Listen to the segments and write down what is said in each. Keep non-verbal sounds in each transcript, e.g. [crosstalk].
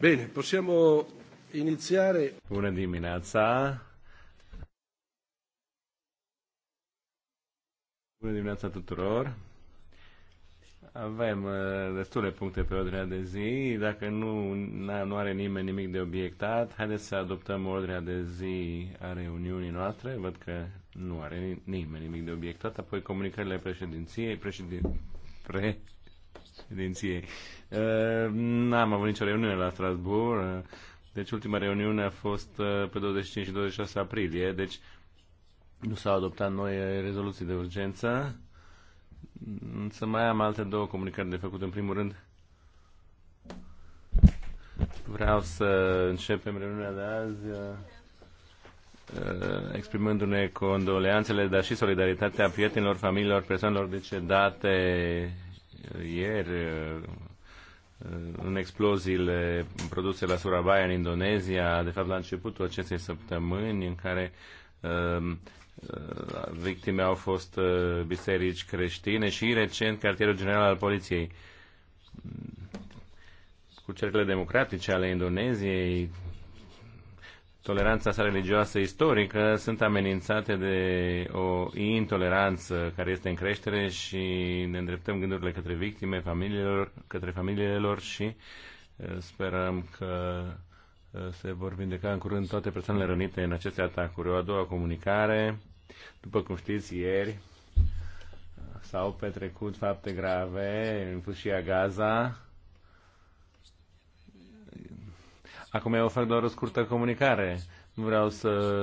Bine, possiamo iniziare. Bună dimineața. Bună dimineața tuturor. Avem uh, destule puncte pe ordinea de zi. Dacă nu, nu are nimeni nimic de obiectat, haideți să adoptăm ordinea de zi a reuniunii noastre. Văd că nu are nimeni nimic de obiectat. Apoi comunicările președinției, președin, pre, președinției. Ehm, n-am avut nicio reuniune la Strasbourg, eh, deci ultima reuniune a fost eh, pe 25 și 26 aprilie, deci nu s-au adoptat noi eh, rezoluții de urgență. Însă mai am alte două comunicări de făcut. În primul rând, vreau să începem reuniunea de azi exprimându-ne condoleanțele, dar și solidaritatea prietenilor, familiilor, persoanelor decedate ieri uh, uh, în exploziile produse la Surabaya, în Indonezia, de fapt la începutul acestei săptămâni, în care uh, uh victime au fost biserici creștine și recent cartierul general al poliției. Cu cercurile democratice ale Indoneziei, toleranța sa religioasă istorică sunt amenințate de o intoleranță care este în creștere și ne îndreptăm gândurile către victime, familiilor, către familiile lor și uh, sperăm că uh, se vor vindeca în curând toate persoanele rănite în aceste atacuri. O a doua comunicare, după cum știți, ieri uh, s-au petrecut fapte grave în fâșia Gaza, Acum eu ofer doar o scurtă comunicare. Nu vreau să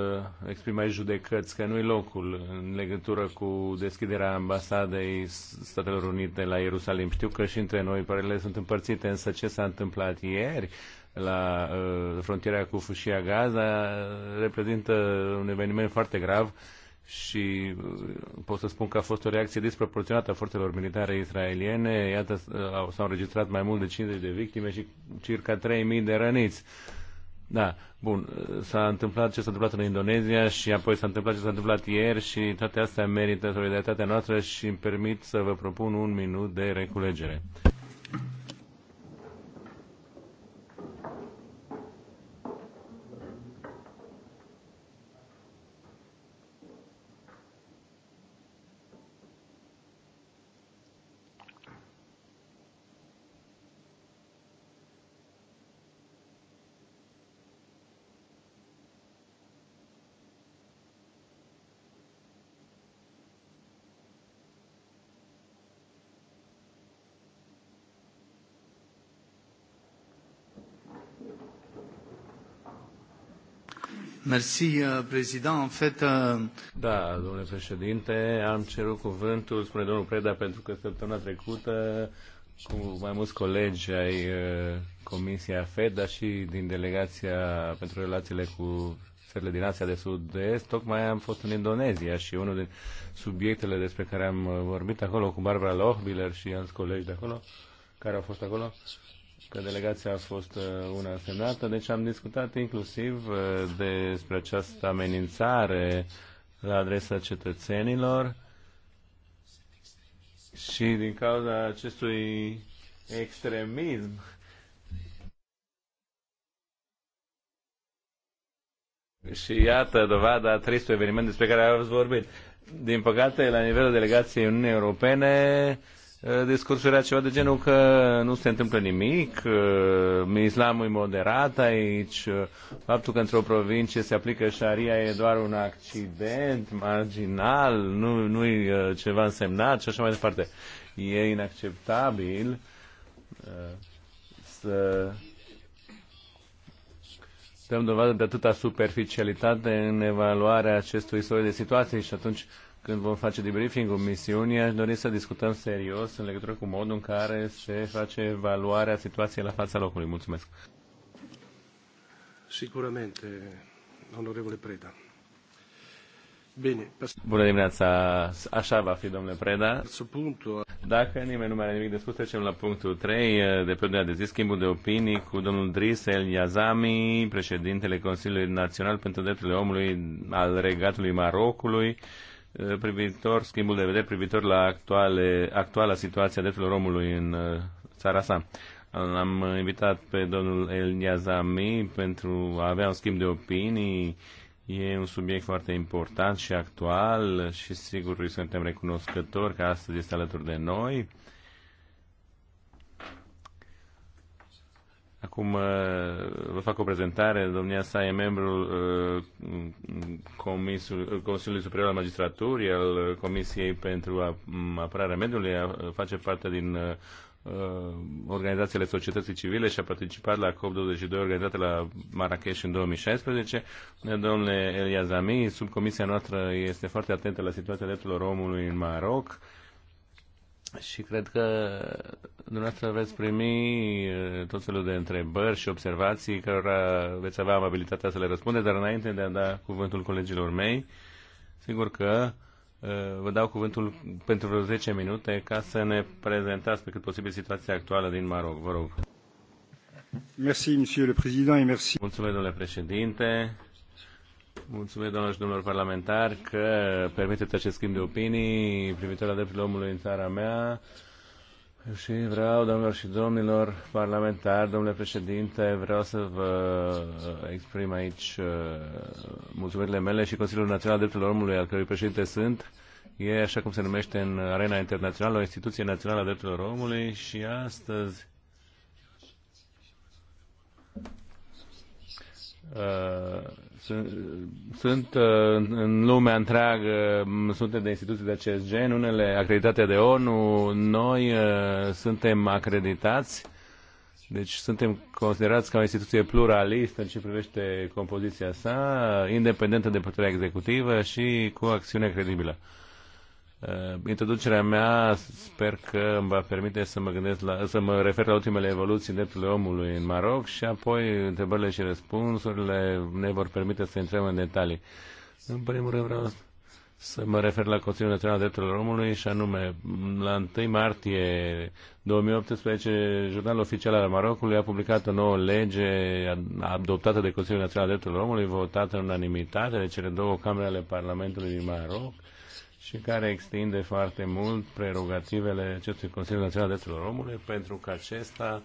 exprim aici judecăți, că nu-i locul în legătură cu deschiderea ambasadei Statelor Unite la Ierusalim. Știu că și între noi părerile sunt împărțite, însă ce s-a întâmplat ieri la uh, frontiera cu Fâșia Gaza reprezintă un eveniment foarte grav uh, și uh, pot să spun că a fost o reacție disproporționată a forțelor militare israeliene. Iată, uh, s-au înregistrat mai mult de 50 de victime și circa 3.000 de răniți. Da, bun, uh, s-a întâmplat ce s-a întâmplat în Indonezia și apoi s-a întâmplat ce s-a întâmplat ieri și toate astea merită solidaritatea noastră și îmi permit să vă propun un minut de reculegere. Mersi, euh, prezident. În euh, Da, domnule președinte, am cerut cuvântul, spune domnul Preda, pentru că săptămâna trecută cu mai mulți colegi ai uh, Comisia FED, dar și din Delegația pentru Relațiile cu țările din Asia de Sud-Est, tocmai am fost în Indonezia și unul din subiectele despre care am uh, vorbit acolo cu Barbara Lohbiller și alți colegi de acolo, care au fost acolo, că delegația a fost uh, una semnată, deci am discutat inclusiv uh, despre această amenințare la adresa cetățenilor și din cauza acestui extremism Și iată dovada tristului eveniment despre care ați vorbit. Din păcate, la nivelul delegației Uniunii Europene, Eh, discursuri era ceva de genul că nu se întâmplă nimic, eh, islamul e moderat aici, eh, faptul că într-o provincie se aplică șaria e doar un accident marginal, nu, nu e ceva însemnat și așa mai departe. E inacceptabil să dăm dovadă de atâta superficialitate în evaluarea acestui soi de situații și atunci uh, când vom face debriefing-ul misiunii, aș dori să discutăm serios în legătură cu modul în care se face evaluarea situației la fața locului. Mulțumesc. Sicuramente, onorevole Preda. Bine. Bună dimineața. Așa va fi, domnule Preda. Dacă nimeni nu mai are nimic de spus, trecem la punctul 3 de pe de zi, schimbul de opinii cu domnul Drisel El Yazami, președintele Consiliului Național pentru Drepturile Omului al Regatului Marocului. Uh, privitor, schimbul de vedere privitor la actuale, actuala situație a drepturilor omului în uh, țara sa. Am invitat pe domnul El Niazami pentru a avea un schimb de opinii. E un subiect foarte important și actual și sigur îi suntem recunoscători că astăzi este alături de noi. Acum uh, vă fac o prezentare. Domnia sa e membrul uh, Consiliului Superior al Magistraturii, al uh, Comisiei pentru Apărarea Mediului, face parte din organizațiile societății civile și a participat la COP22 organizată la Marrakesh în 2016. Domnule Elia Zami, comisia noastră este foarte atentă la situația drepturilor omului în Maroc și cred că dumneavoastră veți primi eh, tot felul de întrebări și observații cărora veți avea amabilitatea să le răspundeți, dar înainte de a da cuvântul colegilor mei, sigur că eh, vă dau cuvântul pentru vreo 10 minute ca să ne prezentați pe cât posibil situația actuală din Maroc. Vă rog. monsieur le président, et merci. Mulțumesc, domnule președinte. Mulțumesc, doamnelor și domnilor parlamentari, că permiteți acest schimb de opinii privitor la drepturile omului în țara mea. Și vreau, domnilor și domnilor parlamentari, domnule președinte, vreau să vă exprim aici uh, mulțumirile mele și Consiliul Național al Drepturilor Omului, al cărui președinte sunt. E, așa cum se numește în arena internațională, o instituție națională a drepturilor omului și astăzi uh, sunt uh, în lumea întreagă mm, sute de instituții de acest gen, unele acreditate de ONU, noi uh, suntem acreditați, deci suntem considerați ca o instituție pluralistă în ce privește compoziția sa, independentă de puterea executivă și cu acțiune credibilă. Uh, introducerea mea sper că îmi va permite să mă, gândesc la, să mă refer la ultimele evoluții în drepturile omului în Maroc și apoi întrebările și răspunsurile ne vor permite să intrăm în detalii. În primul rând vreau să mă refer la Consiliul Național al Drepturilor Omului și anume, la 1 martie 2018, Jurnalul Oficial al Marocului a publicat o nouă lege adoptată de Consiliul Național al Drepturilor Omului, votată în unanimitate de cele două camere ale Parlamentului din Maroc, și care extinde foarte mult prerogativele acestui Consiliu Național de Drepturilor Omului pentru că acesta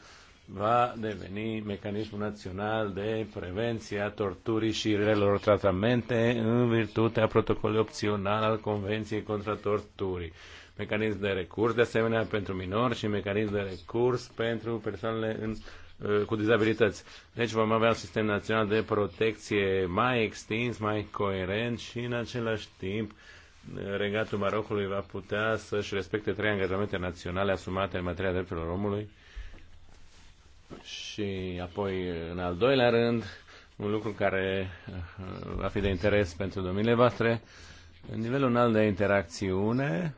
va deveni mecanismul național de prevenție a torturii și relor tratamente în virtutea protocolului opțional al Convenției contra torturii. Mecanism de recurs, de asemenea, pentru minori și mecanism de recurs pentru persoanele în, uh, cu dizabilități. Deci vom avea un sistem național de protecție mai extins, mai coerent și în același timp uh, regatul Marocului va putea să-și respecte trei angajamente naționale asumate în materia drepturilor omului și apoi, în al doilea rând, un lucru care uh, va fi de interes pentru domnile voastre, în nivelul înalt de interacțiune,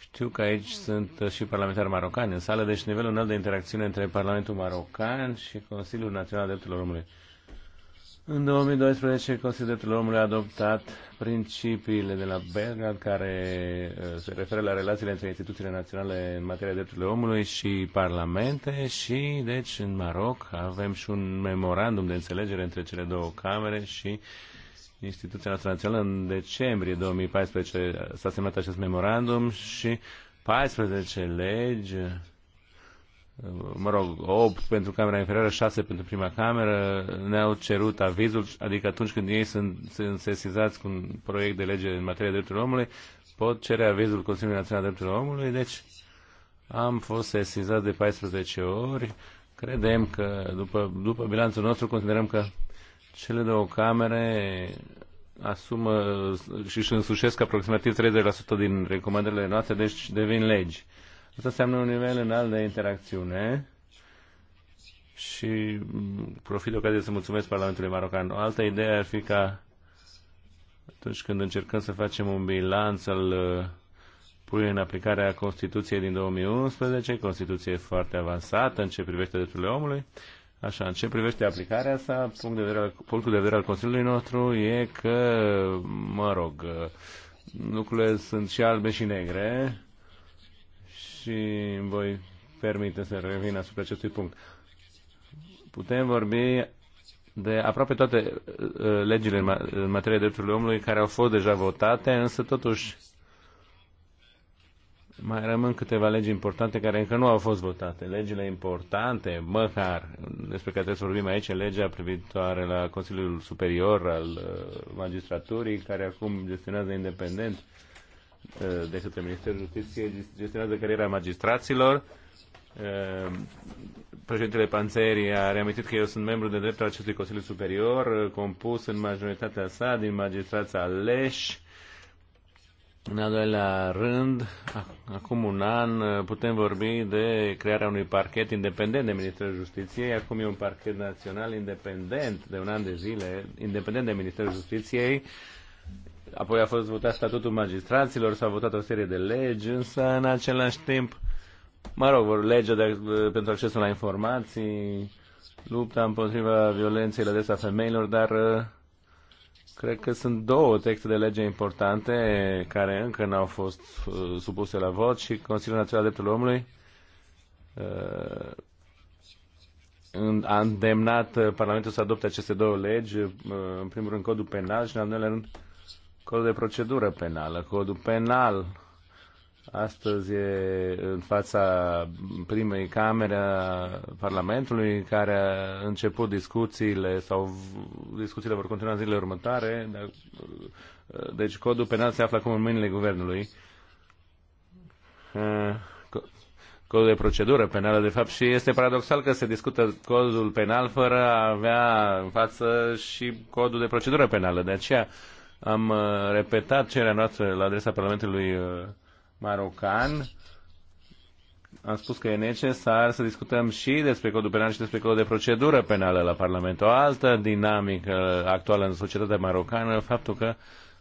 știu că aici sunt și parlamentari marocani în sală, deci nivelul înalt de interacțiune între Parlamentul Marocan și Consiliul Național al Drepturilor Omului. În 2012, Consiliul Drepturilor Omului a adoptat principiile de la Belgrad care uh, se referă la relațiile între instituțiile naționale în materie de drepturile omului și parlamente și, deci, în Maroc avem și un memorandum de înțelegere între cele două camere și instituția noastră națională. În decembrie 2014 s-a semnat acest memorandum și 14 legi mă rog, 8 pentru camera inferioară, 6 pentru prima cameră, ne-au cerut avizul, adică atunci când ei sunt, sunt sesizați cu un proiect de lege în materie de drepturile omului, pot cere avizul Consiliului Național de Drepturile Omului, deci am fost sesizat de 14 ori. Credem că, după, după bilanțul nostru, considerăm că cele două camere asumă și își însușesc aproximativ 30% din recomandările noastre, deci devin legi. Asta înseamnă un nivel înalt de interacțiune și profit de ocazie să mulțumesc Parlamentului Marocan. O altă idee ar fi ca atunci când încercăm să facem un bilanț al uh, pui în aplicarea Constituției din 2011, Constituție foarte avansată în ce privește drepturile omului. Așa, în ce privește aplicarea sa, punct de vedere al, punctul de vedere al Consiliului nostru e că, mă rog, uh, lucrurile sunt și albe și negre și îmi voi permite să revin asupra acestui punct. Putem vorbi de aproape toate uh, legile în materie de drepturile omului care au fost deja votate, însă totuși mai rămân câteva legi importante care încă nu au fost votate. Legile importante, măcar, despre care trebuie să vorbim aici, legea privitoare la Consiliul Superior al uh, Magistraturii, care acum gestionează independent Eh, de către Ministerul Justiției gestionează cariera magistraților. Eh, președintele Panțeri a reamintit că eu sunt membru de drept al acestui Consiliu Superior, eh, compus în majoritatea sa din magistrați aleși. În al doilea rând, acum un an, putem vorbi de crearea unui parchet independent de Ministerul Justiției. Acum e un parchet național independent de un an de zile, independent de Ministerul Justiției Apoi a fost votat statutul magistraților, s-a votat o serie de legi, însă în același timp, mă rog, vor lege de, pentru accesul la informații, lupta împotriva violenței la adresa femeilor, dar uh, cred că sunt două texte de lege importante care încă n-au fost uh, supuse la vot și Consiliul Național al Drepturilor Omului uh, a îndemnat uh, Parlamentul să adopte aceste două legi, uh, în primul rând codul penal și în al doilea rând codul de procedură penală, codul penal astăzi e în fața primei camere a Parlamentului, care a început discuțiile sau discuțiile vor continua zilele următoare. deci codul penal se află acum în mâinile guvernului. Eh, codul de procedură penală, de fapt, și este paradoxal că se discută codul penal fără a avea în față și codul de procedură penală. De aceea, uh, am uh, repetat cererea noastră la adresa Parlamentului uh, marocan. Am spus că e necesar să discutăm și despre codul penal și despre codul de procedură penală la Parlament. O altă dinamică actuală în societatea marocană, faptul că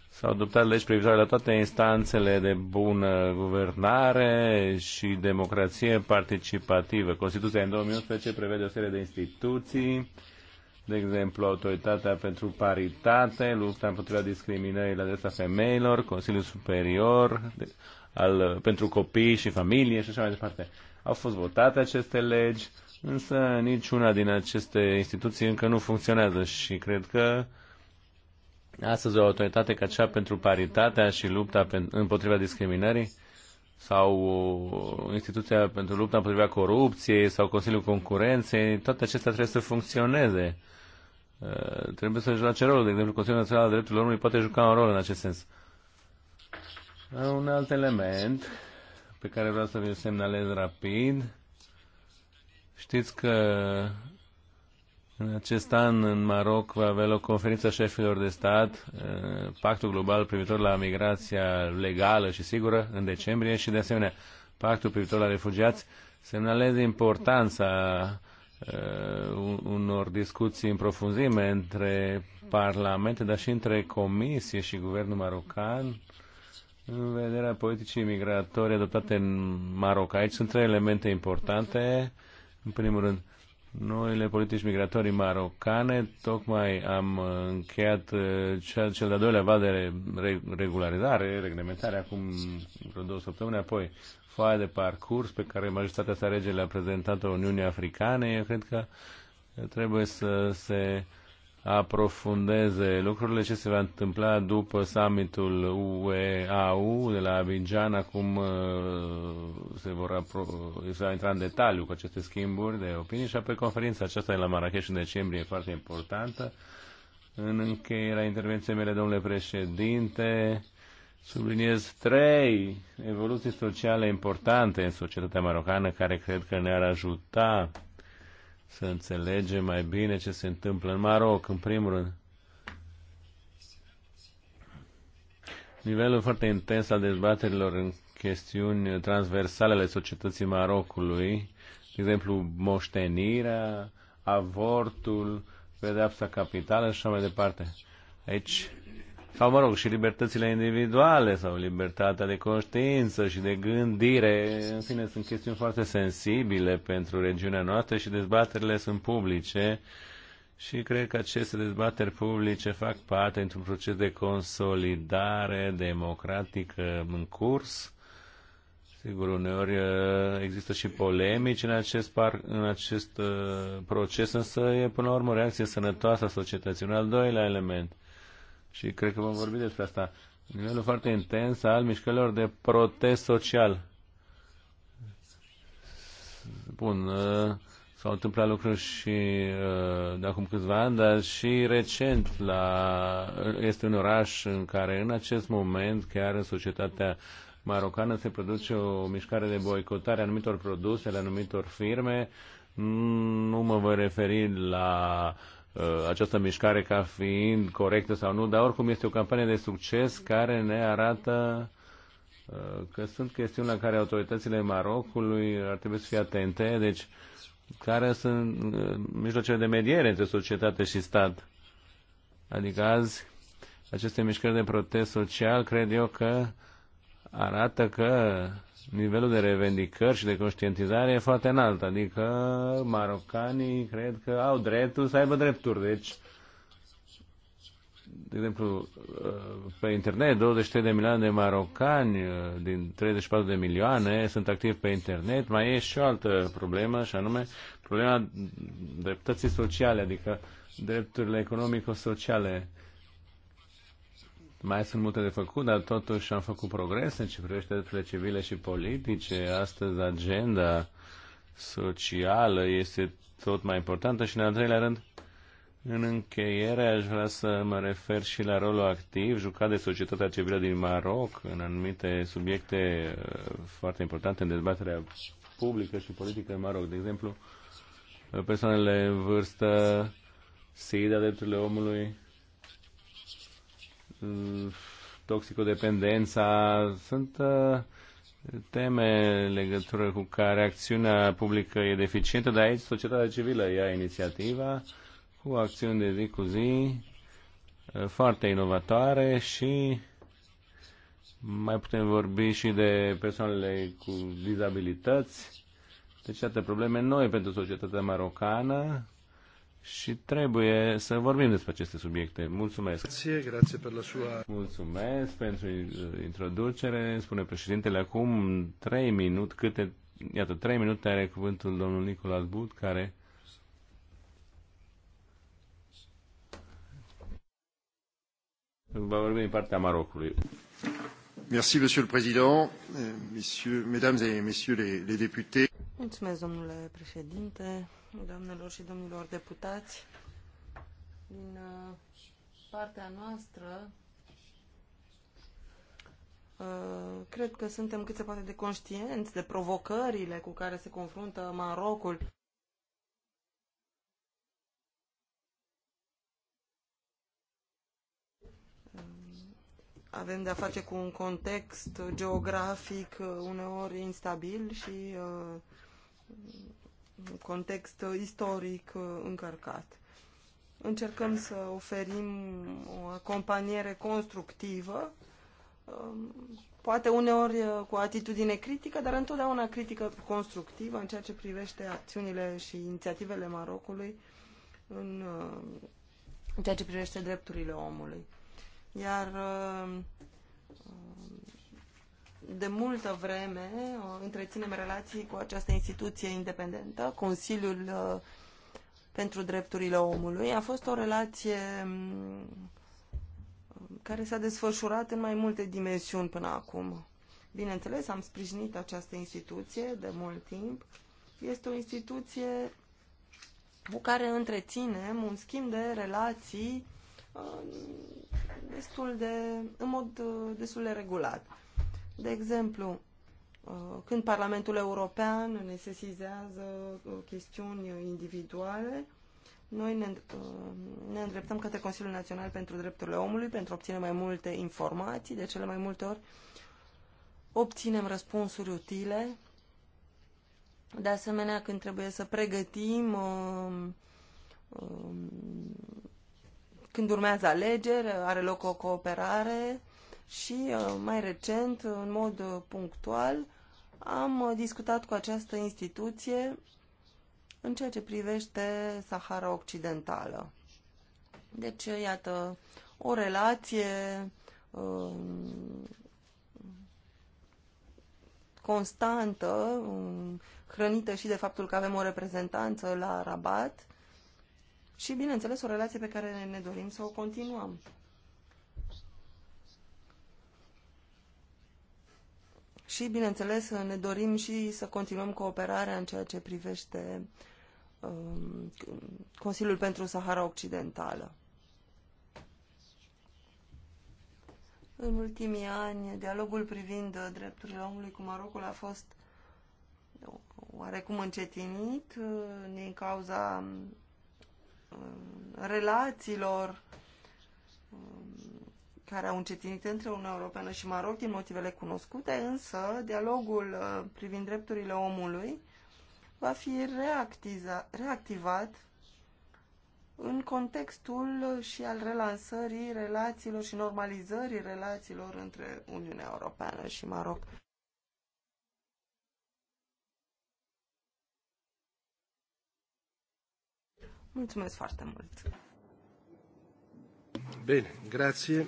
S-au adoptat legi privitoare la toate instanțele de bună guvernare și democrație participativă. Constituția în 2011 prevede o serie de instituții de exemplu, Autoritatea pentru Paritate, lupta împotriva discriminării la adresa femeilor, Consiliul Superior de, al, pentru copii și familie și așa mai departe. Au fost votate aceste legi, însă niciuna din aceste instituții încă nu funcționează și cred că astăzi o autoritate ca cea pentru paritatea și lupta împotriva discriminării sau instituția pentru lupta împotriva corupției sau Consiliul Concurenței, toate acestea trebuie să funcționeze. Uh, trebuie să joace rolul. De exemplu, Consiliul Național al Drepturilor Omului poate juca un rol în acest sens. Un alt element pe care vreau să vi-l semnalez rapid. Știți că în acest an în Maroc va avea loc conferința șefilor de stat, uh, pactul global privitor la migrația legală și sigură în decembrie și de asemenea pactul privitor la refugiați semnalez importanța uh, unor discuții în profunzime între parlamente, dar și între comisie și guvernul marocan în vederea politicii migratorii adoptate în Maroc. Aici sunt trei elemente importante. În primul rând, noile politici migratorii marocane. Tocmai am încheiat uh, cel, cel de-al doilea val de regularizare, reglementare, acum vreo două săptămâni, apoi foaia de parcurs pe care majestatea sa regele a prezentat-o Uniunii Africane, eu cred că trebuie să se aprofundeze lucrurile ce se va întâmpla după summitul UEAU de la Abidjan. Acum uh, se vor apro- se va intra în detaliu cu aceste schimburi de opinii și apoi conferința aceasta de la Marrakesh în decembrie e foarte importantă. În încheierea intervenției mele, domnule președinte, Subliniez trei evoluții sociale importante în societatea marocană care cred că ne-ar ajuta să înțelegem mai bine ce se întâmplă în Maroc, în primul rând. Nivelul foarte intens al dezbaterilor în chestiuni transversale ale societății Marocului, de exemplu moștenirea, avortul, pedeapsa capitală și așa mai departe. Aici sau mă rog, și libertățile individuale sau libertatea de conștiință și de gândire, în fine, sunt chestiuni foarte sensibile pentru regiunea noastră și dezbaterile sunt publice și cred că aceste dezbateri publice fac parte într-un proces de consolidare democratică în curs. Sigur, uneori uh, există și polemici în acest, par, în acest uh, proces, însă e până la urmă o reacție sănătoasă a societății. Un al doilea element – și cred că vom vorbi despre asta. Nivelul foarte intens al mișcărilor de protest social. Bun, uh, s-au întâmplat lucruri și uh, de acum câțiva ani, dar și recent la, este un oraș în care în acest moment chiar în societatea marocană se produce o mișcare de boicotare a anumitor produse, ale anumitor firme. Nu mă voi referi la Uh, această mișcare ca fiind corectă sau nu, dar oricum este o campanie de succes care ne arată uh, că sunt chestiuni la care autoritățile Marocului ar trebui să fie atente, deci care sunt uh, mijlocele de mediere între societate și stat. Adică azi aceste mișcări de protest social cred eu că arată că nivelul de revendicări și de conștientizare e foarte înalt, adică marocanii cred că au dreptul să aibă drepturi, deci de exemplu, pe internet, 23 de milioane de marocani din 34 de milioane sunt activi pe internet. Mai e și o altă problemă, și anume problema dreptății sociale, adică drepturile economico-sociale. Mai sunt multe de făcut, dar totuși am făcut progrese în ce privește drepturile civile și politice. Astăzi agenda socială este tot mai importantă și, în al treilea rând, în încheiere aș vrea să mă refer și la rolul activ jucat de societatea civilă din Maroc în anumite subiecte uh, foarte importante în dezbaterea publică și politică în Maroc. De exemplu, persoanele în vârstă, SIDA, drepturile omului, Uh, toxicodependența, sunt uh, teme legătură cu care acțiunea publică e deficientă, dar aici societatea civilă ia inițiativa cu acțiuni de zi cu zi uh, foarte inovatoare și mai putem vorbi și de persoanele cu dizabilități. Deci, atâtea probleme noi pentru societatea marocană și trebuie să vorbim despre aceste subiecte. Mulțumesc! Grazie, grazie la sua... Mulțumesc pentru uh, introducere, spune președintele. Acum trei minute, câte... Iată, trei minute are cuvântul domnul Nicolas Bud, care... Va vorbi din partea Marocului. Merci, monsieur le président, messieurs, mesdames et messieurs les, les députés. Mulțumesc, domnule președinte, doamnelor și domnilor deputați. Din uh, partea noastră, uh, cred că suntem cât se poate de conștienți de provocările cu care se confruntă Marocul. avem de-a face cu un context geografic uh, uneori instabil și context istoric uh, încărcat. Încercăm să oferim o acompaniere constructivă, um, poate uneori uh, cu atitudine critică, dar întotdeauna critică constructivă în ceea ce privește acțiunile și inițiativele Marocului în, uh, în ceea ce privește drepturile omului. Iar de multă vreme uh, întreținem relații cu această instituție independentă, Consiliul uh, pentru Drepturile Omului. A fost o relație mm, care s-a desfășurat în mai multe dimensiuni până acum. Bineînțeles, am sprijinit această instituție de mult timp. Este o instituție cu care întreținem un schimb de relații uh, destul de, în mod destul de regulat. De exemplu, uh, când Parlamentul European ne sesizează uh, chestiuni individuale, noi ne, uh, ne îndreptăm către Consiliul Național pentru Drepturile Omului pentru a obține mai multe informații. De cele mai multe ori obținem răspunsuri utile. De asemenea, când trebuie să pregătim, um, când urmează alegeri, are loc o cooperare și uh, mai recent, în mod uh, punctual, am uh, discutat cu această instituție în ceea ce privește Sahara Occidentală. Deci, iată, o relație constantă, hrănită și de faptul că avem o reprezentanță la Rabat și, bineînțeles, o relație pe care ne dorim să o continuăm. Și, bineînțeles, ne dorim și să continuăm cooperarea în ceea ce privește um, Consiliul pentru Sahara Occidentală. În ultimii ani, dialogul privind drepturile omului cu Marocul a fost oarecum încetinit uh, din cauza um, relațiilor um, care au încetinit între Uniunea Europeană și Maroc din motivele cunoscute, însă dialogul uh, privind drepturile omului va fi reactivat în contextul și al relansării relațiilor și normalizării relațiilor între Uniunea Europeană și Maroc. Mulțumesc foarte mult! Bine, grație.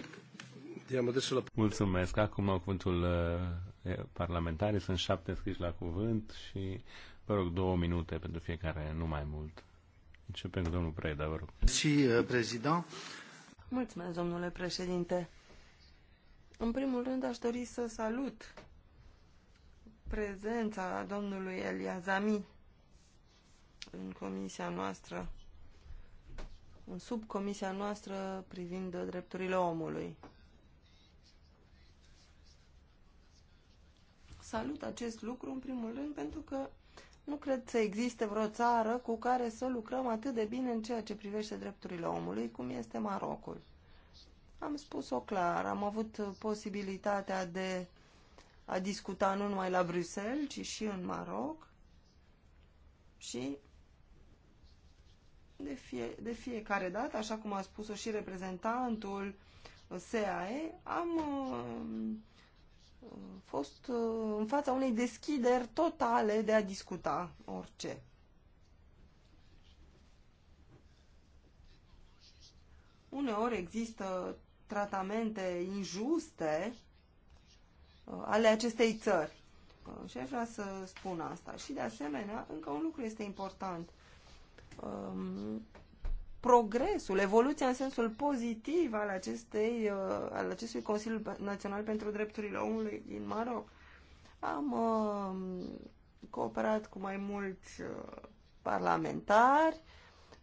Mulțumesc. Acum au cuvântul uh, parlamentare. Sunt șapte scriși la cuvânt și vă rog două minute pentru fiecare, nu mai mult. Începem cu domnul Preda, vă rog. Și, uh, prezident. Mulțumesc, domnule președinte. În primul rând, aș dori să salut prezența domnului Elia Zami în comisia noastră, în subcomisia noastră privind drepturile omului. salut acest lucru, în primul rând, pentru că nu cred să existe vreo țară cu care să lucrăm atât de bine în ceea ce privește drepturile omului, cum este Marocul. Am spus-o clar, am avut posibilitatea de a discuta nu numai la Bruxelles, ci și în Maroc și de, fie, de fiecare dată, așa cum a spus-o și reprezentantul SAE, am uh, fost uh, în fața unei deschideri totale de a discuta orice. Uneori există tratamente injuste uh, ale acestei țări. Uh, și aș vrea să spun asta. Și de asemenea, încă un lucru este important. Um, progresul, evoluția în sensul pozitiv al, acestei, uh, al acestui Consiliu Național pentru Drepturile Omului din Maroc. Am uh, cooperat cu mai mulți uh, parlamentari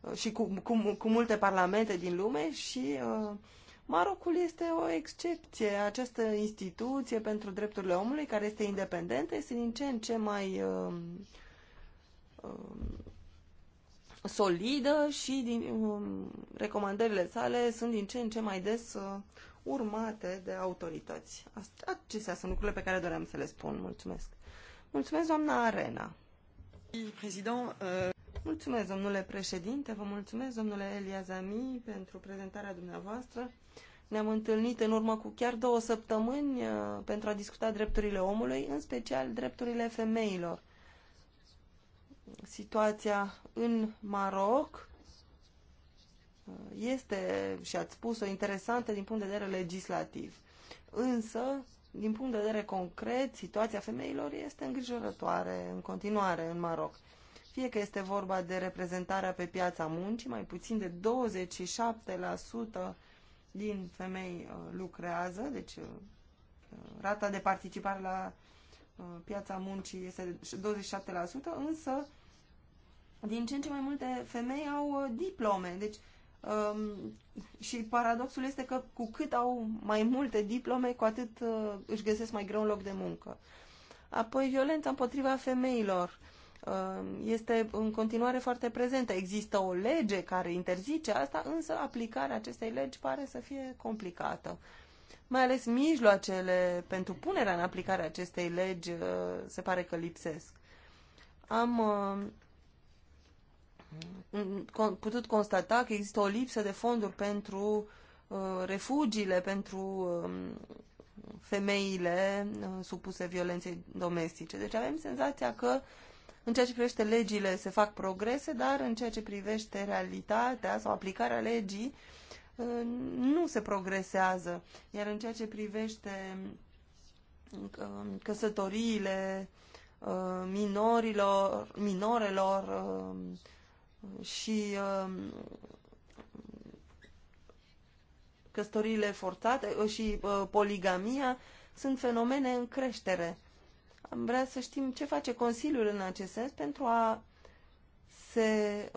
uh, și cu, cu, cu multe parlamente din lume și uh, Marocul este o excepție. Această instituție pentru drepturile omului, care este independentă, este din ce în ce mai uh, uh, solidă și din, um, recomandările sale sunt din ce în ce mai des uh, urmate de autorități. acestea sunt lucrurile pe care doream să le spun. Mulțumesc. Mulțumesc, doamna Arena. Prezident, uh... Mulțumesc, domnule președinte, vă mulțumesc, domnule Elia Zami, pentru prezentarea dumneavoastră. Ne-am întâlnit în urmă cu chiar două săptămâni uh, pentru a discuta drepturile omului, în special drepturile femeilor situația în Maroc este, și ați spus-o, interesantă din punct de vedere legislativ. Însă, din punct de vedere concret, situația femeilor este îngrijorătoare în continuare în Maroc. Fie că este vorba de reprezentarea pe piața muncii, mai puțin de 27% din femei uh, lucrează, deci uh, rata de participare la Uh, piața muncii este 27%, însă din ce în ce mai multe femei au uh, diplome. Deci, um, și paradoxul este că cu cât au mai multe diplome, cu atât uh, își găsesc mai greu un loc de muncă. Apoi, violența împotriva femeilor um, este în continuare foarte prezentă. Există o lege care interzice asta, însă aplicarea acestei legi pare să fie complicată. Uh, mai ales mijloacele pentru punerea în aplicare acestei legi uh, se pare că lipsesc. Am uh, putut constata că există o lipsă de fonduri pentru uh, refugiile, pentru um, femeile supuse violenței domestice. Deci avem senzația că în ceea ce privește legile se fac progrese, dar în ceea ce privește realitatea sau aplicarea legii nu se progresează. Iar în ceea ce privește um, căsătoriile uh, minorilor, minorelor um, și um, căsătoriile forțate uh, și uh, poligamia, sunt fenomene în creștere. Am vrea să știm ce face Consiliul în acest sens pentru a se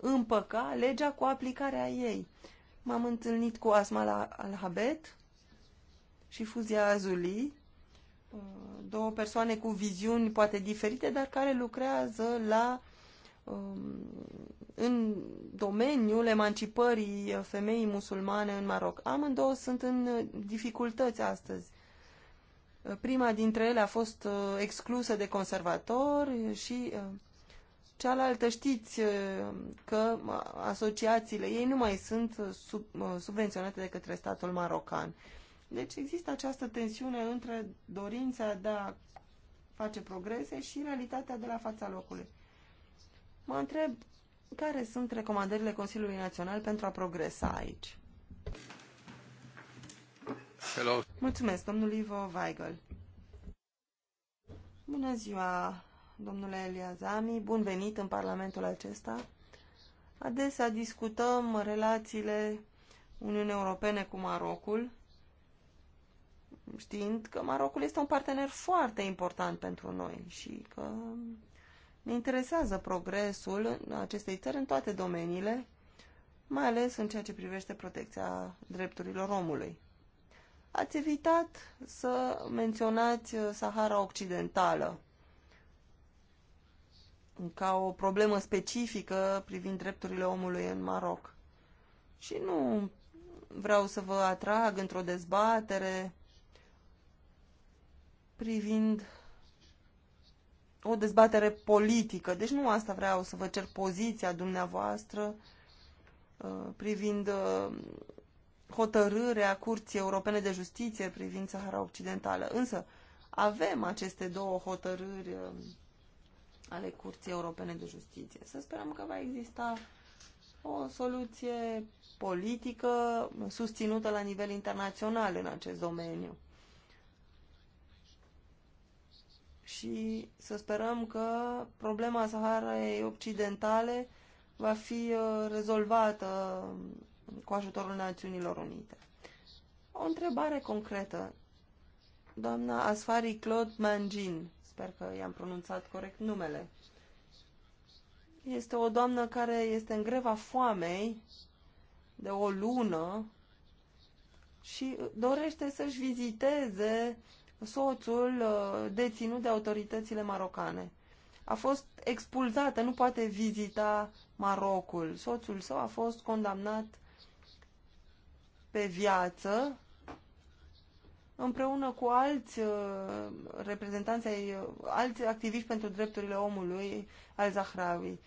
împăca legea cu aplicarea ei. M-am întâlnit cu Asma la Alhabet și Fuzia Azuli, uh, două persoane cu viziuni poate diferite, dar care lucrează la um, în domeniul emancipării femeii musulmane în Maroc. Amândouă sunt în dificultăți astăzi. Prima dintre ele a fost uh, exclusă de conservatori și uh, cealaltă știți uh, că asociațiile ei nu mai sunt uh, sub, uh, subvenționate de către statul marocan. Deci există această tensiune între dorința de a face progrese și realitatea de la fața locului. Mă întreb care sunt recomandările Consiliului Național pentru a progresa aici. Hello. Mulțumesc, domnul Ivo Weigel. Bună ziua, domnule Eliazami, bun venit în Parlamentul acesta. Adesea discutăm relațiile Uniunii Europene cu Marocul, știind că Marocul este un partener foarte important pentru noi și că ne interesează progresul acestei țări în toate domeniile, mai ales în ceea ce privește protecția drepturilor omului. Ați evitat să menționați Sahara Occidentală ca o problemă specifică privind drepturile omului în Maroc. Și nu vreau să vă atrag într-o dezbatere privind o dezbatere politică. Deci nu asta vreau să vă cer poziția dumneavoastră uh, privind uh, hotărârea Curții Europene de Justiție privind Sahara Occidentală. Însă avem aceste două hotărâri uh, ale Curții Europene de Justiție. Să sperăm că va exista o soluție politică susținută la nivel internațional în acest domeniu. Și să sperăm că problema Saharei Occidentale va fi uh, rezolvată um, cu ajutorul Națiunilor Unite. O întrebare concretă. Doamna Asfari Claude Mangin sper că i-am pronunțat corect numele. Este o doamnă care este în greva foamei de o lună și dorește să-și viziteze soțul uh, deținut de autoritățile marocane. A fost expulzată, nu poate vizita Marocul. Soțul său a fost condamnat pe viață împreună cu alți uh, reprezentanți ai, uh, alți activiști pentru drepturile omului al Zahrawi.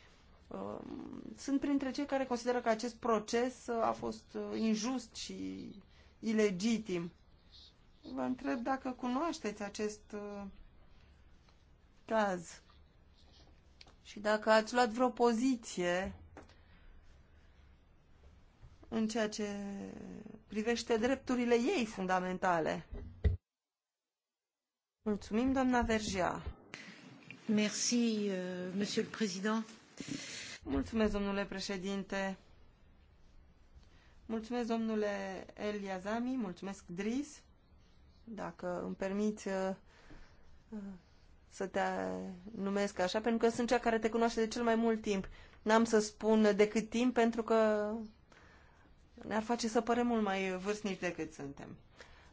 Um, sunt printre cei care consideră că acest proces uh, a fost injust și ilegitim. Vă întreb dacă cunoașteți acest caz și dacă ați luat vreo poziție în ceea ce privește drepturile ei fundamentale. Mulțumim, doamna Vergea. Merci, euh, monsieur le président. Mulțumesc, domnule președinte. Mulțumesc, domnule Eliazami, mulțumesc, Dris. Dacă îmi permiți uh, uh, să te numesc așa, pentru că sunt cea care te cunoaște de cel mai mult timp. N-am să spun decât timp, pentru că ne-ar face să părem mult mai vârstnici decât suntem.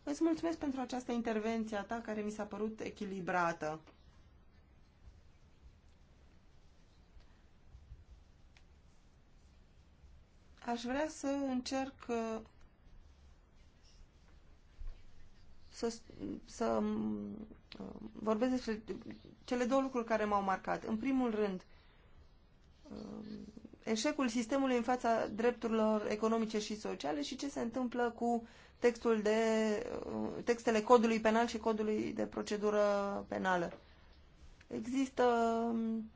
Îți mulțumesc pentru această intervenție a ta care mi s-a părut echilibrată. Aș vrea să încerc uh, să, să uh, vorbesc despre cele două lucruri care m-au marcat. În primul rând, uh, eșecul sistemului în fața drepturilor economice și sociale și ce se întâmplă cu textul de, uh, textele codului penal și codului de procedură penală. Există um,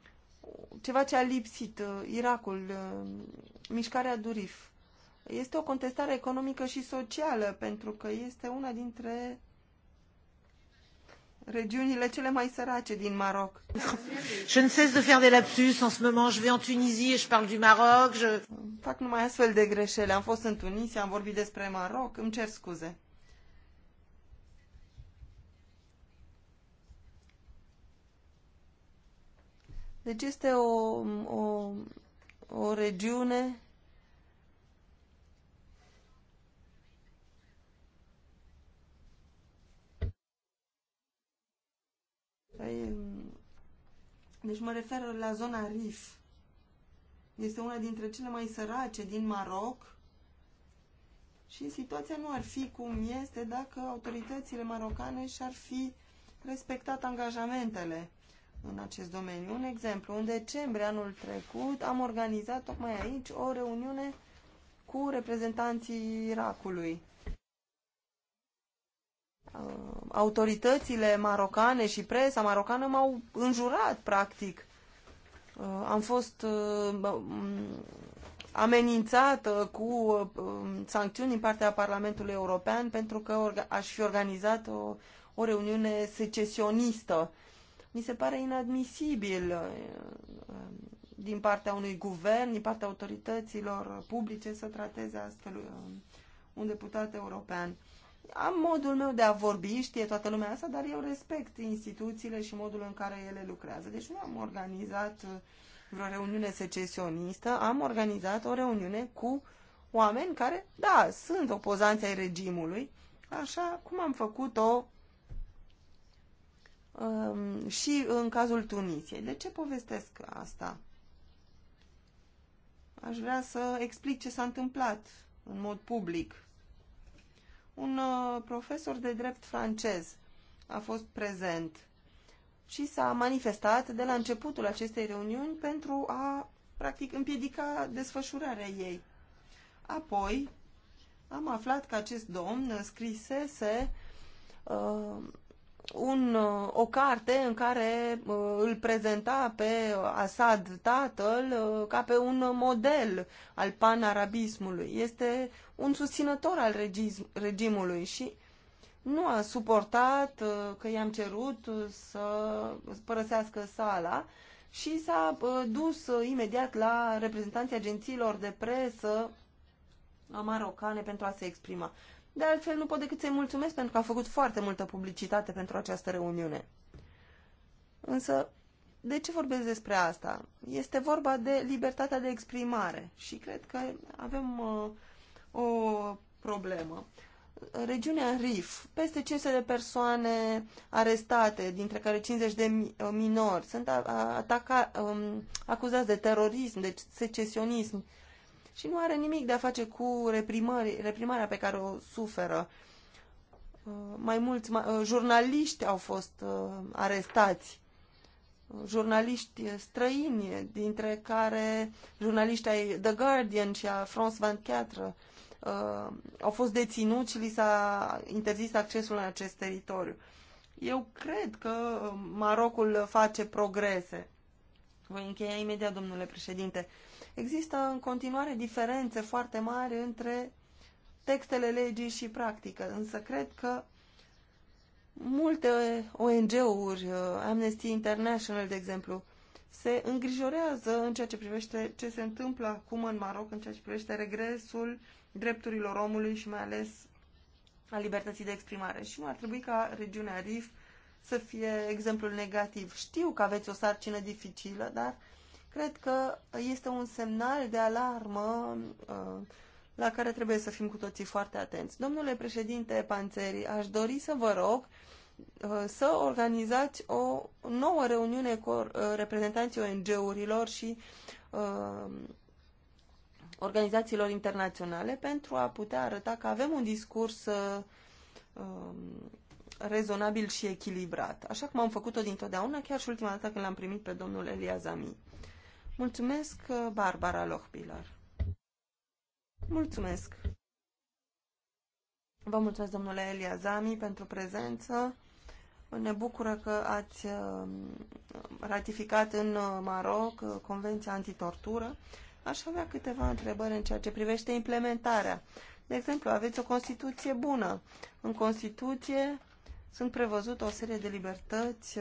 ceva ce a lipsit, uh, Irakul, uh, mișcarea Durif. Este o contestare economică și socială, pentru că este una dintre regiunile cele mai sărace din Maroc. Je ne cesse de faire des lapsus en ce moment, je vais en Tunisie et je parle du Maroc. Je... Fac numai astfel de greșeli. Am fost în Tunisia, am vorbit despre Maroc, îmi cer scuze. Deci este o, o, o regiune Păi, deci mă refer la zona Rif. Este una dintre cele mai sărace din Maroc și situația nu ar fi cum este dacă autoritățile marocane și-ar fi respectat angajamentele în acest domeniu. Un exemplu, în decembrie anul trecut am organizat tocmai aici o reuniune cu reprezentanții Irakului. Uh, autoritățile marocane și presa marocană m-au înjurat, practic. Uh, am fost uh, um, amenințată cu um, sancțiuni din partea Parlamentului European pentru că aș fi organizat o, o reuniune secesionistă. Mi se pare inadmisibil din partea unui guvern, din partea autorităților publice să trateze astfel un deputat european am modul meu de a vorbi, știe toată lumea asta, dar eu respect instituțiile și modul în care ele lucrează. Deci nu am organizat uh, vreo reuniune secesionistă, am organizat o reuniune cu oameni care, da, sunt opozanți ai regimului, așa cum am făcut-o um, și în cazul Tunisiei. De ce povestesc asta? Aș vrea să explic ce s-a întâmplat în mod public un uh, profesor de drept francez a fost prezent și s-a manifestat de la începutul acestei reuniuni pentru a, practic, împiedica desfășurarea ei. Apoi am aflat că acest domn scrisese uh, un, uh, o carte în care uh, îl prezenta pe Assad tatăl uh, ca pe un model al panarabismului. Este un susținător al regism, regimului și nu a suportat uh, că i-am cerut uh, să părăsească sala și s-a uh, dus imediat la reprezentanții agențiilor de presă marocane pentru a se exprima. De altfel, nu pot decât să-i mulțumesc pentru că a făcut foarte multă publicitate pentru această reuniune. Însă, de ce vorbesc despre asta? Este vorba de libertatea de exprimare și cred că avem uh, o problemă. Regiunea RIF, peste 500 de persoane arestate, dintre care 50 de uh, minori, sunt ataca, um, acuzați de terorism, de deci secesionism. Uh, și nu are nimic de a face cu reprimarea pe care o suferă. Uh, mai mulți uh, jurnaliști au fost uh, arestați, jurnaliști străini, dintre care jurnaliști ai The Guardian și a France 24 au fost deținuți și li s-a interzis accesul în acest teritoriu. Eu cred că Marocul face progrese. Voi încheia imediat, domnule președinte. Uh, Există în continuare diferențe foarte mari între textele legii și practică, însă cred că multe ONG-uri, uh, Amnesty International, de exemplu, se îngrijorează în ceea ce privește ce se întâmplă acum în Maroc, în ceea ce privește regresul drepturilor omului și mai ales a libertății de exprimare. Și nu ar trebui ca regiunea RIF să fie exemplul negativ. Știu că aveți o sarcină dificilă, dar Cred că este un semnal de alarmă uh, la care trebuie să fim cu toții foarte atenți. Domnule președinte Panțeri, aș dori să vă rog uh, să organizați o nouă reuniune cu uh, reprezentanții ONG-urilor și organizațiilor internaționale pentru a putea arăta că avem un discurs rezonabil și echilibrat, așa cum am făcut-o dintotdeauna, chiar și ultima dată când l-am primit pe domnul Elia Zami. Mulțumesc, uh, Barbara Lochbiller. Mulțumesc. Vă mulțumesc, domnule Elia Zami, pentru prezență. Ne bucură că ați uh, ratificat în uh, Maroc Convenția Antitortură. Aș avea câteva întrebări în ceea ce privește implementarea. De exemplu, aveți o Constituție bună. În Constituție sunt prevăzute o serie de libertăți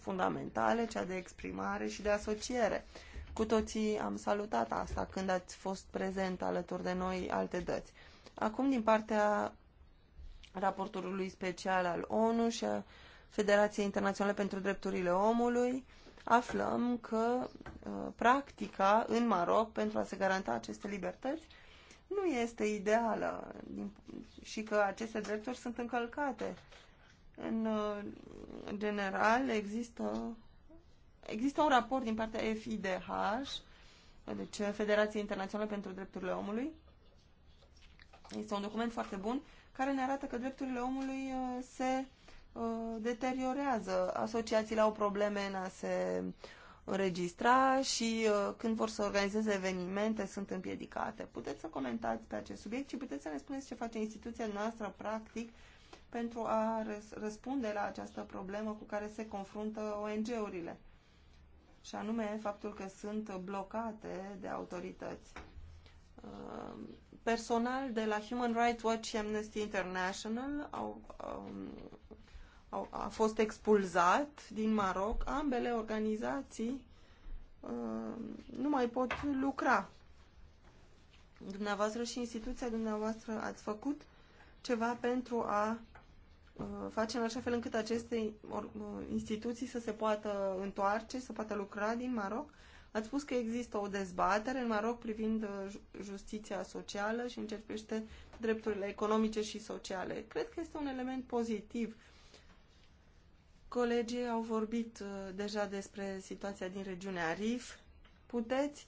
fundamentale, cea de exprimare și de asociere. Cu toții am salutat asta când ați fost prezent alături de noi alte dăți. Acum, din partea raportorului special al ONU și a Federației Internaționale pentru Drepturile Omului, aflăm că uh, practica în Maroc pentru a se garanta aceste libertăți nu este ideală și că aceste drepturi sunt încălcate în uh, general, există, există un raport din partea FIDH, deci Federația Internațională pentru Drepturile Omului. Este un document foarte bun care ne arată că drepturile omului uh, se uh, deteriorează. Asociațiile au probleme în a se înregistra și când vor să organizeze evenimente sunt împiedicate. Puteți să comentați pe acest subiect și puteți să ne spuneți ce face instituția noastră practic pentru a răspunde la această problemă cu care se confruntă ONG-urile, și anume faptul că sunt blocate de autorități. Um, personal de la Human Rights Watch și Amnesty International au, um, au, a fost expulzat din Maroc. Ambele organizații um, nu mai pot lucra. Dumneavoastră și instituția dumneavoastră ați făcut ceva pentru a Uh, face în așa fel încât aceste uh, instituții să se poată întoarce, să poată lucra din Maroc. Ați spus că există o dezbatere în Maroc privind uh, justiția socială și încercește drepturile economice și sociale. Cred că este un element pozitiv. Colegii au vorbit deja despre situația din regiunea Rif. Puteți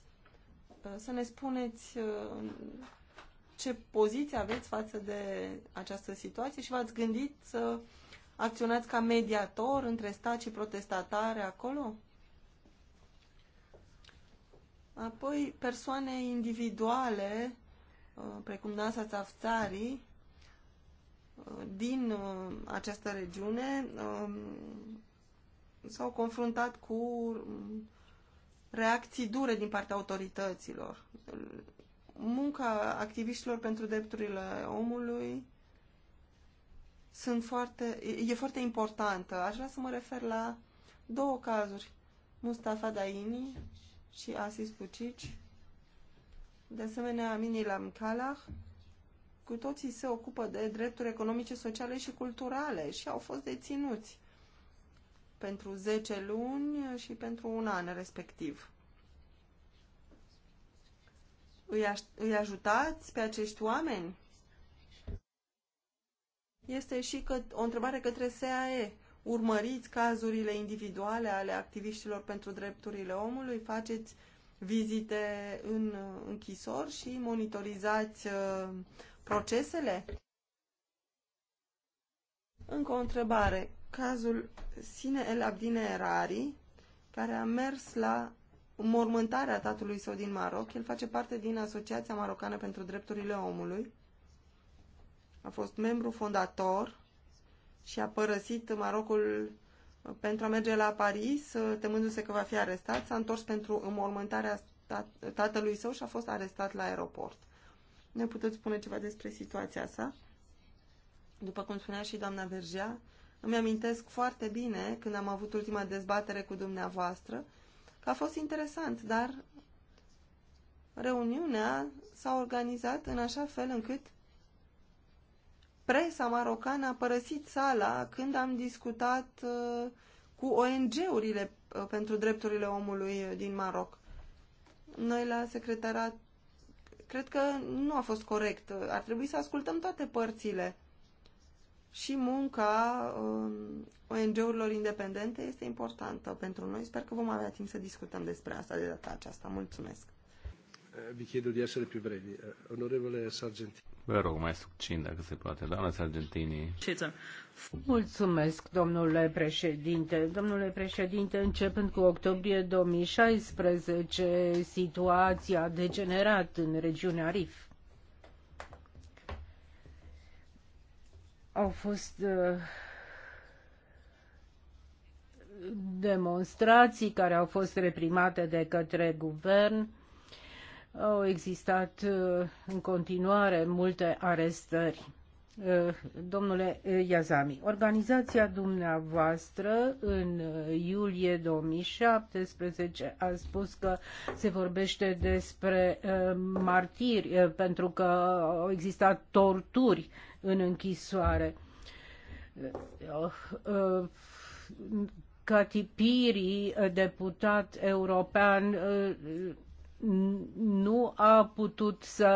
să ne spuneți ce poziție aveți față de această situație și v-ați gândit să acționați ca mediator între stat și protestatare acolo? Apoi, persoane individuale, uh, precum Nasa Țafțarii, uh, din uh, această regiune um, s-au confruntat cu um, reacții dure din partea autorităților munca activiștilor pentru drepturile omului sunt foarte, e foarte importantă. Aș vrea să mă refer la două cazuri. Mustafa Daini și Asis Pucici, de asemenea Amini Lamkalah, cu toții se ocupă de drepturi economice, sociale și culturale și au fost deținuți pentru 10 luni și pentru un an respectiv. Îi, îi ajutați pe acești oameni? Este și că, o întrebare către SAE. Urmăriți cazurile individuale ale activiștilor pentru drepturile omului, faceți vizite în închisori și monitorizați uh, procesele? Încă o întrebare. Cazul Sine El Abdine Erari, care a mers la mormântare a tatălui său din Maroc. El face parte din Asociația Marocană pentru Drepturile Omului. A fost membru fondator și a părăsit Marocul uh, pentru a merge la Paris, uh, temându-se că va fi arestat. S-a întors pentru înmormântarea tatălui său și a fost arestat la aeroport. Ne puteți spune ceva despre situația sa? După cum spunea și doamna Vergea, îmi amintesc foarte bine când am avut ultima dezbatere cu dumneavoastră, a fost interesant, dar reuniunea s-a organizat în așa fel încât presa marocană a părăsit sala când am discutat uh, cu ONG-urile uh, pentru drepturile omului uh, din Maroc. Noi la secretarat cred că nu a fost corect. Ar trebui să ascultăm toate părțile și munca um, ONG-urilor independente este importantă pentru noi. Sper că vom avea timp să discutăm despre asta de data aceasta. Mulțumesc! Eh, vi chiedo di essere più brevi. Eh, onorevole Sargentini. Vă rog, mai succin dacă se poate. Doamna Sargentini. Eh. Mulțumesc, domnule președinte. Domnule președinte, începând cu octombrie 2016, situația a degenerat în regiunea RIF au fost uh, demonstrații care au fost reprimate de către guvern. Au existat uh, în continuare multe arestări. Uh, domnule Iazami, organizația dumneavoastră în iulie 2017 a spus că se vorbește despre martiri pentru că au existat torturi în închisoare. Catipirii, deputat european, nu a putut să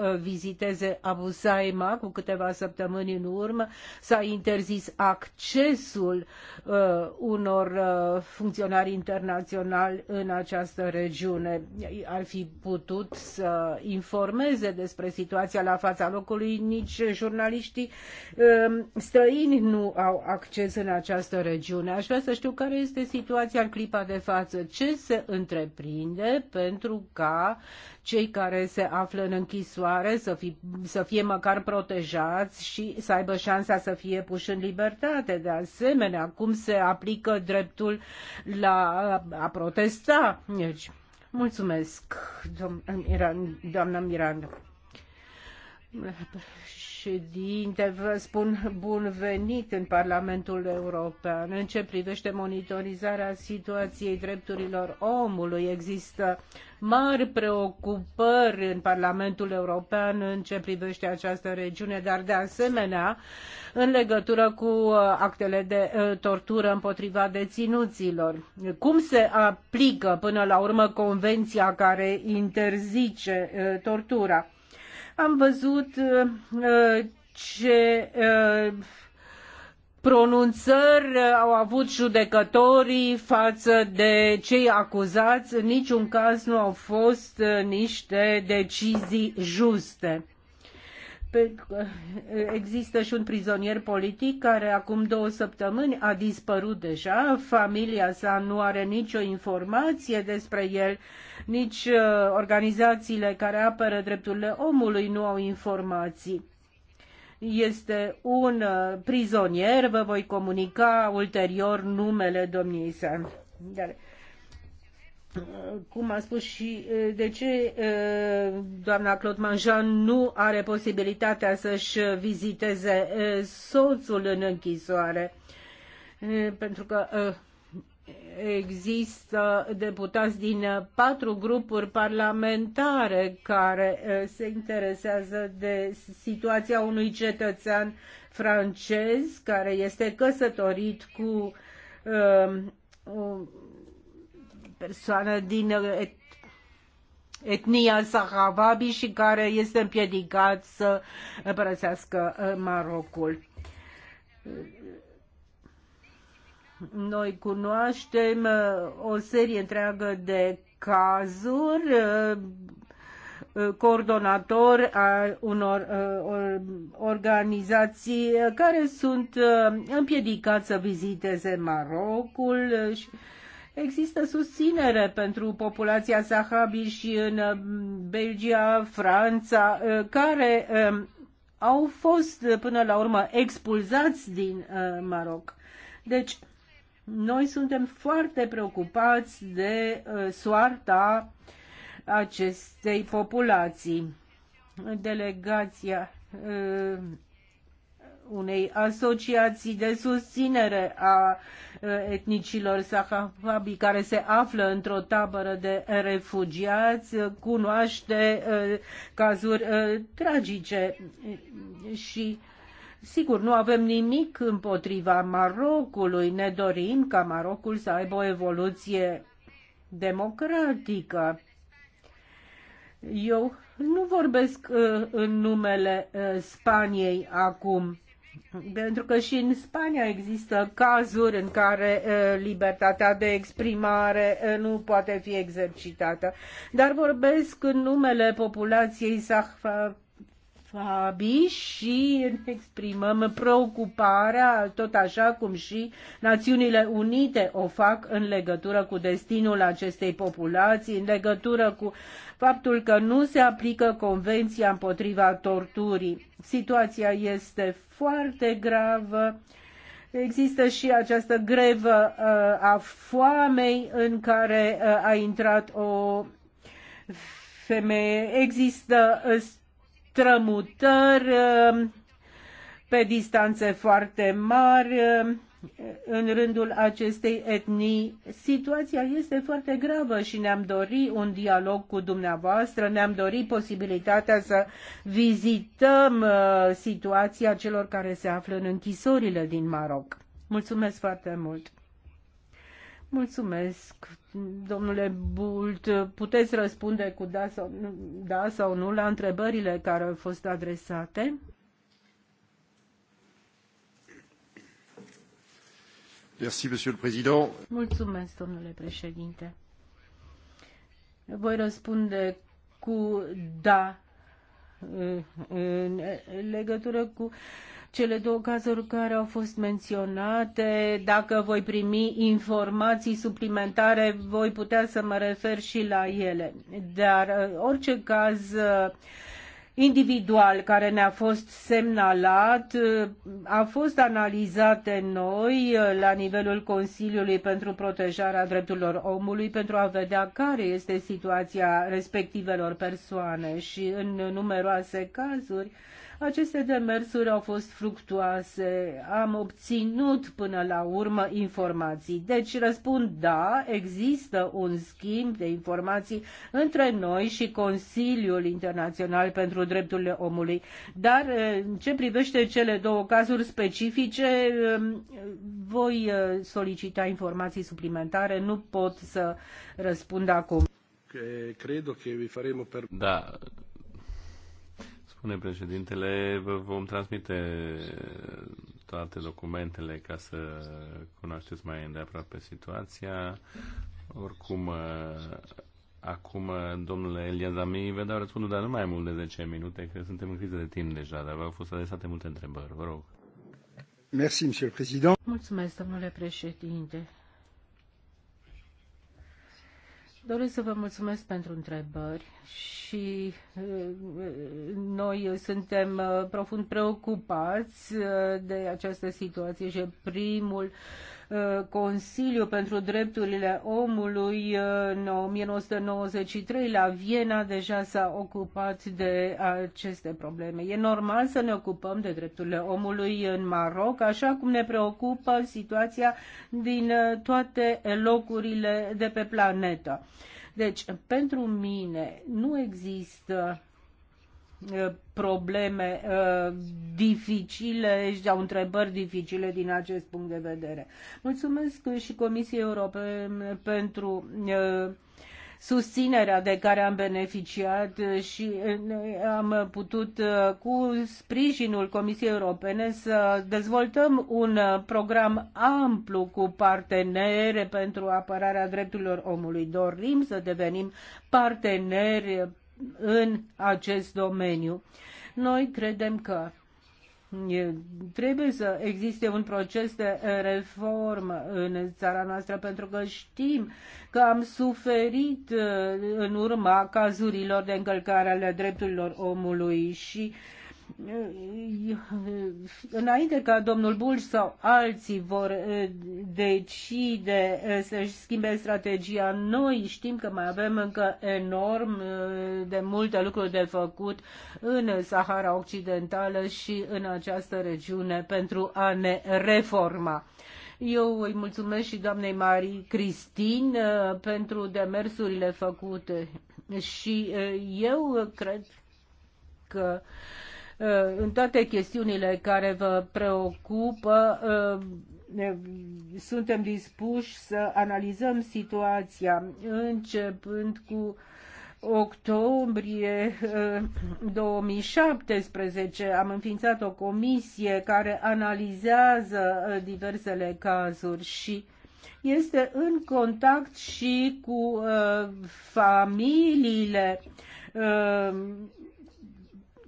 uh, viziteze Abu Saima cu câteva săptămâni în urmă, s-a interzis accesul uh, unor uh, funcționari internaționali în această regiune. Ar fi putut să informeze despre situația la fața locului, nici jurnaliștii uh, străini nu au acces în această regiune. Aș vrea să știu care este situația în clipa de față, ce se întreprinde pentru ca cei care se află în închisoare să, fi, să fie măcar protejați și să aibă șansa să fie puși în libertate. De asemenea, cum se aplică dreptul la a protesta. Deci, mulțumesc, doamna Miranda președinte, vă spun bun venit în Parlamentul European. În ce privește monitorizarea situației drepturilor omului, există mari preocupări în Parlamentul European în ce privește această regiune, dar de asemenea în legătură cu uh, actele de uh, tortură împotriva deținuților. Cum se aplică până la urmă convenția care interzice uh, tortura? Am văzut uh, ce uh, pronunțări au avut judecătorii față de cei acuzați, în niciun caz nu au fost uh, niște decizii juste pentru că există și un prizonier politic care acum două săptămâni a dispărut deja, familia sa nu are nicio informație despre el, nici uh, organizațiile care apără drepturile omului nu au informații. Este un uh, prizonier, vă voi comunica ulterior numele domniei sa cum a spus și de ce doamna Claude Manjan nu are posibilitatea să-și viziteze soțul în închisoare, pentru că există deputați din patru grupuri parlamentare care se interesează de situația unui cetățean francez care este căsătorit cu persoană din uh, etnia Sahavabi și care este împiedicat să părăsească uh, Marocul. Noi cunoaștem uh, o serie întreagă de cazuri coordonator a unor organizații care sunt împiedicați să viziteze Marocul și Există susținere pentru populația Sahabi și în uh, Belgia, Franța, uh, care um, au fost uh, până la urmă expulzați din Maroc. Deci, noi suntem foarte preocupați de soarta acestei populații. Delegația unei asociații de susținere a etnicilor sahabi care se află într-o tabără de refugiați, cunoaște cazuri tragice și Sigur, nu avem nimic împotriva Marocului. Ne dorim ca Marocul să aibă o evoluție democratică. Eu nu vorbesc uh, în numele uh, Spaniei acum. Pentru că și în Spania există cazuri în care uh, libertatea de exprimare uh, nu poate fi exercitată. Dar vorbesc în numele populației sahfa Fabi și exprimăm preocuparea, tot așa cum și Națiunile Unite o fac în legătură cu destinul acestei populații, în legătură cu faptul că nu se aplică Convenția împotriva torturii. Situația este foarte gravă. Există și această grevă uh, a foamei în care uh, a intrat o femeie. Există uh, strămutări um, pe distanțe foarte mari um, în rândul acestei etnii. Situația este foarte gravă și ne-am dorit un dialog cu dumneavoastră, ne-am dorit posibilitatea să vizităm uh, situația celor care se află în închisorile din Maroc. Mulțumesc foarte mult! Mulțumesc, domnule Bult. Puteți răspunde cu da sau, da sau nu la întrebările care au fost adresate? Merci, monsieur le président. Mulțumesc, domnule președinte. Voi răspunde cu da în legătură cu uh, cele două cazuri care au fost menționate. Dacă voi primi informații suplimentare, voi putea să mă refer și la ele. Dar uh, orice caz uh, individual care ne-a fost semnalat uh, a fost analizate noi la nivelul Consiliului pentru protejarea drepturilor omului pentru a vedea care este situația respectivelor persoane și în numeroase cazuri aceste demersuri au fost fructuoase, am obținut până la urmă informații. Deci răspund da, există un schimb de informații între noi și Consiliul Internațional pentru Drepturile Omului. Dar în ce privește cele două cazuri specifice, um, voi uh, solicita informații suplimentare, nu pot să răspund acum. că vi per... Da, Spune președintele, vă vom transmite toate documentele ca să cunoașteți mai îndeaproape situația. Oricum, acum, domnule Eliazami, vă dau răspundul, dar nu mai mult de 10 minute, că suntem în criză de timp deja, dar v-au fost adresate multe întrebări. Vă rog. Mulțumesc, domnule președinte. Doresc să vă mulțumesc pentru întrebări și uh, noi suntem uh, profund preocupați uh, de această situație și primul Uh, Consiliu pentru Drepturile Omului în uh, 1993 la Viena deja s-a ocupat de aceste probleme. E normal să ne ocupăm de drepturile omului în Maroc, așa cum ne preocupă situația din uh, toate locurile de pe planetă. Deci, pentru mine nu există probleme dificile au întrebări dificile din acest punct de vedere. Mulțumesc și Comisiei Europene pentru susținerea de care am beneficiat și am putut cu sprijinul Comisiei Europene să dezvoltăm un program amplu cu partenere pentru apărarea drepturilor omului. Dorim să devenim parteneri în acest domeniu. Noi credem că trebuie să existe un proces de reformă în țara noastră pentru că știm că am suferit în urma cazurilor de încălcare ale drepturilor omului și înainte ca domnul Bulș sau alții vor decide să-și schimbe strategia, noi știm că mai avem încă enorm de multe lucruri de făcut în Sahara Occidentală și în această regiune pentru a ne reforma. Eu îi mulțumesc și doamnei Marie Cristin pentru demersurile făcute și eu cred că uh, Uh, în toate chestiunile care vă preocupă, uh, suntem dispuși să analizăm situația, începând cu octombrie 2017 uh, am înființat o comisie care analizează diversele cazuri și este în contact și cu familiile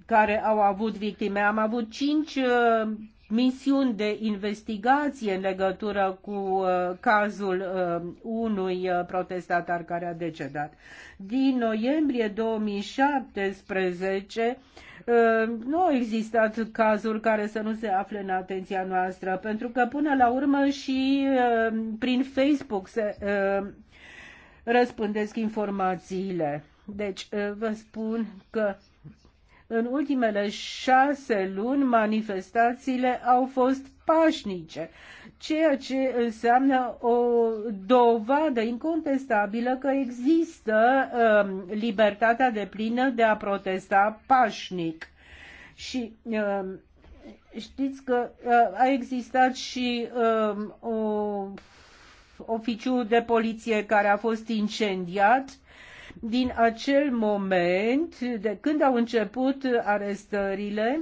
care au avut victime. Am avut cinci uh, misiuni de investigație în legătură cu uh, cazul uh, unui uh, protestatar care a decedat. Din noiembrie 2017 uh, nu au existat cazuri care să nu se afle în atenția noastră, pentru că până la urmă și uh, prin Facebook se uh, răspândesc informațiile. Deci vă spun că în ultimele șase luni, manifestațiile au fost pașnice, ceea ce înseamnă o dovadă incontestabilă că există uh, libertatea de plină de a protesta pașnic. Și uh, știți că uh, a existat și uh, o oficiu de poliție care a fost incendiat din acel moment, de când au început arestările,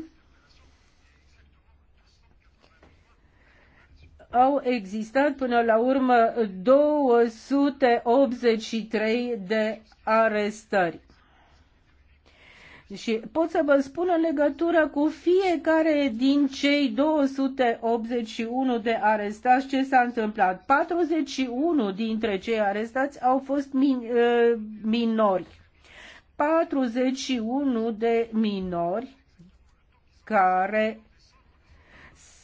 au existat până la urmă 283 de arestări. Și pot să vă spun în legătură cu fiecare din cei 281 de arestați ce s-a întâmplat. 41 dintre cei arestați au fost min, uh, minori. 41 de minori care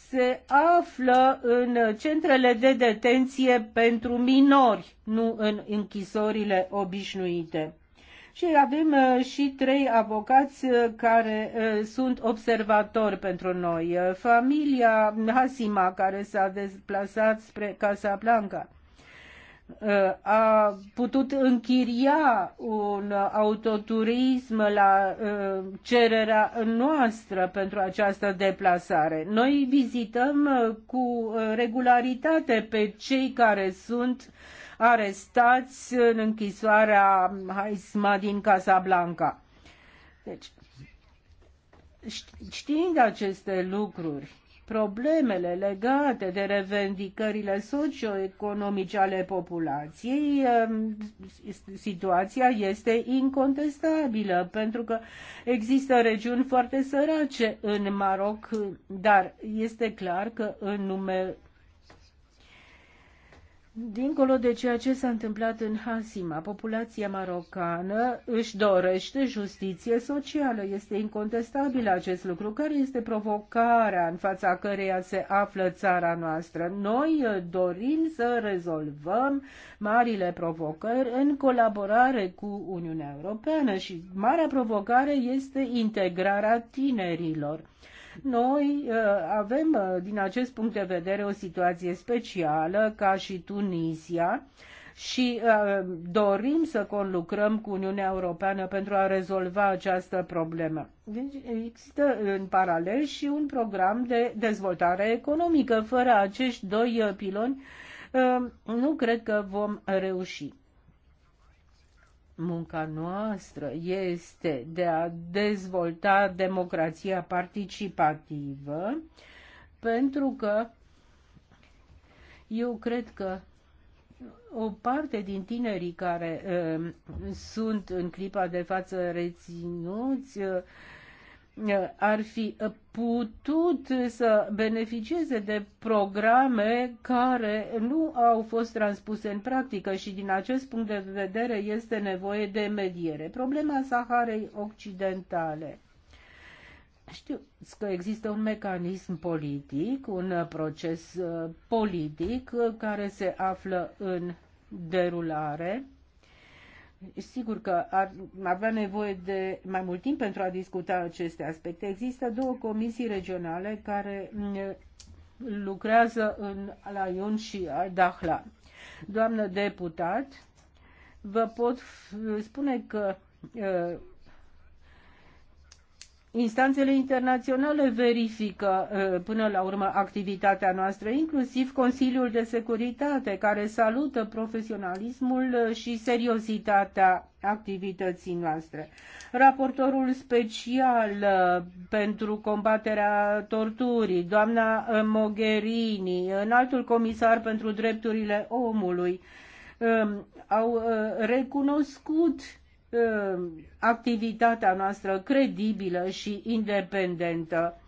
se află în centrele de detenție pentru minori, nu în închisorile obișnuite. Și avem uh, și trei avocați uh, care uh, sunt observatori pentru noi. Familia Hasima, care s-a deplasat spre Casa Blanca a putut închiria un autoturism la cererea noastră pentru această deplasare. Noi vizităm cu regularitate pe cei care sunt uh, arestați în închisoarea Haisma din Casablanca. Deci, știind aceste lucruri, problemele legate de revendicările socioeconomice ale populației, um, situația este incontestabilă, pentru că există regiuni foarte sărace în Maroc, dar este clar că în nume Dincolo de ceea ce s-a întâmplat în Hasima, populația marocană își dorește justiție socială. Este incontestabil acest lucru. Care este provocarea în fața căreia se află țara noastră? Noi uh, dorim să rezolvăm marile provocări în colaborare cu Uniunea Europeană și marea provocare este integrarea tinerilor noi uh, avem, uh, din acest punct de vedere, o situație specială, ca și Tunisia, și uh, dorim să conlucrăm cu Uniunea Europeană pentru a rezolva această problemă. Deci există în paralel și un program de dezvoltare economică. Fără acești doi piloni, nu cred că vom reuși munca noastră este de a dezvolta democrația participativă, pentru că eu cred că o parte din tinerii care uh, sunt în clipa de față reținuți uh, ar fi putut să beneficieze de programe care nu au fost transpuse în practică și din acest punct de vedere este nevoie de mediere. Problema Saharei Occidentale. Știu că există un mecanism politic, un proces uh, politic uh, care se află în derulare Sigur că ar avea nevoie de mai mult timp pentru a discuta aceste aspecte. Există două comisii regionale care mm, lucrează în Alaion și Dahla. Doamnă deputat, vă pot spune că uh, instanțele internaționale verifică până la urmă activitatea noastră, inclusiv Consiliul de Securitate, care salută profesionalismul și seriozitatea activității noastre. Raportorul special pentru combaterea torturii, doamna Mogherini, înaltul comisar pentru drepturile omului, au recunoscut Uh, activitatea noastră credibilă și independentă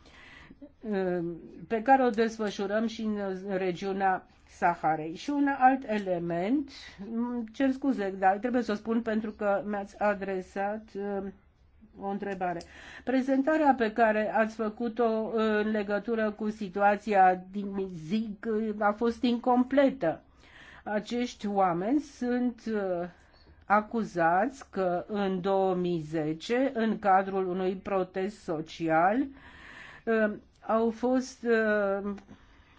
uh, pe care o desfășurăm și în regiunea Saharei. Și un alt element, mm, cer scuze, dar trebuie să o spun pentru că mi-ați adresat uh, o întrebare. Prezentarea pe care ați făcut-o în legătură cu situația din Zig a fost incompletă. Acești oameni sunt acuzați că în 2010, în cadrul unui protest social, uh, au fost uh,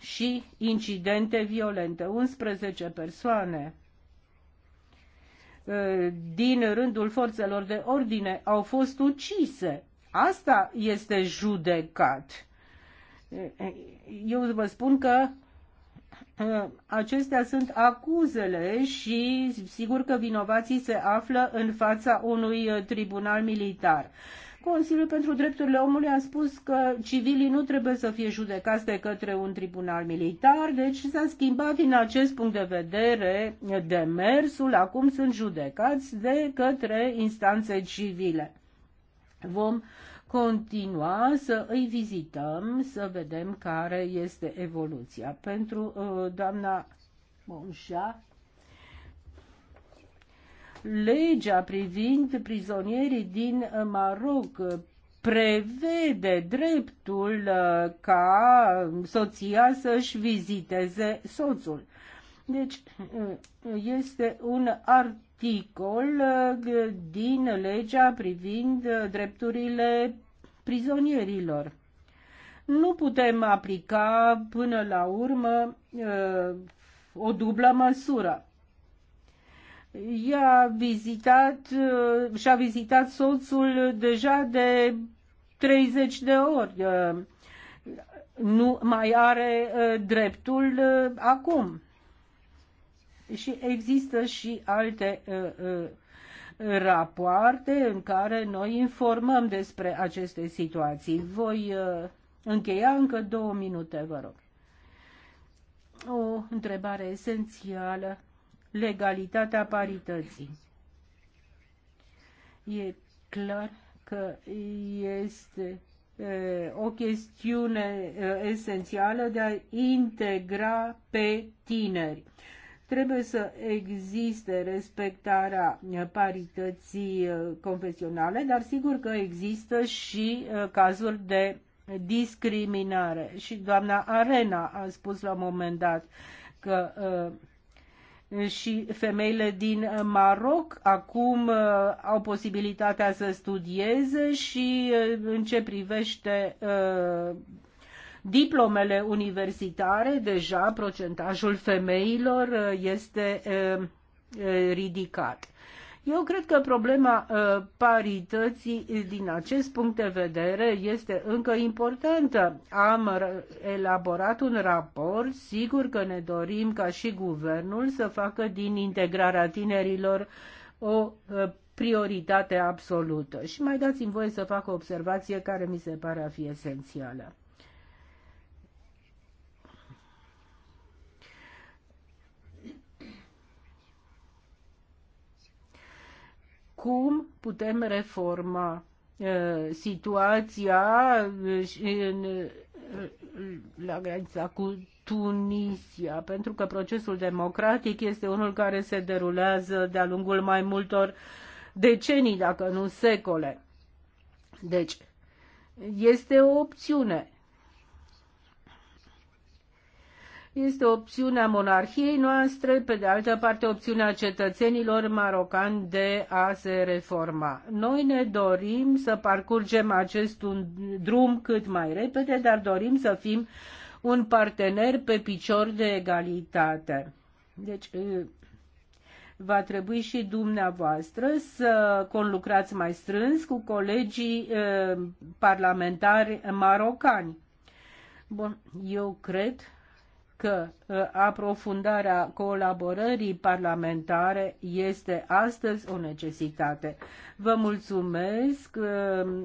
și incidente violente, 11 persoane uh, din rândul forțelor de ordine au fost ucise. Asta este judecat. Eu vă spun că Uh, acestea sunt acuzele și sigur că vinovații se află în fața unui uh, tribunal militar. Consiliul pentru Drepturile Omului a spus că civilii nu trebuie să fie judecați de către un tribunal militar, deci s-a schimbat din acest punct de vedere demersul, acum sunt judecați de către instanțe civile. Vom uh, continua să îi vizităm, să vedem care este evoluția. Pentru uh, doamna Monșa, legea privind prizonierii din uh, Maroc prevede dreptul uh, ca soția să-și viziteze soțul. Deci este un articol din legea privind drepturile prizonierilor. Nu putem aplica până la urmă uh, o dublă măsură. Ea vizitat, uh, și-a vizitat soțul deja de 30 de ori. Uh, nu mai are dreptul acum. Și există și alte uh, rapoarte în care noi informăm despre aceste situații. Voi uh, încheia încă două minute, vă rog. O întrebare esențială. Legalitatea parității. E clar că este uh, o chestiune uh, esențială de a integra pe tineri. Trebuie să existe respectarea parității uh, confesionale, dar sigur că există și uh, cazuri de discriminare. Și doamna Arena a spus la un moment dat că uh, și femeile din Maroc acum au posibilitatea să studieze și în ce privește diplomele universitare, deja procentajul femeilor uh, este uh, uh, ridicat. Eu cred că problema parității din acest punct de vedere este încă importantă. Am elaborat un raport, sigur că ne dorim ca și guvernul să facă din integrarea tinerilor o prioritate absolută. Și mai dați-mi voie să fac o observație care mi se pare a fi esențială. cum putem reforma uh, situația uh, uh, la granița cu Tunisia, pentru că procesul democratic este unul care se derulează de-a lungul mai multor decenii, dacă nu secole. Deci, este o opțiune Este opțiunea monarhiei noastre, pe de altă parte opțiunea cetățenilor marocani de a se reforma. Noi ne dorim să parcurgem acest un drum cât mai repede, dar dorim să fim un partener pe picior de egalitate. Deci, va trebui și dumneavoastră să conlucrați mai strâns cu colegii parlamentari marocani. Bun, eu cred că uh, aprofundarea colaborării parlamentare este astăzi o necesitate. Vă mulțumesc, uh,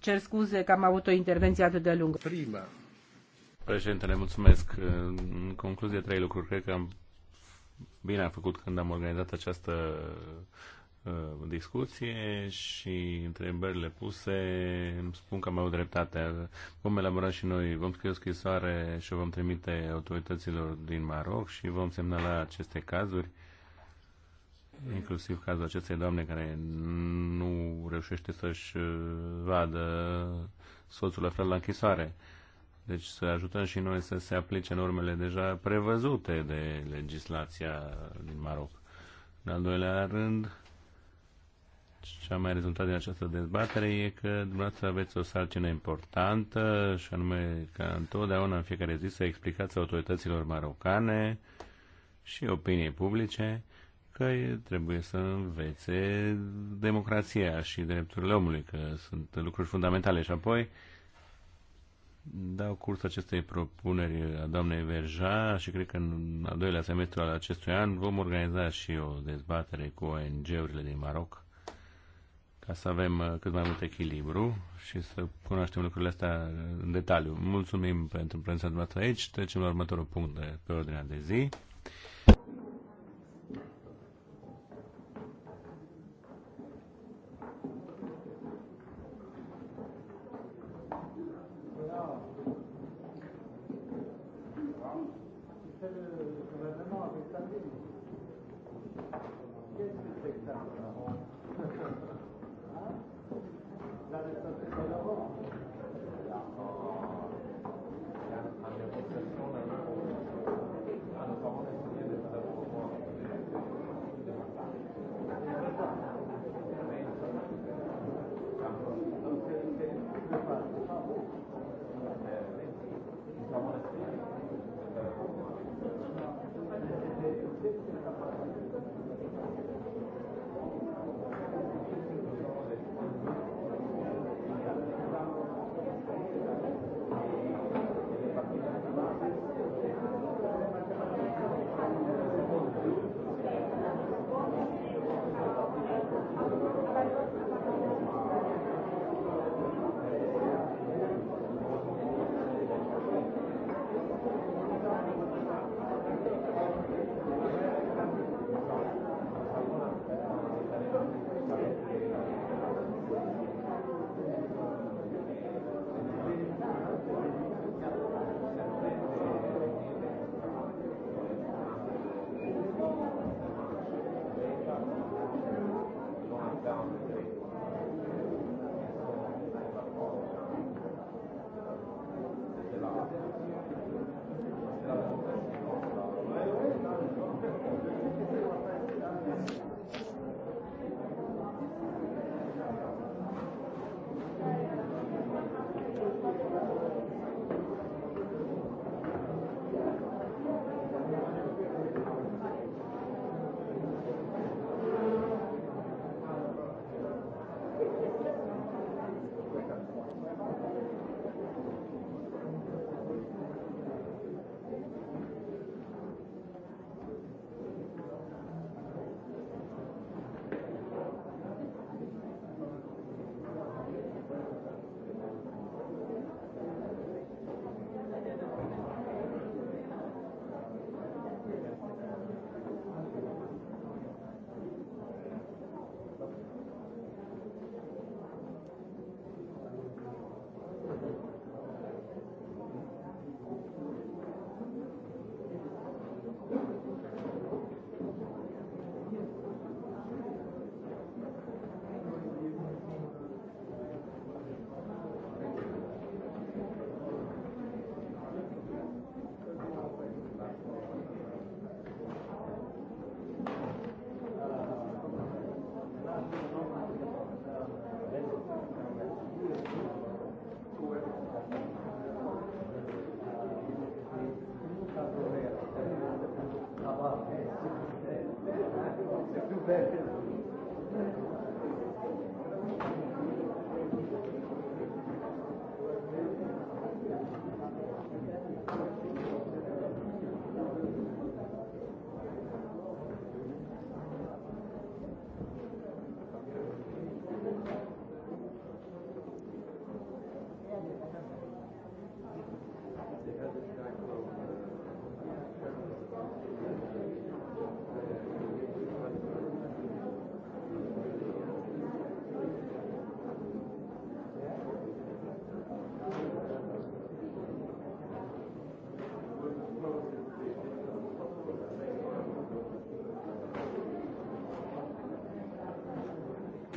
cer scuze că am avut o intervenție atât de lungă. Prima. Președintele, mulțumesc. În concluzie, trei lucruri. Cred că am bine am făcut când am organizat această Uh, discuție și întrebările puse îmi spun că am avut dreptate. Vom elabora și noi, vom scrie o scrisoare și o vom trimite autorităților din Maroc și vom semnala aceste cazuri inclusiv cazul acestei doamne care nu reușește să-și uh, vadă soțul aflat la închisoare. Deci să ajutăm și noi să se aplice normele deja prevăzute de legislația din Maroc. În al doilea rând, ce a mai rezultat din această dezbatere e că dumneavoastră aveți o sarcină importantă și anume ca întotdeauna în fiecare zi să explicați autorităților marocane și opiniei publice că trebuie să învețe democrația și drepturile omului, că sunt lucruri fundamentale. Și apoi dau curs acestei propuneri a doamnei Verja și cred că în al doilea semestru al acestui an vom organiza și o dezbatere cu ONG-urile din Maroc ca să avem uh, cât mai mult echilibru și să cunoaștem lucrurile astea în detaliu. Mulțumim pentru prezența dumneavoastră aici. Trecem la următorul punct de pe ordinea de zi. Thank you.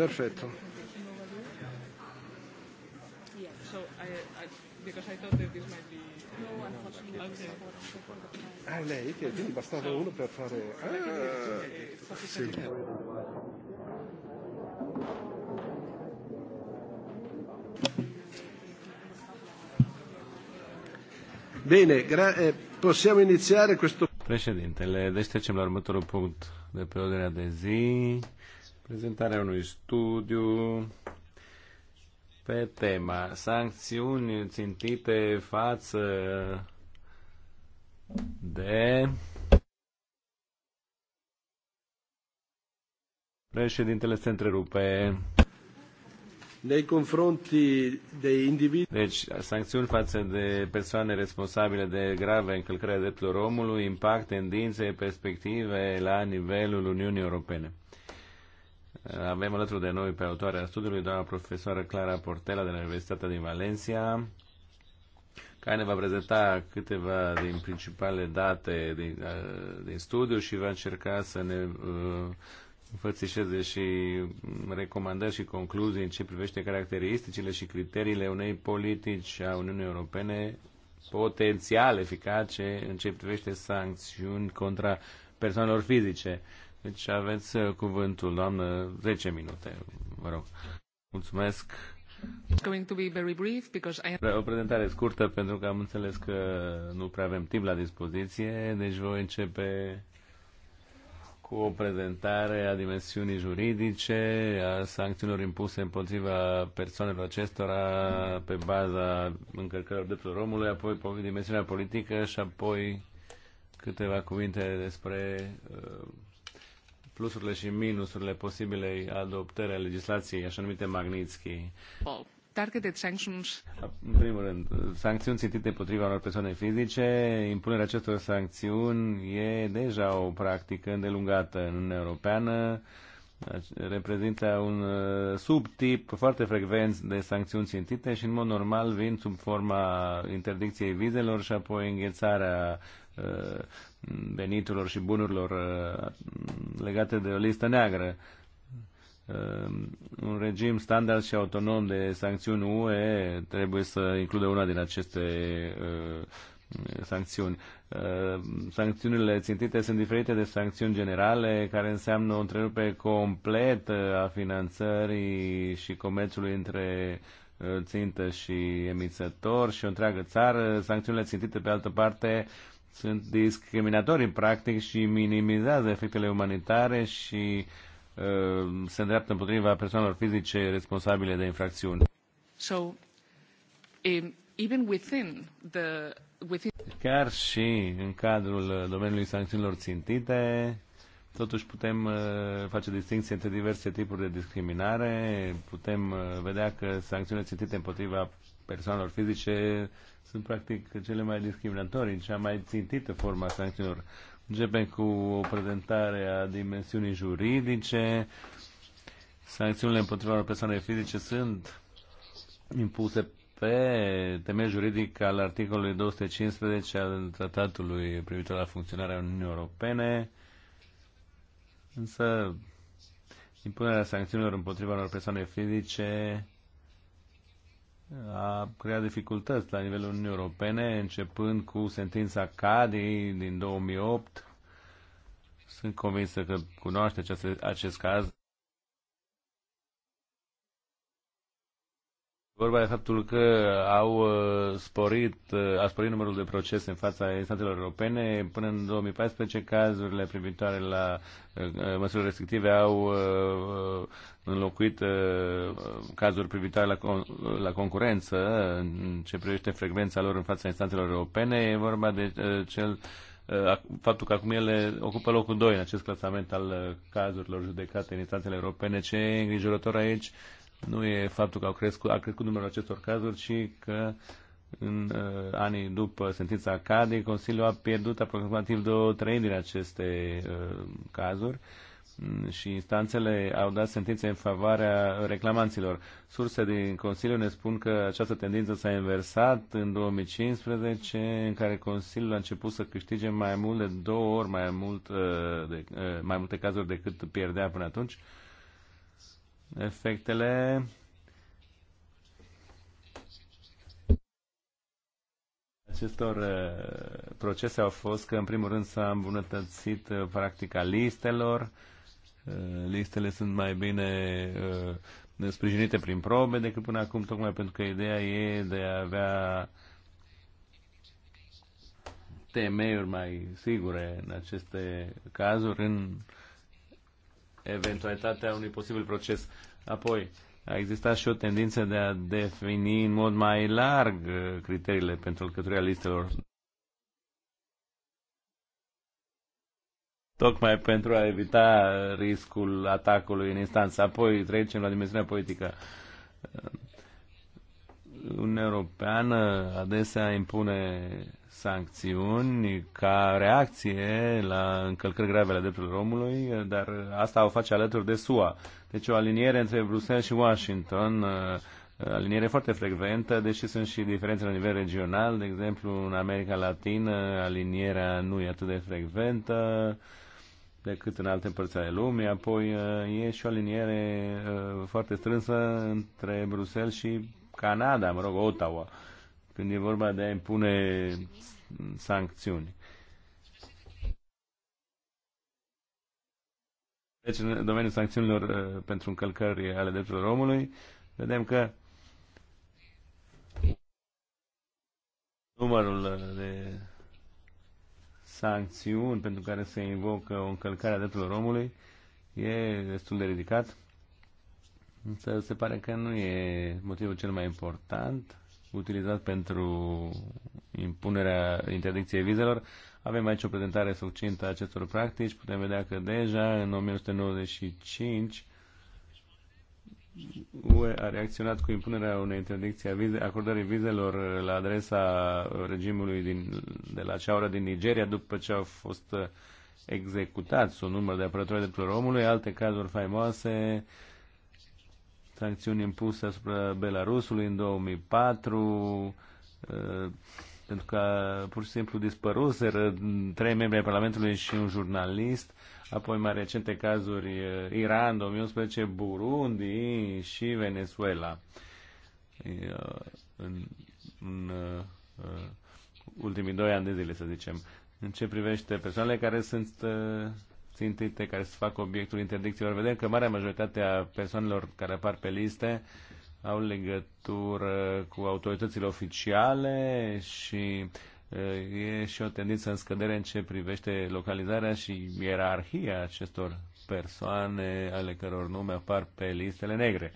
Perfetto. Ah, lei, che, quindi bastava uno per fare... Ah, sì. Bene, gra- eh, possiamo iniziare questo... Președintele, le destre deci c'è următorul punto, de pe ordinea prezentarea unui studiu pe tema sancțiuni țintite față de președintele se întrerupe nei confronti de indivizi. Deci, sancțiuni față de persoane responsabile de grave încălcări ale drepturilor omului, impact, tendințe, perspective la nivelul Uniunii Europene. Avem alături de noi pe autoarea studiului doamna profesoară Clara Portela de la Universitatea din Valencia, care ne va prezenta câteva din principale date din, uh, din studiu și va încerca să ne uh, înfățișeze și recomandări și concluzii în ce privește caracteristicile și criteriile unei politici a Uniunii Europene potențial eficace în ce privește sancțiuni contra persoanelor fizice. Uh, deci aveți uh, cuvântul, doamnă, 10 minute, vă rog. Mulțumesc. Going to be very brief because I O prezentare scurtă pentru că am înțeles că nu prea avem timp la dispoziție, deci voi începe cu o prezentare a dimensiunii juridice, a sancțiunilor impuse împotriva persoanelor acestora pe baza încărcărilor drepturilor omului, apoi dimensiunea politică și apoi câteva cuvinte despre uh, plusurile și minusurile posibilei adoptări a legislației, așa numite Magnitsky. Oh. Targeted sanctions. În primul rând, sancțiuni țintite împotriva unor persoane fizice, impunerea acestor sancțiuni e deja o practică îndelungată în Uniunea Europeană, reprezintă un uh, subtip foarte frecvent de sancțiuni țintite și în mod normal vin sub forma interdicției vizelor și apoi înghețarea uh, veniturilor și bunurilor uh, legate de o listă neagră. Uh, un regim standard și autonom de sancțiuni UE trebuie să includă una din aceste uh, sancțiuni. Sancțiunile țintite sunt diferite de sancțiuni generale, care înseamnă o întrerupere completă a finanțării și comerțului între țintă și emițător și o întreagă țară. Sancțiunile țintite, pe altă parte, sunt în practic și minimizează efectele umanitare și uh, se îndreaptă împotriva persoanelor fizice responsabile de infracțiuni. So, um, even within the, within... Chiar și în cadrul uh, domeniului sancțiunilor țintite, Totuși putem uh, face distinție între diverse tipuri de discriminare, putem uh, vedea că sancțiunile țintite împotriva persoanelor fizice sunt practic cele mai discriminatorii, cea mai țintită forma sancțiunilor. Începem cu o prezentare a dimensiunii juridice. Sancțiunile împotriva persoanelor fizice sunt impuse pe temei juridic al articolului 215 al tratatului privitor la funcționarea Uniunii Europene, însă impunerea sancțiunilor împotriva unor persoane fizice a creat dificultăți la nivelul Uniunii Europene, începând cu sentința CADI din 2008. Sunt convinsă că cunoaște acest, acest caz. vorba de faptul că au uh, sporit, uh, a sporit numărul de procese în fața instanțelor europene. Până în 2014, cazurile privitoare la uh, măsurile restrictive au înlocuit cazuri privitoare la, con- la concurență în ce privește frecvența lor în fața instanțelor europene. E vorba de cel faptul că acum ele ocupă locul 2 în acest clasament al cazurilor judecate în instanțele europene. Ce e îngrijorător aici nu e faptul că au crescut, a crescut numărul acestor cazuri, ci că în uh, anii după sentința CADE, Consiliul a pierdut aproximativ două treimi din aceste uh, cazuri mm, și instanțele au dat sentințe în favoarea reclamanților. Surse din Consiliu ne spun că această tendință s-a inversat în 2015, în care Consiliul a început să câștige mai mult de două ori mai, mult, uh, de, uh, mai multe cazuri decât pierdea până atunci. Uh, efectele acestor uh, procese au fost că, în primul rând, s-a îmbunătățit uh, practica listelor. Uh, listele sunt mai bine sprijinite prin probe decât până acum, tocmai pentru că ideea e de a avea temeiuri mai sigure în aceste cazuri, în eventualitatea unui posibil proces. Apoi, a existat și o tendință de a defini în mod mai larg uh, criteriile pentru alcătuirea listelor. Tocmai pentru a evita riscul atacului în instanță. Apoi trecem la dimensiunea politică. Uniunea Europeană adesea impune sancțiuni ca reacție la încălcări grave ale drepturilor omului, dar asta o face alături de SUA. Deci o aliniere între Bruxelles și Washington, uh, aliniere foarte frecventă, deși sunt și diferențe la nivel regional, de exemplu în America Latină alinierea nu e atât de frecventă decât în alte părți ale lumii, apoi uh, e și o aliniere uh, foarte strânsă între Bruxelles și Canada, mă rog, Ottawa. Uh, când e vorba de a impune sancțiuni. Deci, în domeniul sancțiunilor uh, pentru încălcări ale drepturilor omului, vedem că numărul uh, de sancțiuni pentru care se invocă o încălcare a drepturilor omului e destul de ridicat. Însă se pare că nu e motivul cel mai important utilizat pentru impunerea interdicției vizelor. Avem aici o prezentare succintă a acestor practici. Putem vedea că deja în 1995 UE a reacționat cu impunerea unei interdicții a vize, acordării vizelor la adresa regimului din, de la Ceaură din Nigeria după ce au fost executați un număr de apărători de drepturilor omului, alte cazuri faimoase sancțiuni impuse asupra Belarusului în 2004, uh, pentru că pur și simplu dispăruseră trei membri ai Parlamentului și un jurnalist, apoi mai recente cazuri uh, Iran 2011, Burundi și Venezuela. Uh, în, în ultimii doi ani de zile, să zicem. În ce privește persoanele care sunt țintite care să facă obiectul interdicțiilor. Vedem că marea majoritate a persoanelor care apar pe liste au legătură cu autoritățile oficiale și uh, e și o tendință în scădere în ce privește localizarea și ierarhia acestor persoane ale căror nume apar pe listele negre.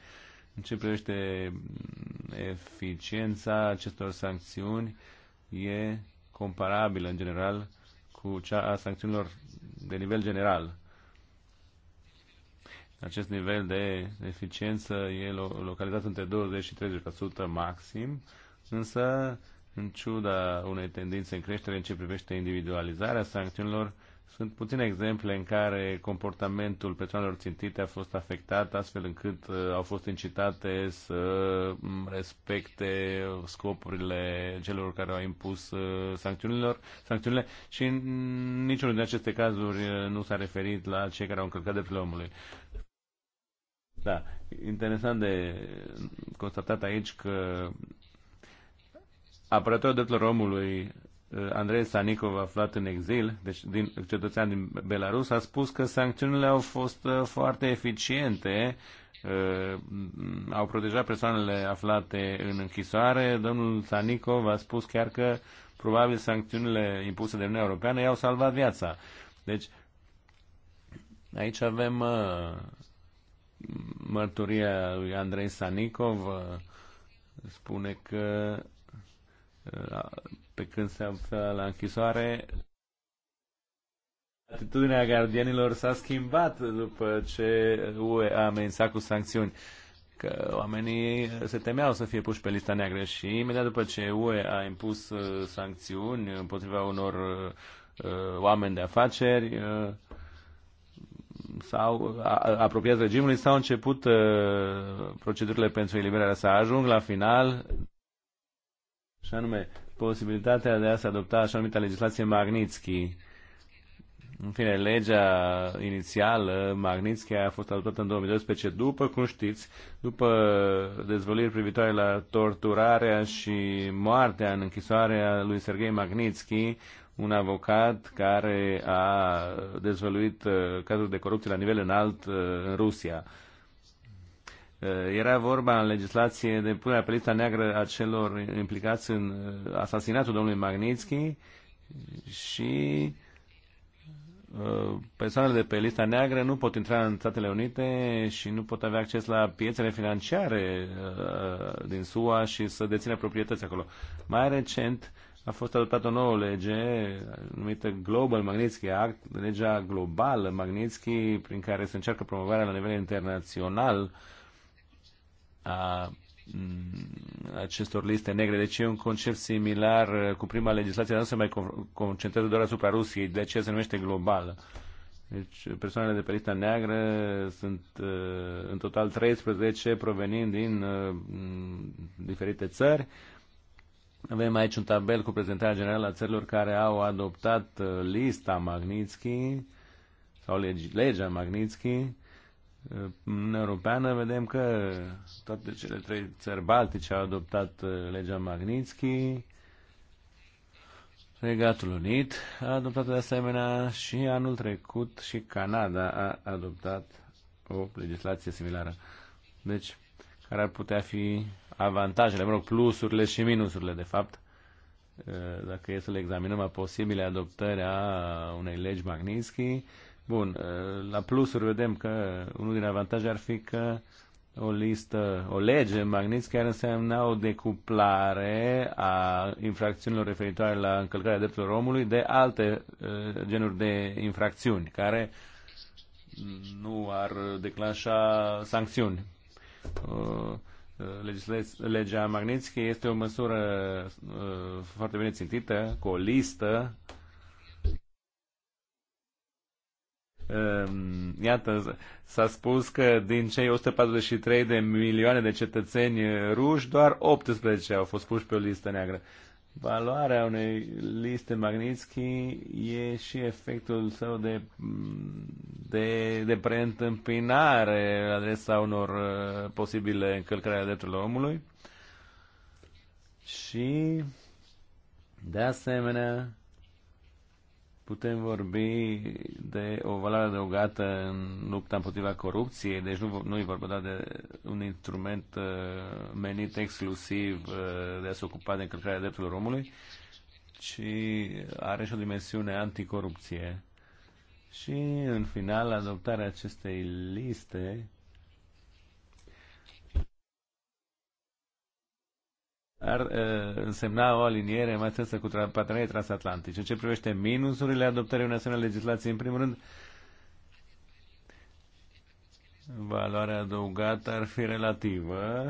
În ce privește mm, eficiența acestor sancțiuni, e comparabilă în general cu cea a sancțiunilor de nivel general. Acest nivel de eficiență e localizat între 20 și 30% maxim, însă, în ciuda unei tendințe în creștere în ce privește individualizarea sancțiunilor, sunt puține exemple în care comportamentul persoanelor țintite a fost afectat astfel încât uh, au fost incitate să mm, respecte scopurile celor care au impus uh, sancțiunilor, sancțiunile și niciunul din aceste cazuri uh, nu s-a referit la cei care au încălcat de omului. Da, interesant de constatat aici că apărătorul drepturilor omului Uh, Andrei Sanikov aflat în exil, deci din, cetățean din Belarus, a spus că sancțiunile au fost uh, foarte eficiente, uh, au protejat persoanele aflate în închisoare. Domnul Sanikov a spus chiar că probabil sancțiunile impuse de Uniunea Europeană i-au salvat viața. Deci, aici avem mărturia lui Andrei Sanikov spune că pe când se află la închisoare, atitudinea gardienilor s-a schimbat după ce UE a amenințat cu sancțiuni că oamenii se temeau să fie puși pe lista neagră și imediat după ce UE a impus uh, sancțiuni împotriva unor uh, oameni de afaceri uh, sau apropiat regimului, s-au început uh, procedurile pentru eliberarea sa. Ajung la final și anume posibilitatea de a se adopta așa numită legislație Magnitsky. În fine, legea inițială, Magnitsky, a fost adoptată în 2012, după, cum știți, după dezvăluiri privitoare la torturarea și moartea în închisoarea lui Sergei Magnitsky, un avocat care a dezvăluit uh, cazuri de corupție la nivel înalt uh, în Rusia. Eh, era vorba în legislație de punerea pe lista neagră a celor implicați în eh, asasinatul domnului Magnitsky și eh, persoanele de pe lista neagră nu pot intra în Statele Unite și nu pot avea acces la piețele financiare din SUA și să dețină proprietăți acolo. Mai recent a fost adoptată o nouă lege numită Global Magnitsky Act, legea globală Magnitsky, prin care se încearcă promovarea la nivel internațional uh, a mm, acestor liste negre. Deci e un concept similar uh, cu prima legislație, dar nu se mai concentrează doar asupra Rusiei, de aceea se numește globală. Deci persoanele de pe lista neagră sunt uh, în total 13 provenind din uh, mm, diferite țări. Avem aici un tabel cu prezentarea generală a țărilor care au adoptat lista Magnitsky sau legea Magnitsky în Europeană vedem că toate cele trei țări baltice au adoptat uh, legea Magnitsky, Regatul Unit a adoptat de asemenea și anul trecut și Canada a adoptat o legislație similară. Deci, care ar putea fi avantajele, mă rog, plusurile și minusurile, de fapt, uh, dacă e să le examinăm a posibile adoptări a unei legi Magnitsky, Bun, eh, la plusuri vedem că unul din avantaje ar fi că o listă, o lege Magnitsky ar însemna o decuplare a infracțiunilor referitoare la încălcarea drepturilor omului de alte eh, genuri de infracțiuni care nu ar declanșa sancțiuni. Eh, legea Magnitsky este o măsură uh, foarte bine țintită, cu o listă uh, Ehm, iată, s-a spus că din cei 143 de milioane de cetățeni ruși, doar 18 au fost puși pe o listă neagră. Valoarea unei liste Magnitsky e și efectul său de, de, de preîntâmpinare la adresa unor uh, posibile încălcări ale drepturilor omului și, de asemenea, putem vorbi de o valoare adăugată în lupta împotriva corupției, deci nu, nu e vorba de un instrument uh, menit exclusiv uh, de a se ocupa de încălcarea drepturilor omului, ci are și o dimensiune anticorupție. Și, în final, adoptarea acestei liste ar uh, însemna o aliniere mai strânsă cu tra- partenerii transatlantici. În ce privește minusurile adoptării unei asemenea legislații, în primul rând, valoarea adăugată ar fi relativă,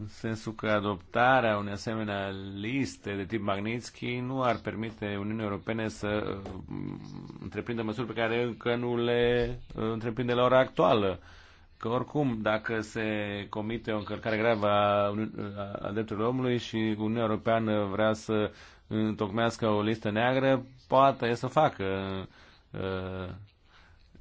în sensul că adoptarea unei asemenea liste de tip Magnitsky nu ar permite Uniunii Europene să uh, întreprindă măsuri pe care încă nu le uh, întreprinde la ora actuală. Uh, că oricum dacă se comite o încălcare gravă a, a drepturilor omului și Uniunea Europeană vrea să întocmească o listă neagră, poate să facă. Uh,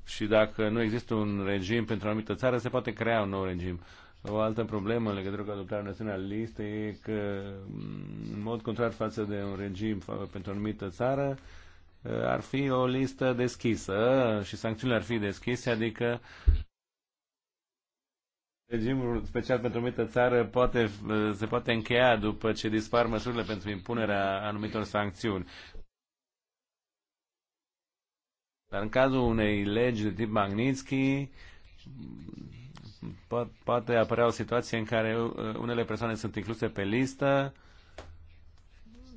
și dacă nu există un regim pentru o anumită țară, se poate crea un nou regim. O altă problemă în legătură cu adoptarea naționalistă e că, mm, în mod contrar față de un regim pentru o anumită țară, uh, ar fi o listă deschisă și sancțiunile ar fi deschise, adică Regimul special pentru anumită țară poate, se poate încheia după ce dispar măsurile pentru impunerea anumitor sancțiuni. Dar în cazul unei legi de tip Magnitsky, po- poate apărea o situație în care uh, unele persoane sunt incluse pe listă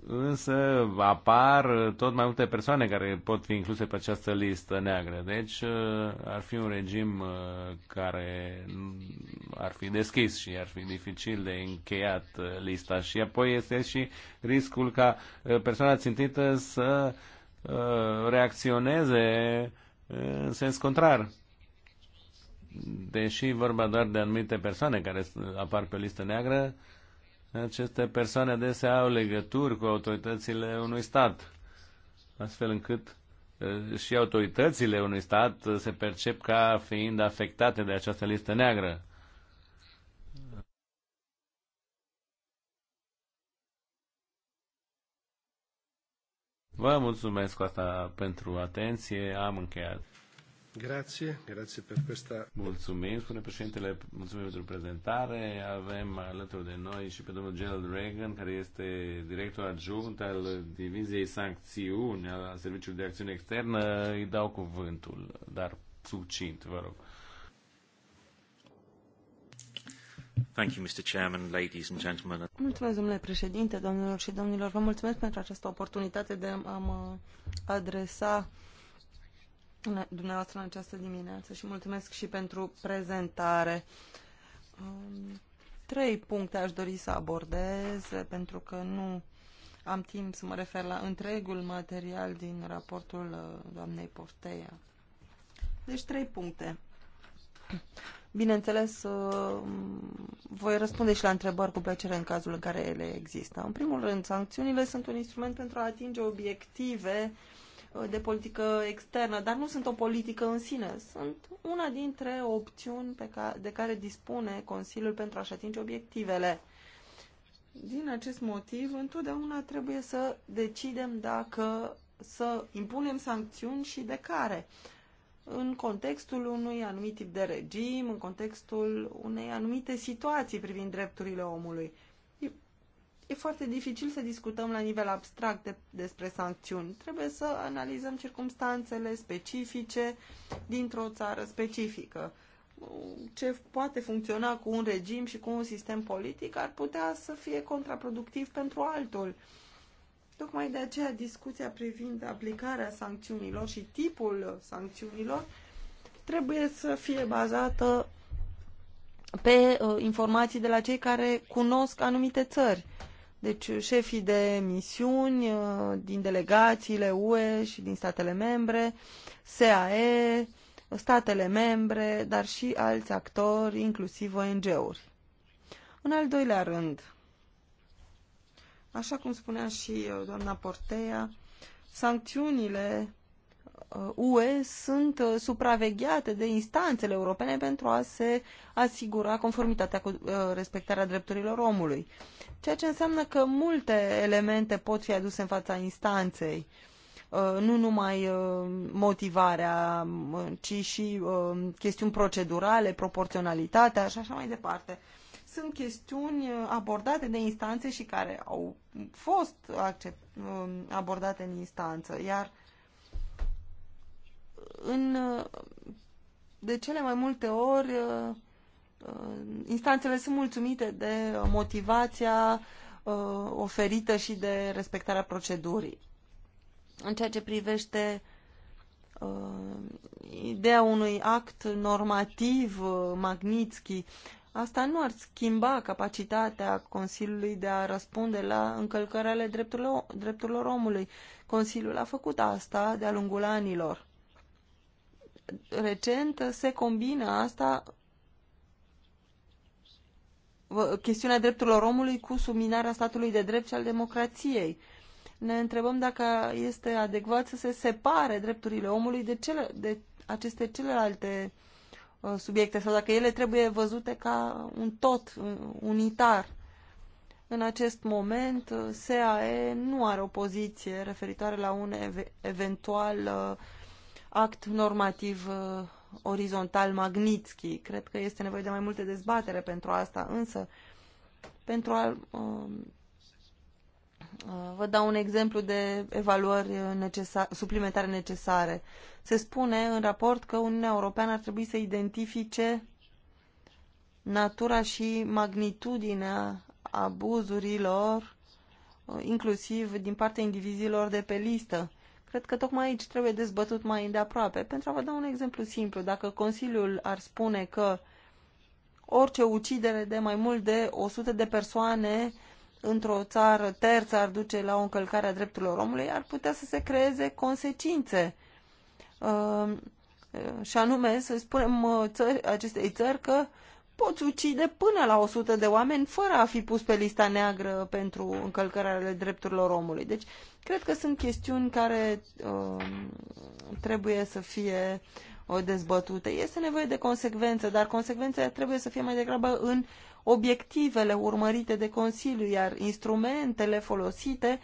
însă apar tot mai multe persoane care pot fi incluse pe această listă neagră. Deci uh, ar fi un regim uh, care ar fi deschis și ar fi dificil de încheiat uh, lista. Și apoi este și riscul ca persoana țintită să reacționeze în sens contrar. Deși vorba doar de anumite persoane care apar pe o listă neagră, aceste persoane adesea au legături cu autoritățile unui stat, astfel încât și autoritățile unui stat se percep ca fiind afectate de această listă neagră. Vă mulțumesc cu asta pentru atenție. Am încheiat. Grazie, grazie per questa... Mulțumim, spune președintele, mulțumim pentru prezentare. Avem alături de noi și pe domnul Gerald Reagan, care este director adjunct al Diviziei Sancțiuni a Serviciului de Acțiune Externă. Îi dau cuvântul, dar succint, vă rog. Thank you, Mr. Chairman, ladies and gentlemen. Mulțumesc, domnule președinte, domnilor și domnilor. Vă mulțumesc pentru această oportunitate de a mă adresa dumneavoastră în această dimineață și mulțumesc și pentru prezentare. Um, trei puncte aș dori să abordez pentru că nu am timp să mă refer la întregul material din raportul uh, doamnei Porteia. Deci trei puncte. Bineînțeles, uh, voi răspunde și la întrebări cu plăcere în cazul în care ele există. În primul rând, sancțiunile sunt un instrument pentru a atinge obiective uh, Uh, de politică externă, dar nu sunt o politică în sine. Sunt una dintre opțiuni pe ca, de care dispune Consiliul pentru a-și atinge obiectivele. Din acest motiv, întotdeauna trebuie să decidem dacă să impunem sancțiuni și de care. În contextul unui anumit tip de regim, în contextul unei anumite situații privind drepturile omului e foarte dificil să discutăm la nivel abstract de, despre sancțiuni. Trebuie să analizăm circumstanțele specifice dintr-o țară specifică. Ce poate funcționa cu un regim și cu un sistem politic ar putea să fie contraproductiv pentru altul. Tocmai de aceea discuția privind aplicarea sancțiunilor și tipul sancțiunilor trebuie să fie bazată pe uh, informații de la cei care cunosc anumite țări. Deci șefii de misiuni uh, din delegațiile UE și din statele membre, SAE, statele membre, dar și alți actori, inclusiv ONG-uri. În al doilea rând, așa cum spunea și uh, doamna Portea, sancțiunile UE uh, sunt uh, supravegheate de instanțele europene pentru a se asigura conformitatea cu uh, respectarea drepturilor omului. Ceea ce înseamnă că multe elemente pot fi aduse în fața instanței, nu numai motivarea, ci și chestiuni procedurale, proporționalitatea și așa mai departe. Sunt chestiuni abordate de instanțe și care au fost abordate în instanță, iar în, de cele mai multe ori uh, uh, instanțele sunt mulțumite de motivația uh, oferită și de respectarea procedurii. În ceea ce privește ideea unui act normativ Magnitsky, asta nu ar schimba capacitatea Consiliului de a răspunde la încălcările drepturilor, drepturilor omului. Consiliul a făcut asta de-a lungul anilor recent se combină asta chestiunea drepturilor omului cu subminarea statului de drept și al democrației. Ne întrebăm dacă este adecvat să se separe drepturile omului de, cele, de aceste celelalte uh, subiecte sau dacă ele trebuie văzute ca un tot unitar. În acest moment, uh, SAE nu are o poziție referitoare la un ev- eventual uh, act normativ uh, orizontal Magnitsky. Cred că este nevoie de mai multe dezbatere pentru asta, însă pentru a um, uh, vă dau un exemplu de evaluări necesar, suplimentare necesare. Se spune în raport că Uniunea Europeană ar trebui să identifice natura și magnitudinea abuzurilor, uh, inclusiv din partea indivizilor de pe listă Cred că tocmai aici trebuie dezbătut mai îndeaproape. Pentru a vă da un exemplu simplu, dacă Consiliul ar spune că orice ucidere de mai mult de 100 de persoane într-o țară terță ar duce la o încălcare a drepturilor omului, ar putea să se creeze consecințe. Uh, uh, și anume să spunem uh, țări, acestei țări că poți ucide până la 100 de oameni fără a fi pus pe lista neagră pentru încălcarea drepturilor omului. Deci Cred că sunt chestiuni care uh, trebuie să fie o uh, dezbătute. Este nevoie de consecvențe, dar consecvența trebuie să fie mai degrabă în obiectivele urmărite de Consiliu, iar instrumentele folosite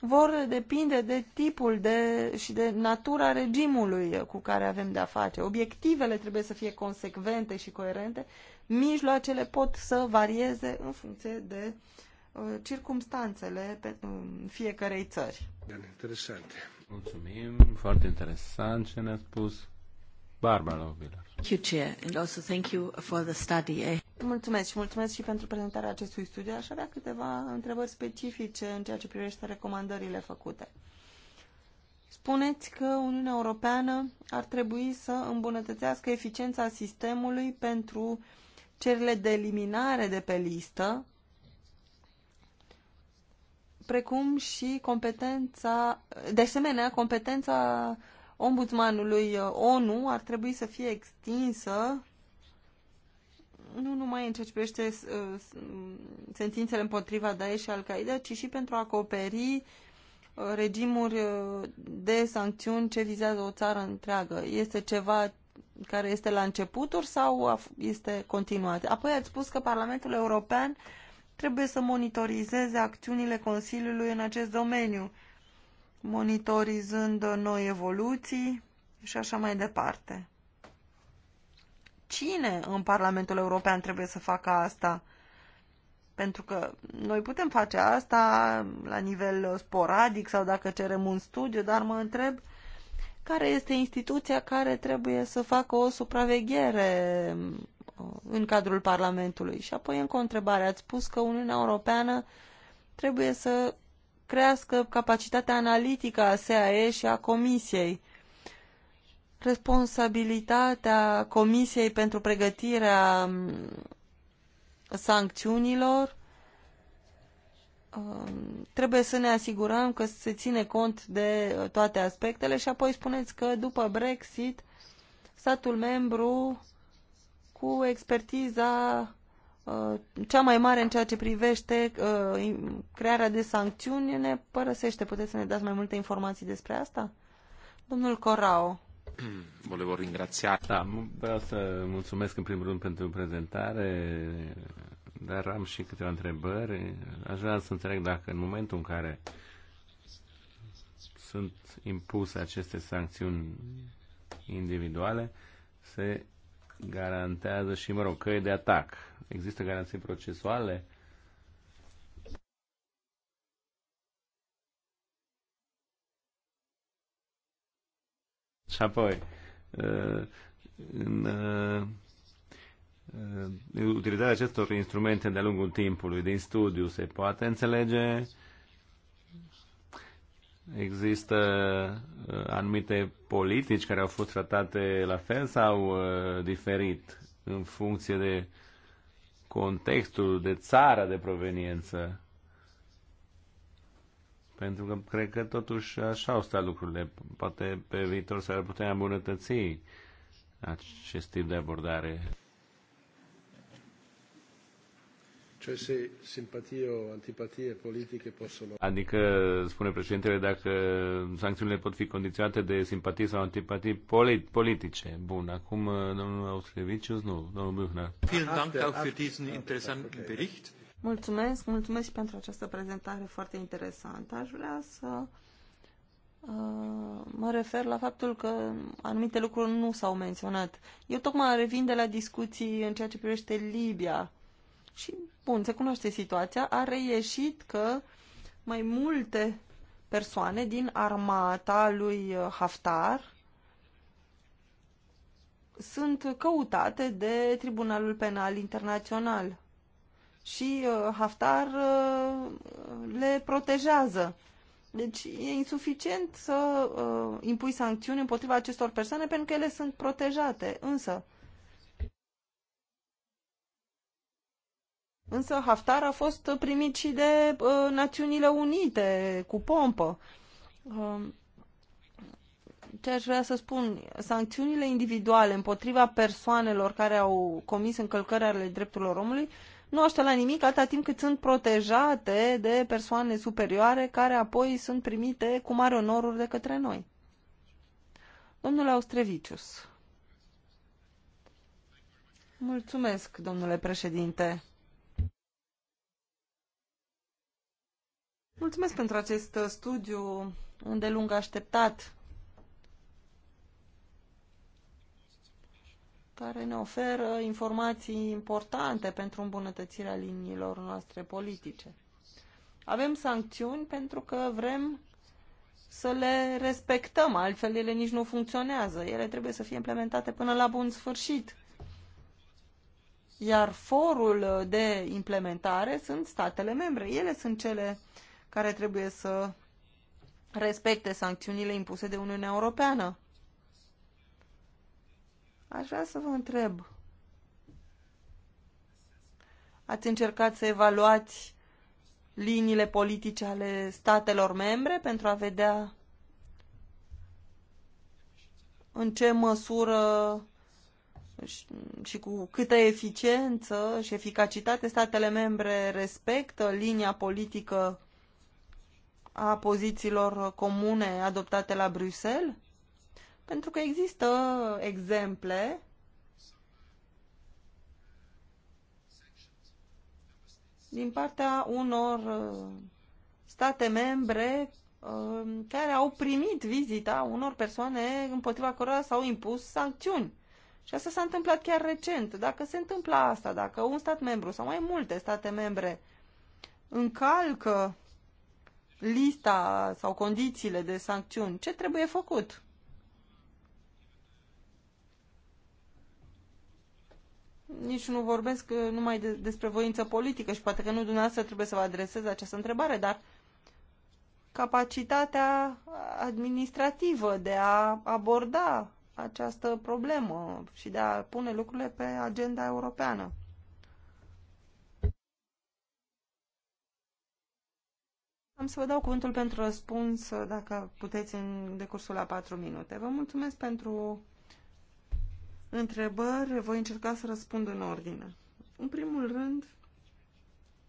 vor depinde de tipul de, și de natura regimului cu care avem de-a face. Obiectivele trebuie să fie consecvente și coerente, mijloacele pot să varieze în funcție de uh, Uh, circumstanțele pe, uh, fiecarei țări. Interesant, Mulțumim, foarte interesant ce ne-a spus Barbara Lovilar. Thank eh? Mulțumesc și mulțumesc și pentru prezentarea acestui studiu. Aș avea câteva întrebări specifice în ceea ce privește recomandările făcute. Spuneți că Uniunea Europeană ar trebui să îmbunătățească eficiența sistemului pentru cererile de eliminare de pe listă, precum și competența, de asemenea, competența ombudsmanului uh, ONU ar trebui să fie extinsă nu numai în ceea ce privește uh, sentințele împotriva Daesh și Al-Qaeda, ci și pentru a acoperi uh, regimuri de sancțiuni ce vizează o țară întreagă. Este ceva care este la începuturi sau este continuat? Apoi ați spus că Parlamentul European uh, trebuie să monitorizeze acțiunile Consiliului în acest domeniu, monitorizând noi evoluții și așa mai departe. Cine în Parlamentul European trebuie să facă asta? Pentru că noi putem face asta la nivel sporadic sau dacă cerem un studiu, dar mă întreb care este instituția care trebuie să facă o supraveghere Uh, în cadrul Parlamentului. Și apoi încă o întrebare. Ați spus că Uniunea Europeană trebuie să crească capacitatea analitică a SAE și a Comisiei. Responsabilitatea Comisiei pentru pregătirea um, sancțiunilor um, trebuie să ne asigurăm că se ține cont de uh, toate aspectele și apoi spuneți că după Brexit statul membru cu expertiza uh, cea mai mare în ceea ce privește uh, crearea de sancțiuni ne părăsește. Puteți să ne dați mai multe informații despre asta? Domnul Corao. Volevo Da, vreau să mulțumesc în primul rând pentru prezentare, dar am și câteva întrebări. Aș vrea să înțeleg dacă în momentul în care sunt impuse aceste sancțiuni individuale, se garantează și, mă rog, căi de atac. Există garanții procesuale? Și apoi, uh, în uh, uh, utilizarea acestor instrumente de-a lungul timpului, din studiu, se poate înțelege Există uh, anumite politici care au fost tratate la fel sau uh, diferit în funcție de contextul, de țara de proveniență? Pentru că cred că totuși așa au stat lucrurile. Poate pe viitor s-ar putea îmbunătăți acest tip de abordare. se simpatie o antipatie Adică, spune președintele, dacă sancțiunile pot fi condiționate de simpatii sau antipatii polit politice. Bun, acum uh, domnul Austrevicius, nu, domnul Buhna. Mulțumesc, mulțumesc și pentru această prezentare foarte interesantă. Aș vrea să uh, mă refer la faptul că anumite lucruri nu s-au menționat. Eu tocmai revin de la discuții în ceea ce privește Libia și, bun, se cunoaște situația, a reieșit că mai multe persoane din armata lui uh, Haftar sunt căutate de Tribunalul Penal Internațional. Și uh, Haftar uh, le protejează. Deci e insuficient să impui sancțiuni împotriva acestor persoane pentru că ele sunt protejate. Însă, Însă Haftar a fost primit și de uh, Națiunile Unite cu pompă. Uh, ce aș vrea să spun, sancțiunile individuale împotriva persoanelor care au comis încălcări ale drepturilor omului nu aștept la nimic atâta timp cât sunt protejate de persoane superioare care apoi sunt primite cu mare onoruri de către noi. Domnule Austrevicius. Mulțumesc, domnule președinte. Mulțumesc pentru acest uh, studiu îndelung așteptat care ne oferă informații importante pentru îmbunătățirea liniilor noastre politice. Avem sancțiuni pentru că vrem să le respectăm, altfel ele nici nu funcționează. Ele trebuie să fie implementate până la bun sfârșit. Iar forul de implementare sunt statele membre. Ele sunt cele care trebuie să respecte sancțiunile impuse de Uniunea Europeană. Aș vrea să vă întreb. Ați încercat să evaluați liniile politice ale statelor membre pentru a vedea în ce măsură și cu câtă eficiență și eficacitate statele membre respectă linia politică a pozițiilor comune adoptate la Bruxelles? Pentru că există exemple din partea unor uh, state membre uh, care au primit vizita unor persoane împotriva cărora s-au impus sancțiuni. Și asta s-a întâmplat chiar recent. Dacă se întâmplă asta, dacă un stat membru sau mai multe state membre încalcă lista sau condițiile de sancțiuni. Ce trebuie făcut? Nici nu vorbesc uh, numai de, despre voință politică și poate că nu dumneavoastră trebuie să vă adresez această întrebare, dar capacitatea administrativă de a aborda această problemă și de a pune lucrurile pe agenda europeană. Am să vă dau cuvântul pentru răspuns, dacă puteți, în decursul la 4 minute. Vă mulțumesc pentru întrebări. Voi încerca să răspund în ordine. În primul rând,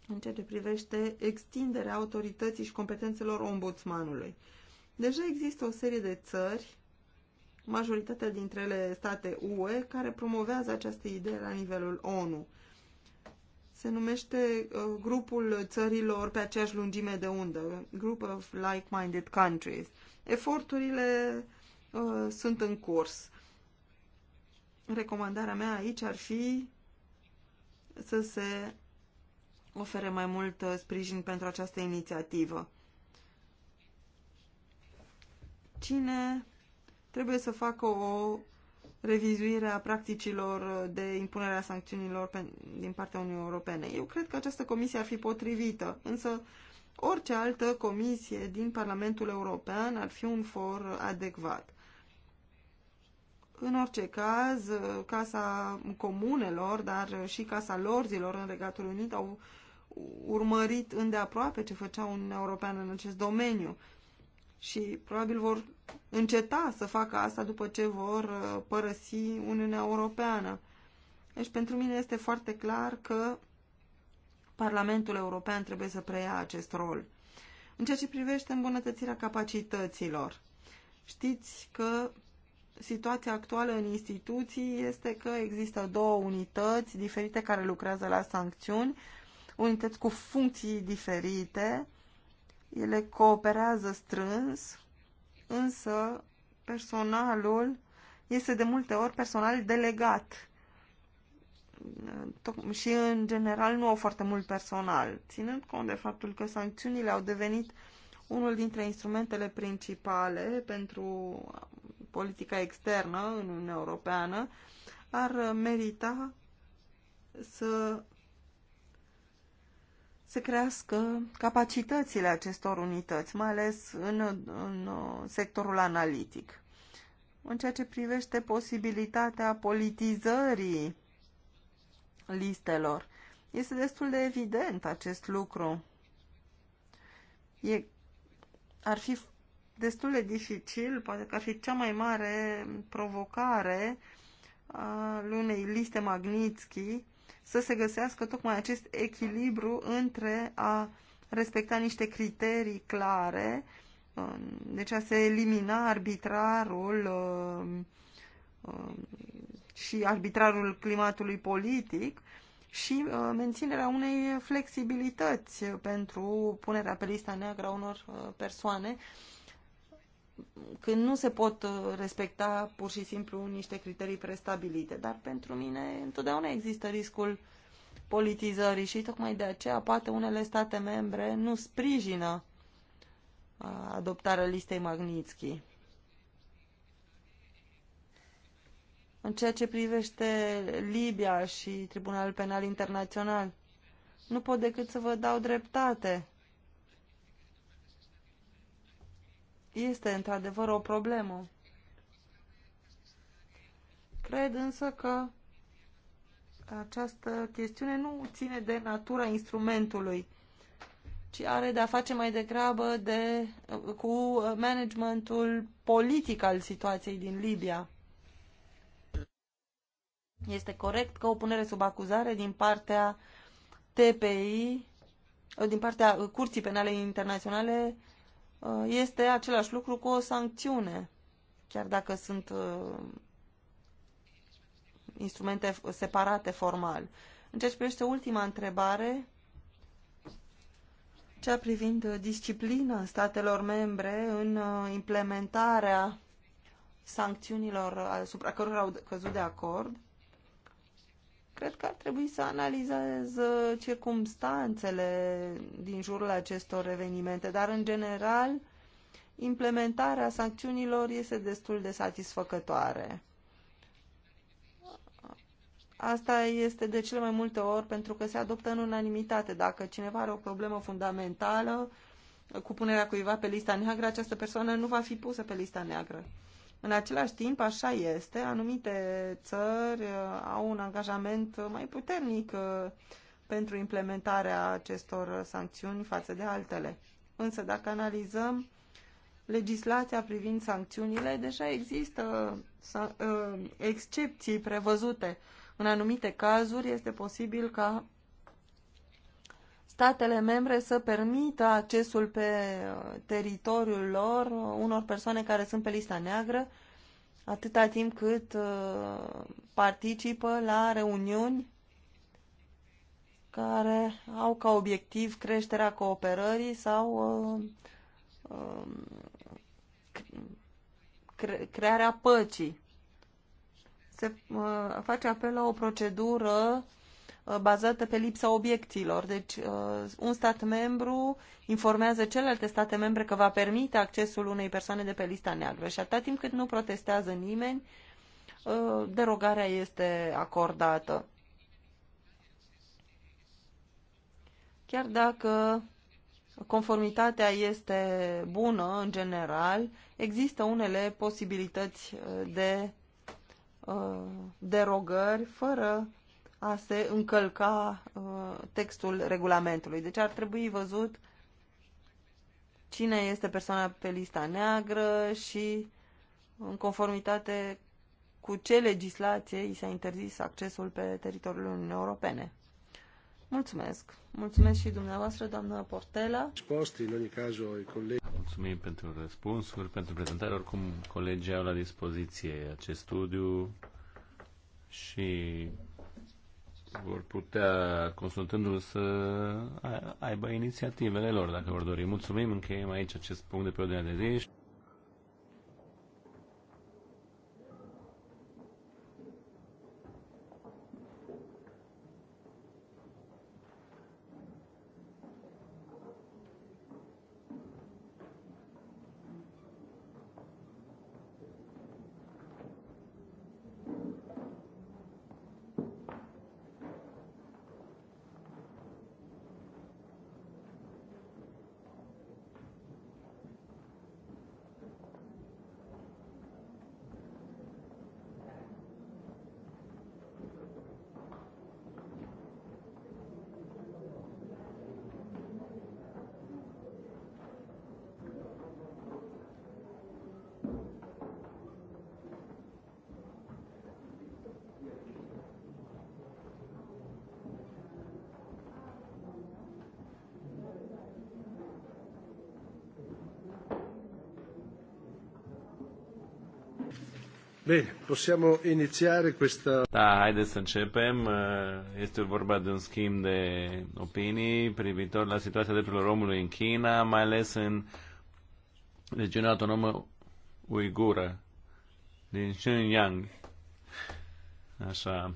în ceea ce privește extinderea autorității și competențelor ombudsmanului. Deja există o serie de țări, majoritatea dintre ele state UE, care promovează această idee la nivelul ONU se numește uh, grupul țărilor pe aceeași lungime de undă, Group of Like-Minded Countries. Eforturile uh, sunt în curs. Recomandarea mea aici ar fi să se ofere mai mult uh, sprijin pentru această inițiativă. Cine trebuie să facă o revizuirea practicilor de impunere a sancțiunilor pe, din partea Uniunii Europene. Eu cred că această comisie ar fi potrivită, însă orice altă comisie din Parlamentul European ar fi un for adecvat. În orice caz, Casa Comunelor, dar și Casa Lorzilor în Regatul Unit au urmărit îndeaproape ce făcea Uniunea Europeană în acest domeniu și probabil vor înceta să facă asta după ce vor uh, părăsi Uniunea Europeană. Deci pentru mine este foarte clar că Parlamentul European trebuie să preia acest rol. În ceea ce privește îmbunătățirea capacităților, știți că situația actuală în instituții este că există două unități diferite care lucrează la sancțiuni, unități cu funcții diferite, ele cooperează strâns, însă personalul este de multe ori personal delegat și în general nu au foarte mult personal, ținând cont de faptul că sancțiunile au devenit unul dintre instrumentele principale pentru politica externă în Uniunea Europeană, ar merita să se crească capacitățile acestor unități, mai ales în, în uh, sectorul analitic. În ceea ce privește posibilitatea politizării listelor, este destul de evident acest lucru. E, ar fi destul de dificil, poate că ar fi cea mai mare provocare a unei liste Magnitsky să se găsească tocmai acest echilibru între a respecta niște criterii clare, um, deci a se elimina arbitrarul um, um, și arbitrarul climatului politic și uh, menținerea unei flexibilități pentru punerea pe lista neagră a unor uh, persoane când nu se pot uh, respecta pur și simplu niște criterii prestabilite. Dar pentru mine întotdeauna există riscul politizării și tocmai de aceea poate unele state membre nu sprijină uh, adoptarea listei Magnitsky. În ceea ce privește Libia și Tribunalul Penal Internațional, nu pot decât să vă dau dreptate este într-adevăr o problemă. Cred însă că această chestiune nu ține de natura instrumentului, ci are de a face mai degrabă de, cu managementul politic al situației din Libia. Este corect că o punere sub acuzare din partea TPI, din partea Curții Penale Internaționale, Uh, este același lucru cu o sancțiune, chiar dacă sunt uh, instrumente separate formal. În ceea ce privește ultima întrebare, cea privind disciplina statelor membre în uh, implementarea sancțiunilor asupra cărora au căzut de acord, Cred că ar trebui să analizez uh, circumstanțele din jurul acestor evenimente, dar în general implementarea sancțiunilor este destul de satisfăcătoare. Asta este de cele mai multe ori pentru că se adoptă în unanimitate. Dacă cineva are o problemă fundamentală cu punerea cuiva pe lista neagră, această persoană nu va fi pusă pe lista neagră. În același timp, așa este, anumite țări uh, au un angajament mai puternic uh, pentru implementarea acestor sancțiuni față de altele. Însă, dacă analizăm legislația privind sancțiunile, deja există uh, excepții prevăzute. În anumite cazuri este posibil ca statele membre să permită accesul pe uh, teritoriul lor uh, unor persoane care sunt pe lista neagră, atâta timp cât uh, participă la reuniuni care au ca obiectiv creșterea cooperării sau um, crearea păcii. Se face apel la o procedură Uh, bazată pe lipsa obiectiilor. Deci, uh, un stat membru informează celelalte state membre că va permite accesul unei persoane de pe lista neagră și atâta timp cât nu protestează nimeni, uh, derogarea este acordată. Chiar dacă conformitatea este bună în general, există unele posibilități de derogări fără a se încălca uh, textul regulamentului. Deci ar trebui văzut cine este persoana pe lista neagră și în conformitate cu ce legislație i s-a interzis accesul pe teritoriul Uniunii Europene. Mulțumesc. Mulțumesc și dumneavoastră, doamnă Portela. în Mulțumim pentru răspunsuri, pentru prezentare. Oricum, colegii au la dispoziție acest studiu și vor putea, consultându-l, să aibă inițiativele lor, dacă vor dori. Mulțumim, încheiem aici acest punct de pe ordinea de zi. Possiamo iniziare questa... Da, haideți să începem. Eh, este vorba de un schimb de opinii privitor la situația drepturilor omului în China, mai ales în regiunea autonomă uigură din Xinjiang. Așa.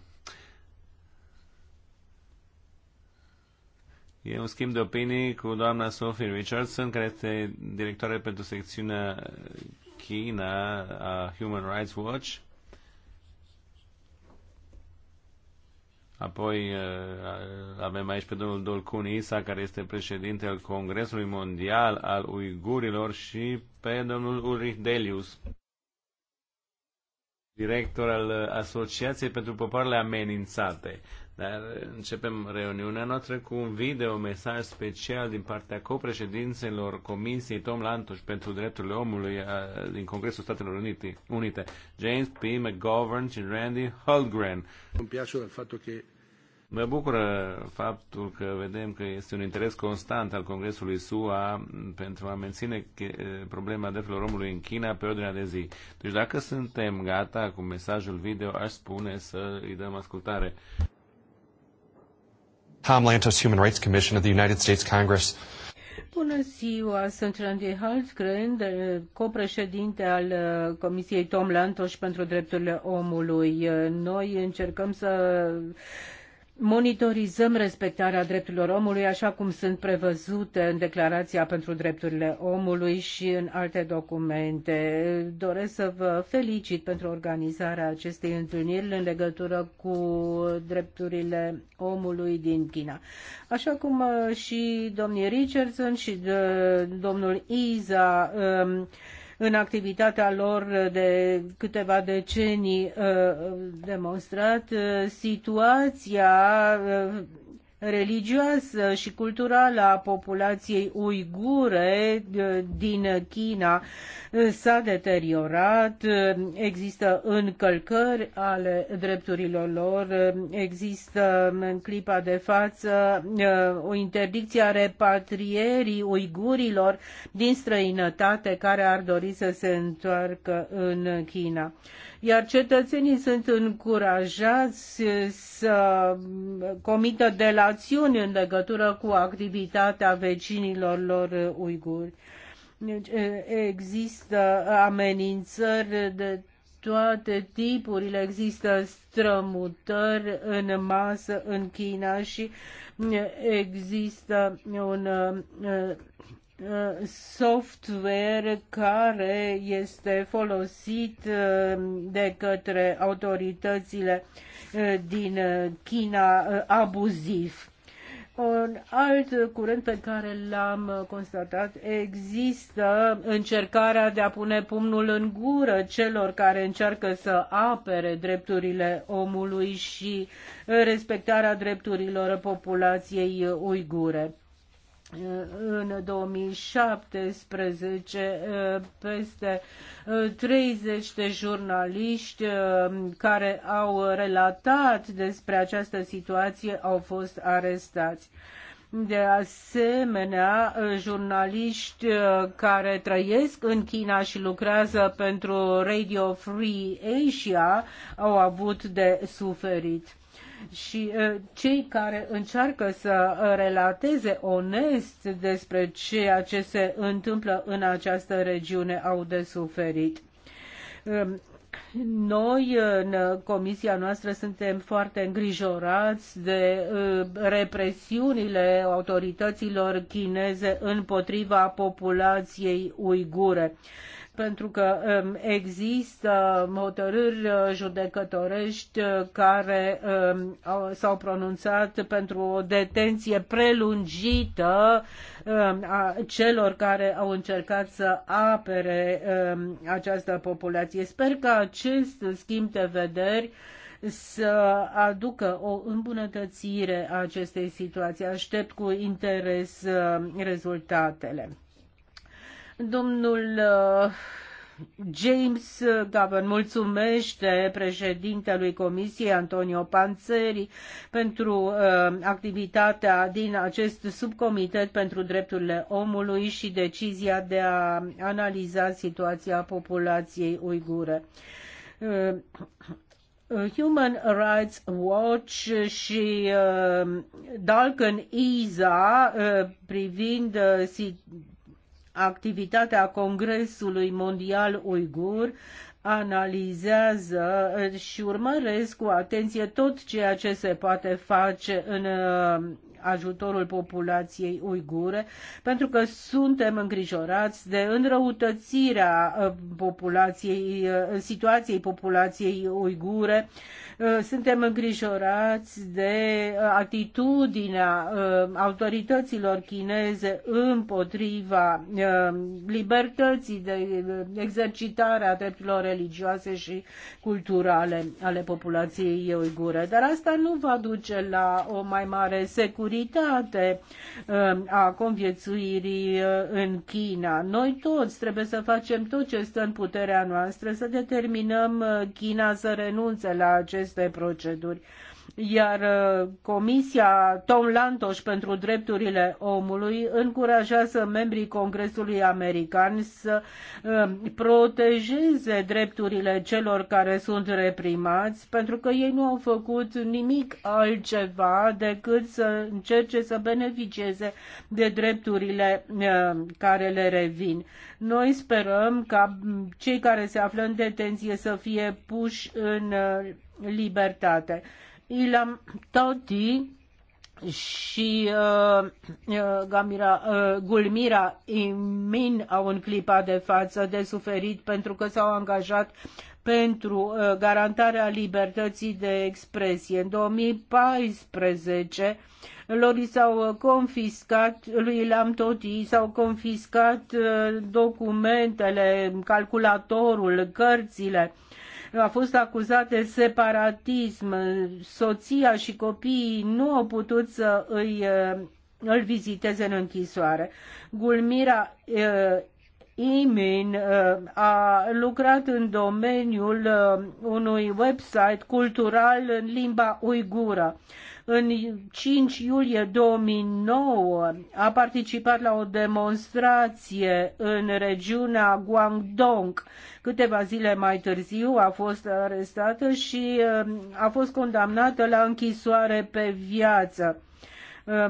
E un schimb de opinii cu doamna Sophie Richardson, care este directoare pentru secțiunea China a Human Rights Watch Apoi eh, avem aici pe domnul Dolcun Isa, care este președinte al Congresului Mondial al Uigurilor și pe domnul Ulrich Delius, director al eh, Asociației pentru Popoarele Amenințate. Dar eh, începem reuniunea noastră cu un video mesaj special din partea copreședințelor Comisiei Tom Lantuș pentru Drepturile Omului din Congresul Statelor Unite, James P. McGovern și Randy Holgren. Îmi place faptul că Mă bucură faptul că vedem că este un interes constant al Congresului SUA pentru a menține problema drepturilor omului în China pe ordinea de zi. Deci dacă suntem gata cu mesajul video, aș spune să îi dăm ascultare. Tom Lantos, Human Rights Commission of the United States Congress. Bună ziua, sunt Randy Haltgren, copreședinte al uh, Comisiei Tom Lantos pentru drepturile omului. Uh, noi încercăm să monitorizăm respectarea drepturilor omului așa cum sunt prevăzute în Declarația pentru Drepturile Omului și în alte documente. Doresc să vă felicit pentru organizarea acestei întâlniri în legătură cu drepturile omului din China. Așa cum uh, și domnii Richardson și uh, domnul Iza um, în activitatea lor de câteva decenii uh, demonstrat, uh, situația uh, religioasă și culturală a populației uigure din China s-a deteriorat, există încălcări ale drepturilor lor, există în clipa de față uh, o interdicție a repatrierii uigurilor din străinătate care ar dori să se întoarcă în China. Iar cetățenii sunt încurajați să comită delațiuni în legătură cu activitatea vecinilor lor uiguri există amenințări de toate tipurile, există strămutări în masă în China și există un software care este folosit de către autoritățile din China abuziv. Un alt curent pe care l-am constatat există încercarea de a pune pumnul în gură celor care încearcă să apere drepturile omului și respectarea drepturilor populației uigure în 2017 peste 30 uh, de jurnaliști uh, care au relatat despre această situație au fost arestați. De asemenea, uh, jurnaliști care trăiesc în China și lucrează pentru Radio Free Asia au avut de suferit și uh, cei care încearcă să uh, relateze onest despre ceea ce se întâmplă în această regiune au de suferit. Um, noi, în comisia noastră, suntem foarte îngrijorați de uh, represiunile autorităților chineze împotriva populației uigure pentru că um, există hotărâri uh, judecătorești uh, care um, s-au pronunțat pentru o detenție prelungită um, a celor care au încercat să apere această populație. Sper că acest schimb de vederi să aducă o îmbunătățire a acestei situații. Aștept cu interes uh, rezultatele. Domnul uh, James Gavin mulțumește președintelui Comisiei Antonio Panzeri pentru uh, activitatea din acest subcomitet pentru drepturile omului și decizia de a analiza situația populației uigure. Uh, Human Rights Watch și uh, Dalken Iza uh, privind uh, si activitatea Congresului Mondial Uigur analizează și urmăresc cu atenție tot ceea ce se poate face în ajutorul populației uigure, pentru că suntem îngrijorați de înrăutățirea uh, populației, uh, situației populației uigure, uh, suntem îngrijorați de atitudinea autorităților chineze împotriva libertății de exercitare a drepturilor religioase și culturale ale populației uigure. Dar asta nu va duce la o mai mare securitate securitate uh, a conviețuirii uh, în China. Noi toți trebuie să facem tot ce stă în puterea noastră să determinăm uh, China să renunțe la aceste proceduri iar uh, Comisia Tom Lantos pentru Drepturile Omului încurajează membrii Congresului American să uh, protejeze drepturile celor care sunt reprimați, pentru că ei nu au făcut nimic altceva decât să încerce să beneficieze de drepturile uh, care le revin. Noi sperăm ca cei care se află în detenție să fie puși în libertate. Ilham Toti și uh, uh, Gamira, uh, Gulmira Imin au în clipa de față de suferit pentru că s-au angajat pentru uh, garantarea libertății de expresie. În 2014 lor i s-au uh, confiscat, lui Ilham Toti s-au confiscat uh, documentele, calculatorul, cărțile a fost acuzat de separatism. Soția și copiii nu au putut să îi, uh, îl viziteze în închisoare. Gulmira uh, Imin uh, a lucrat în domeniul unui website cultural în limba uigură. În 5 iulie 2009 a participat la o demonstrație în regiunea Guangdong. Câteva zile mai târziu a fost arestată și uh, a fost condamnată la închisoare pe viață uh,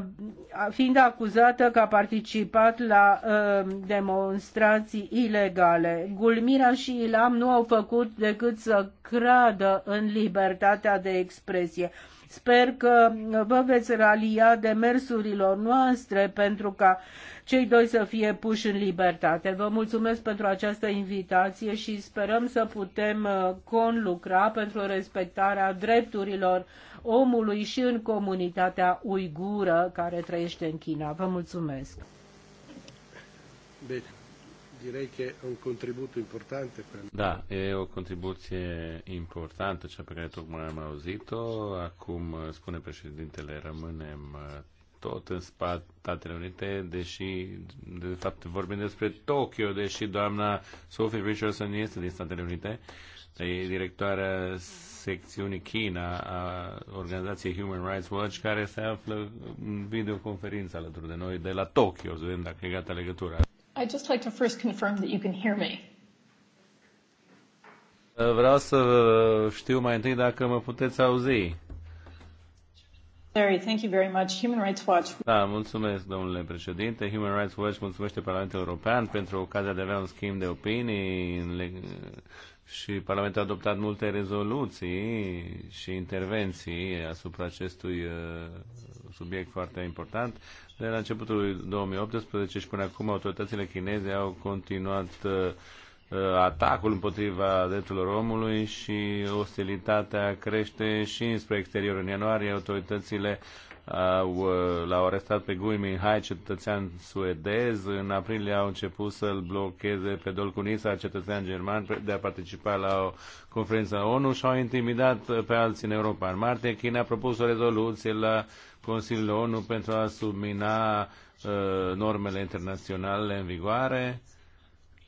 fiind acuzată că a participat la uh, demonstrații ilegale. Gulmira și Ilam nu au făcut decât să creadă în libertatea de expresie. Sper că vă veți ralia demersurilor noastre pentru ca cei doi să fie puși în libertate. Vă mulțumesc pentru această invitație și sperăm să putem uh, conlucra pentru respectarea drepturilor omului și în comunitatea uigură care trăiește în China. Vă mulțumesc! Bine direi che è un contributo importante Da, e o contribuție importantă, cea pe care tocmai am auzit-o. Acum, uh, spune președintele, rămânem uh, tot în Statele Unite, deși, de fapt, vorbim despre Tokyo, deși doamna Sophie Richardson este din Statele Unite, e directoarea secțiunii China a organizației Human Rights Watch, care se află în videoconferință alături de noi de la Tokyo, să vedem dacă e gata legătura. I'd just like to first confirm that you can hear me. Vreau să știu mai întâi dacă mă puteți auzi. Larry, thank you very much. Human Rights Watch. Da, mulțumesc, domnule președinte. Human Rights Watch mulțumește Parlamentul European pentru ocazia de a avea un schimb de opinii și Parlamentul a adoptat multe rezoluții și intervenții asupra acestui uh, subiect foarte important. De la începutul 2018 și până acum autoritățile chineze au continuat uh, uh, atacul împotriva drepturilor omului și ostilitatea crește și înspre exterior. În ianuarie autoritățile au, uh, l-au arestat pe Gui Minhai, cetățean suedez. În aprilie au început să-l blocheze pe Dolcunisa, cetățean german, de a participa la o conferință ONU și au intimidat pe alții în Europa. În martie, China a propus o rezoluție la Consiliul ONU pentru a submina uh, normele internaționale în vigoare.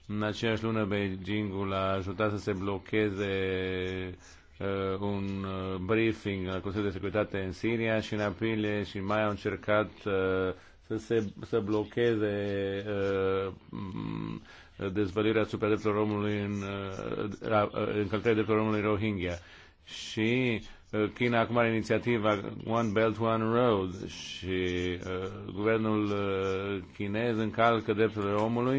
În aceeași lună, Beijingul a ajutat să se blocheze uh, un uh, briefing al Consiliului de Securitate în Siria și în aprilie și mai au încercat uh, să, se, să blocheze uh, dezvăluirea asupra drepturilor omului în uh, uh încălcării drepturilor omului Rohingya. Și uh, China acum are inițiativa One Belt, One Road și uh, guvernul uh, chinez încalcă drepturile omului.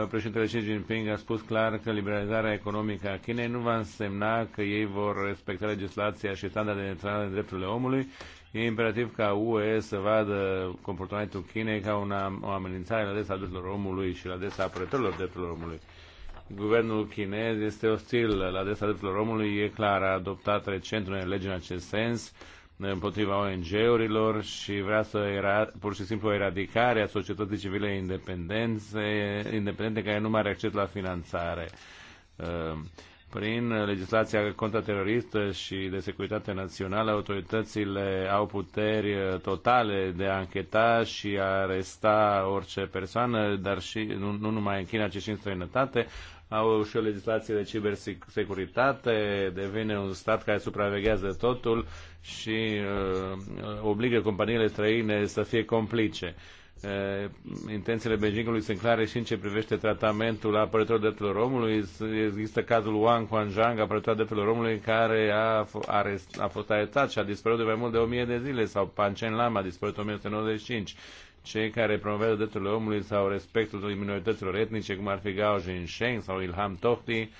Uh, președintele Xi Jinping a spus clar că liberalizarea economică a Chinei nu va însemna că ei vor respecta legislația și standardele internaționale de drepturile omului. E imperativ ca UE să vadă comportamentul Chinei ca una, o amenințare la adresa drepturilor omului și la adresa apărătorilor drepturilor omului. Guvernul chinez este ostil la adresa drepturilor omului, e clar, a adoptat recent unele lege în acest sens împotriva ONG-urilor și vrea să era pur și simplu eradicarea societății civile independente, independente care nu mai are acces la finanțare. Uh, prin legislația contrateroristă și de securitate națională, autoritățile au puteri totale de a încheta și a aresta orice persoană, dar și nu, nu numai în China, ci și în străinătate. Au și o legislație de cibersecuritate, devine un stat care supraveghează totul și uh, obligă companiile străine să fie complice. Uh, Eh, intențiile Beijingului sunt clare și în ce privește tratamentul apărătorilor drepturilor omului. Există cazul Wang Huanzhang, apărător drepturilor omului, care a, arest, a fost arestat și a dispărut de mai mult de 1000 de zile, sau Pan Chen Lama a dispărut în 1995. Cei care promovează drepturile omului sau respectul minorităților etnice, cum ar fi Gao Jinsheng sau Ilham Tohti, eh,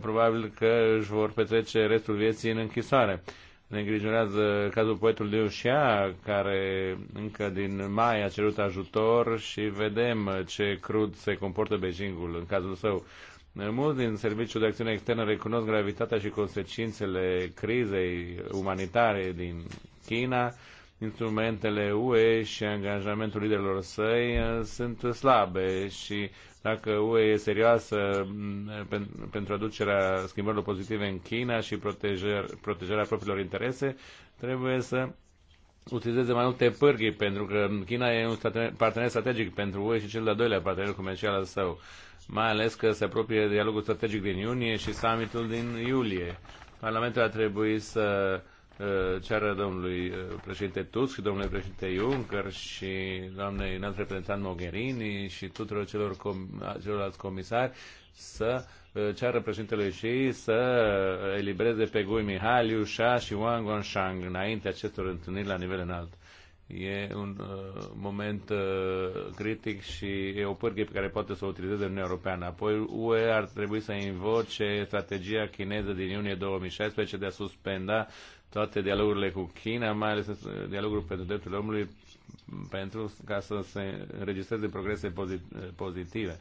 probabil că își vor petrece restul vieții în închisoare. Ne îngrijorează cazul poetului Xia, care încă din mai a cerut ajutor și vedem ce crud se comportă Beijingul în cazul său. Mulți din Serviciul de Acțiune Externă recunosc gravitatea și consecințele crizei umanitare din China instrumentele UE și angajamentul liderilor săi uh, sunt slabe și dacă UE e serioasă mm, pentru aducerea schimbărilor pozitive în China și protejarea propriilor interese, trebuie să utilizeze mai multe pârghii, pentru că China e un partener strategic pentru UE și cel de-al doilea partener comercial al său, mai ales că se apropie dialogul strategic din iunie și summitul din iulie. Parlamentul ar trebui să Eh, ceară domnului eh, președinte Tusk domnule președinte Juncker și doamnei înalt reprezentant Mogherini și tuturor celor com- celorlalți comisari să eh, ceară președintelui și să elibereze pe Gui Mihaliu, Sha și Wang Guangshang înainte acestor întâlniri la nivel înalt. E un uh, moment uh, critic și e o pârghie pe care poate să o utilizeze Uniunea Europeană. Apoi UE ar trebui să invoce strategia chineză din iunie 2016 de a suspenda uh, toate dialogurile cu China, mai ales dialogul pentru drepturile omului, pentru ca să se înregistreze progrese pozitive.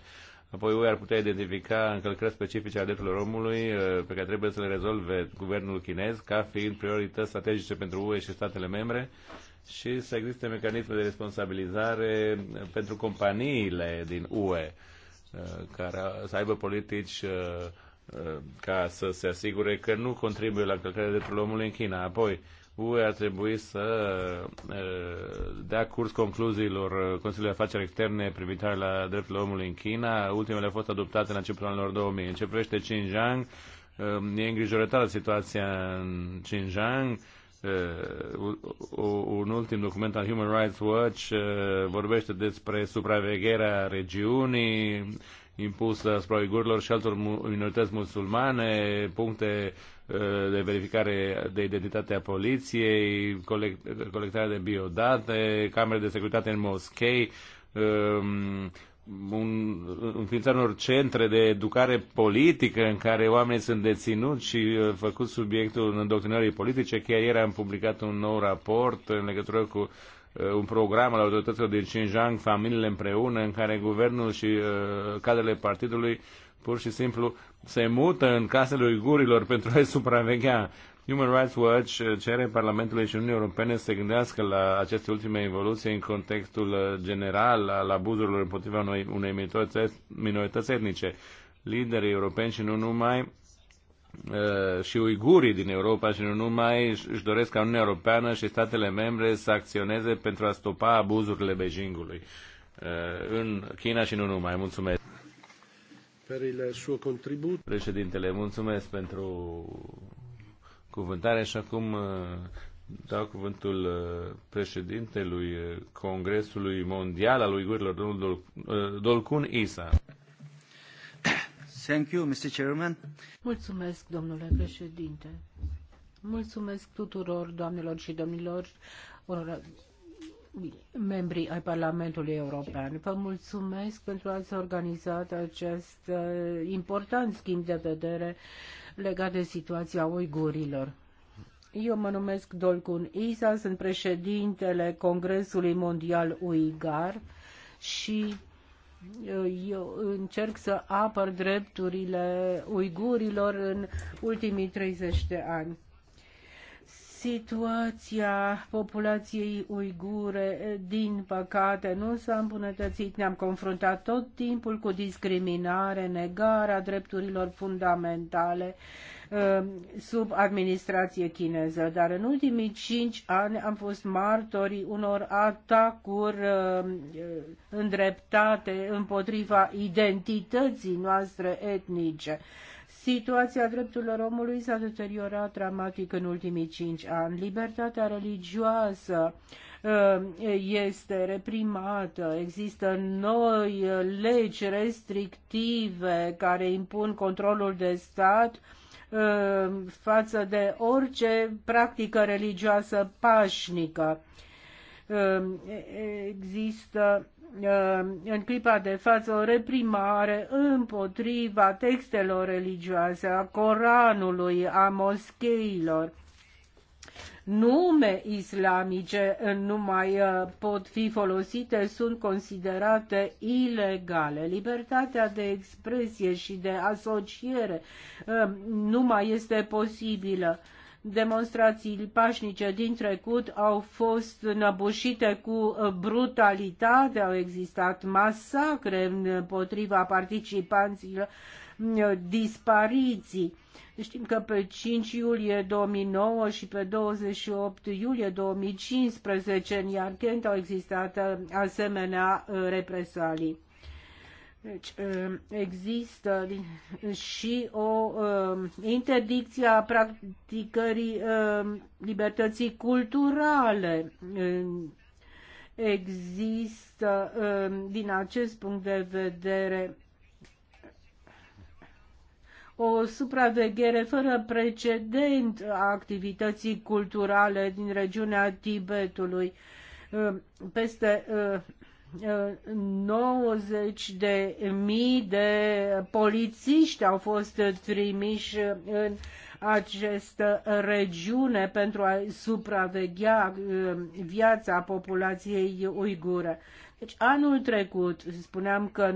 Apoi UE ar putea identifica încălcări specifice ale drepturilor omului eh, pe care trebuie să le rezolve guvernul chinez ca fiind priorități strategice pentru UE și statele membre și să existe mecanisme de responsabilizare pentru companiile din UE eh, care să aibă politici eh, Uh, ca să se asigure că nu contribuie la încălcarea drepturilor omului în China. Apoi, UE ar trebui să uh, dea curs concluziilor Consiliului de Afaceri Externe privitoare la drepturile omului în China. Ultimele au fost adoptate în începutul anilor 2000. Începește Xinjiang, uh, e îngrijorătoare situația în Xinjiang. Un ultim document al Human Rights Watch vorbește despre supravegherea regiunii, impusă asupra uigurilor și altor minorități musulmane, puncte uh, de verificare de identitate a poliției, colectarea de biodate, camere de securitate în moschei, um, un, înființarea unor centre de educare politică în care oamenii sunt deținuți și uh, făcut subiectul îndoctrinării politice. Chiar ieri am publicat un nou raport în legătură cu Uh, un program al autorităților din Xinjiang, familiile împreună, în care guvernul și uh, cadrele partidului pur și simplu se mută în casele uigurilor [laughs] pentru a-i supraveghea. Human Rights Watch uh, cere Parlamentului și Uniunii Europene să se gândească la aceste ultime evoluții în contextul uh, general al abuzurilor împotriva unei, unei minorități etnice. Liderii europeni și nu numai Uh, și uigurii din Europa și nu numai își doresc ca Uniunea Europeană și statele membre să acționeze pentru a stopa abuzurile Beijingului uh, în China și nu numai. Mulțumesc! Președintele, mulțumesc pentru cuvântare și acum uh, dau cuvântul președintelui Congresului Mondial al Uigurilor, domnul Dolcun Isa. Mulțumesc, domnule președinte. Mulțumesc tuturor doamnelor și domnilor membri membrii ai Parlamentului European. Vă mulțumesc pentru ați organizat acest uh, important schimb de vedere legat de situația uigurilor. Eu mă numesc Dolcun Isa, sunt președintele Congresului Mondial Uigar și eu încerc să apăr drepturile uigurilor în ultimii 30 de ani. Situația populației uigure, din păcate, nu s-a îmbunătățit. Ne-am confruntat tot timpul cu discriminare, negarea drepturilor fundamentale Um, sub administrație chineză, dar în ultimii cinci ani am fost martorii unor atacuri um, uh, îndreptate împotriva identității noastre etnice. Situația drepturilor omului s-a deteriorat dramatic în ultimii cinci ani. Libertatea religioasă um, este reprimată, există noi legi restrictive care impun controlul de stat Uh, față de orice practică religioasă pașnică. Uh, există uh, în clipa de față o reprimare împotriva textelor religioase, a Coranului, a moscheilor nume islamice nu mai uh, pot fi folosite, sunt considerate ilegale. Libertatea de expresie și de asociere uh, nu mai este posibilă demonstrațiile pașnice din trecut au fost năbușite cu uh, brutalitate, au existat masacre împotriva participanților, dispariții. Știm că pe 5 iulie 2009 și pe 28 iulie 2015 în Iarchent au existat uh, asemenea uh, represalii. Deci uh, există și o um, interdicție a practicării um, libertății culturale. Există um, din acest punct de vedere o supraveghere fără precedent a activității culturale din regiunea Tibetului. Uh, peste 90 uh, uh, de mii de polițiști au fost trimiși în această regiune pentru a supraveghea viața populației uigure. Deci anul trecut spuneam că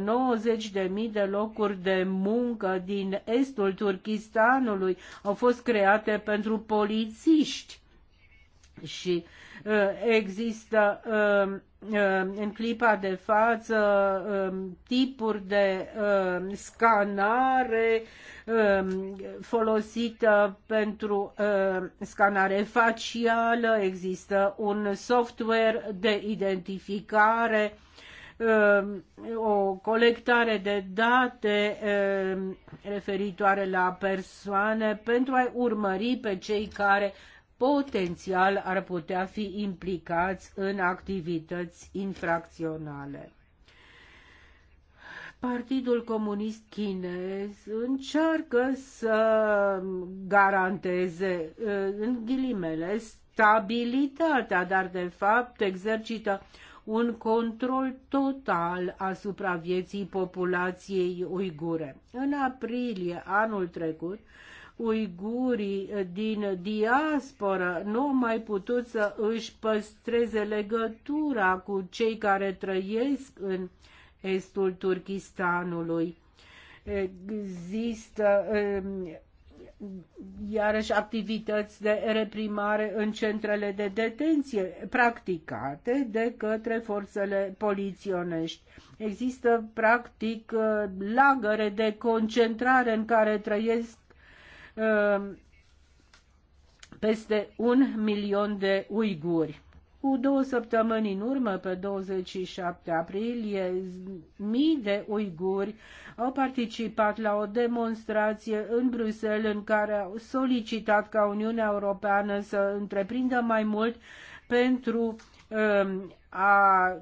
90.000 de locuri de muncă din estul Turkistanului au fost create pentru polițiști și uh, Uh, există um, um, în clipa de față um, tipuri de scanare folosită pentru scanare facială, există un software de identificare, o colectare de date referitoare la persoane pentru a urmări pe cei care potențial ar putea fi implicați în activități infracționale. Partidul Comunist Chinez încearcă să garanteze, uh, în ghilimele, stabilitatea, dar de fapt exercită un control total asupra vieții populației uigure. În aprilie anul trecut, uigurii din diasporă nu au mai putut să își păstreze legătura cu cei care trăiesc în estul Turkistanului. Există um, iarăși activități de reprimare în centrele de detenție practicate de către forțele poliționești. Există practic uh, lagăre de concentrare în care trăiesc Uh, peste un milion de uiguri. Cu două săptămâni în urmă, pe 27 aprilie, mii de uiguri au participat la o demonstrație în Bruxelles în care au solicitat ca Uniunea Europeană să întreprindă mai mult pentru um, a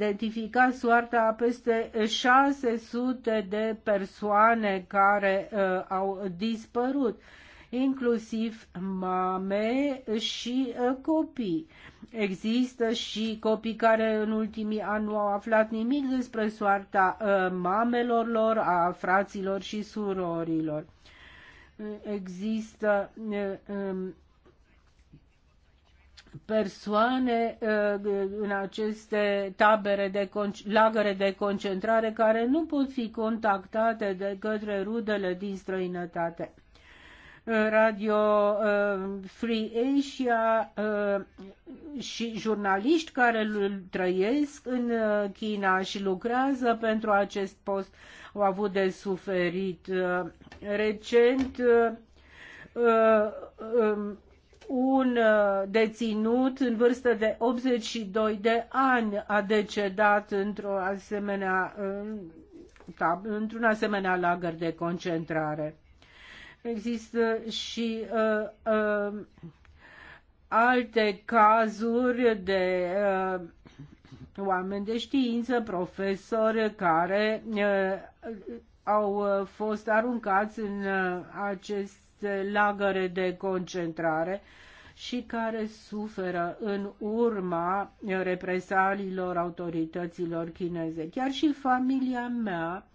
identifica soarta a peste 600 de persoane care uh, au dispărut, inclusiv mame și uh, copii. Există și copii care în ultimii ani nu au aflat nimic despre soarta uh, mamelor lor, a fraților și surorilor. Există uh, um, persoane uh, în aceste tabere de lagăre de concentrare care nu pot fi contactate de către rudele din străinătate. Uh, Radio uh, Free Asia și jurnaliști care trăiesc în China și lucrează pentru acest post au avut de suferit. Recent um, un uh, deținut în vârstă de 82 de ani a decedat într-o asemenea, uh, într-un asemenea lagăr de concentrare. Există și uh, uh, alte cazuri de uh, oameni de știință, profesori care uh, au uh, fost aruncați în acest lagăre de concentrare și care suferă în urma represaliilor autorităților chineze. Chiar și familia mea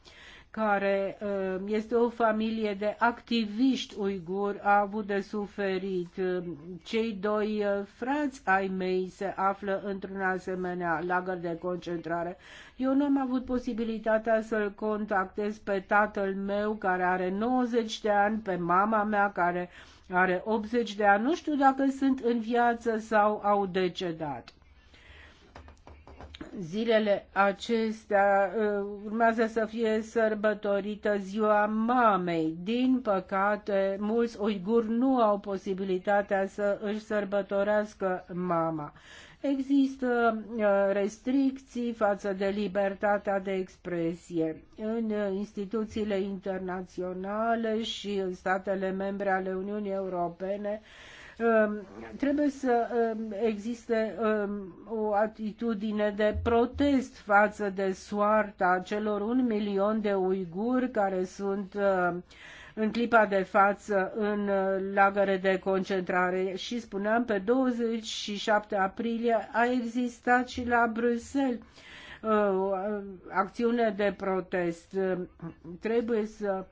care uh, este o familie de activiști uiguri, a avut de suferit. Uh, cei doi uh, frați ai mei se află într-un asemenea lagăr de concentrare. Eu nu am avut posibilitatea să-l contactez pe tatăl meu care are 90 de ani, pe mama mea care are 80 de ani. Nu știu dacă sunt în viață sau au decedat zilele acestea uh, urmează să fie sărbătorită ziua mamei. Din păcate, mulți uiguri nu au posibilitatea să își sărbătorească mama. Există uh, restricții față de libertatea de expresie în uh, instituțiile internaționale și în statele membre ale Uniunii Europene Um, trebuie să um, existe um, o atitudine de protest față de soarta celor un milion de uiguri care sunt în clipa de față în uh, lagăre de concentrare și spuneam pe 27 aprilie a existat și la Bruxelles uh, uh, acțiune de protest. Trebuie să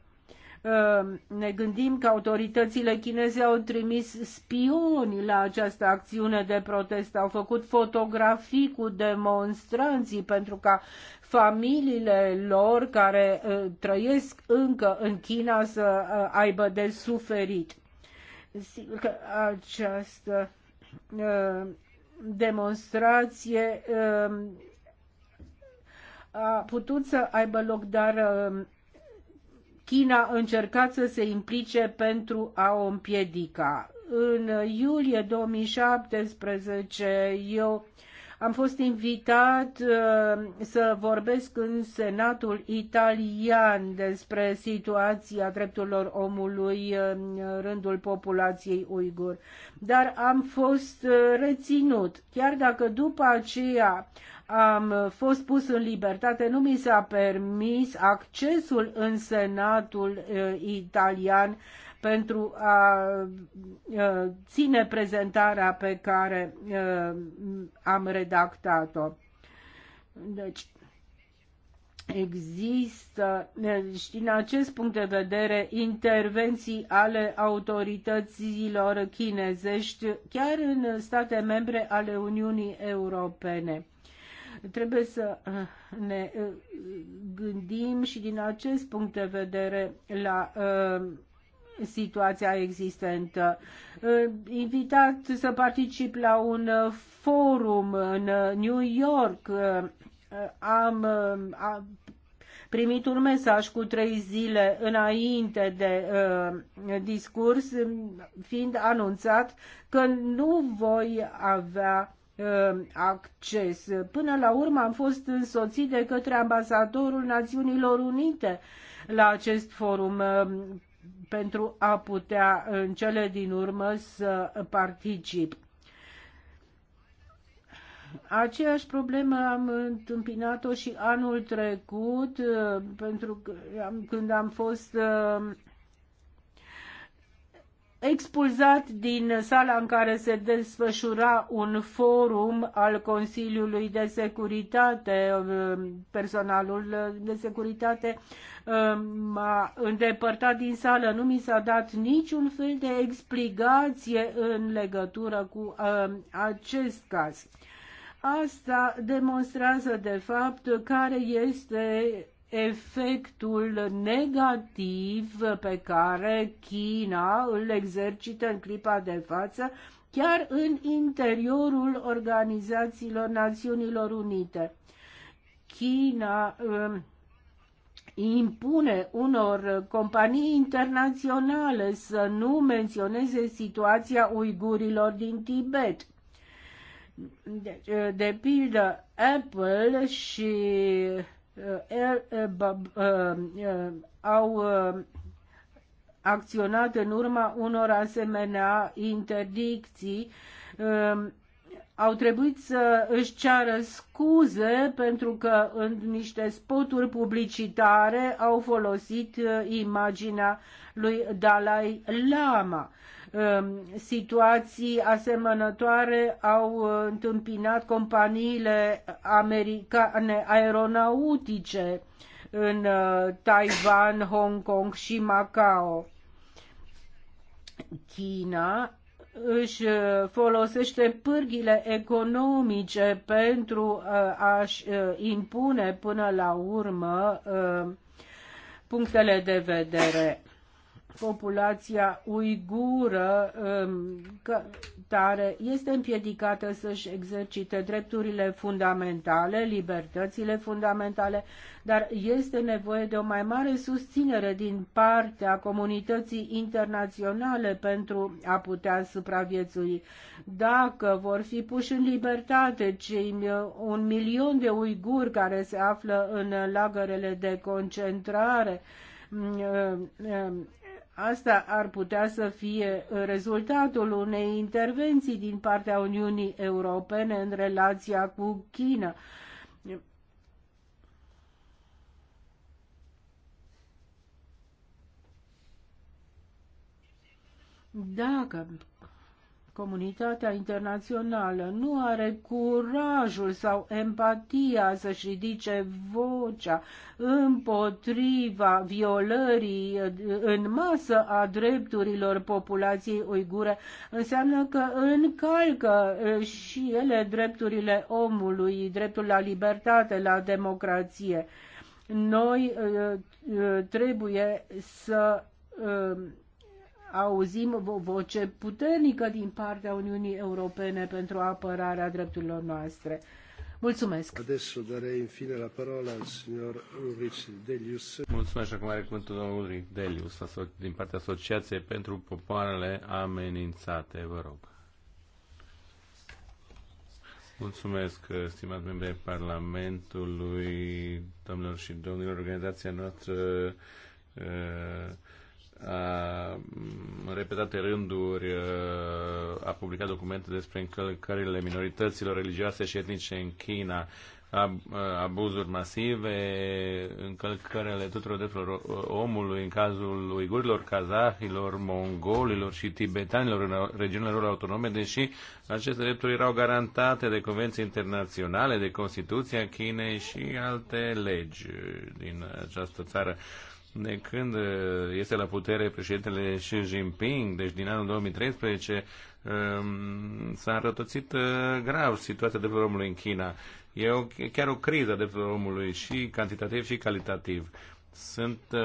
Ehm, ne gândim că autoritățile chineze au trimis spioni la această acțiune de protest, au făcut fotografii cu demonstranții pentru ca familiile lor care trăiesc încă în China să aibă de suferit. Sigur că această demonstrație a putut să aibă loc, dar China încercat să se implice pentru a o împiedica. În iulie 2017 eu am fost invitat uh, să vorbesc în Senatul italian despre situația drepturilor omului în rândul populației uigur, dar am fost uh, reținut. Chiar dacă după aceea am fost pus în libertate, nu mi s-a permis accesul în Senatul uh, italian pentru a ține prezentarea pe care am redactat-o. Deci, există, și din acest punct de vedere, intervenții ale autorităților chinezești chiar în state membre ale Uniunii Europene. Trebuie să ne gândim și din acest punct de vedere la uh, situația existentă. Invitat să particip la un forum în New York, am, am primit un mesaj cu trei zile înainte de discurs, fiind anunțat că nu voi avea acces. Până la urmă am fost însoțit de către ambasadorul Națiunilor Unite la acest forum pentru a putea în cele din urmă să particip. Aceeași problemă am întâmpinat-o și anul trecut, uh, pentru că când am fost uh, expulzat din sala în care se desfășura un forum al Consiliului de Securitate. Personalul de securitate um, m-a îndepărtat din sală. Nu mi s-a dat niciun fel de explicație în legătură cu um, acest caz. Asta demonstrează, de fapt, care este efectul negativ pe care China îl exercită în clipa de față chiar în interiorul organizațiilor Națiunilor Unite. China um, impune unor companii internaționale să nu menționeze situația uigurilor din Tibet. De, deci, de pildă, Apple și Uh, uh, uh, au acționat în urma unor asemenea interdicții, um, au trebuit să își ceară scuze pentru că în niște spoturi publicitare au folosit imaginea lui Dalai Lama. Um, situații asemănătoare au uh, întâmpinat companiile americane aeronautice în uh, Taiwan, Hong Kong și Macao. China își uh, folosește pârghile economice pentru a-și impune până la urmă punctele de vedere populația uigură um, care este împiedicată să-și exercite drepturile fundamentale, libertățile fundamentale, dar este nevoie de o mai mare susținere din partea comunității internaționale pentru a putea supraviețui. Dacă vor fi puși în libertate cei un milion de uiguri care se află în lagărele de concentrare, mm, mm, Asta ar putea să fie rezultatul unei intervenții din partea Uniunii Europene în relația cu China. Dacă comunitatea internațională nu are curajul sau empatia să-și ridice vocea împotriva violării în masă a drepturilor populației uigure, înseamnă că încalcă uh, și ele drepturile omului, dreptul la libertate, la democrație. Noi uh, uh, trebuie să auzim o voce puternică din partea Uniunii Europene pentru apărarea drepturilor noastre. Mulțumesc. Adesso darei în fine la parola al signor Ulrich Delius. Mulțumesc acum are cuvântul domnul Ulrich Delius din partea Asociației pentru Popoarele Amenințate. Vă rog. Mulțumesc, stimați membri ai Parlamentului, domnilor și domnilor, organizația noastră uh, în repetate rânduri uh, a publicat documente despre încălcările minorităților religioase și etnice în China, uh, abuzuri masive, încălcările tuturor drepturilor omului în cazul uigurilor, kazahilor, mongolilor și tibetanilor în regiunile lor autonome, deși aceste drepturi erau garantate de convenții internaționale, de Constituția Chinei și alte legi din această țară de când uh, este la putere președintele Xi Jinping, deci din anul 2013, um, s-a înrătățit uh, grav situația de omului în China. E o, chiar o criză de omului și cantitativ și calitativ sunt uh,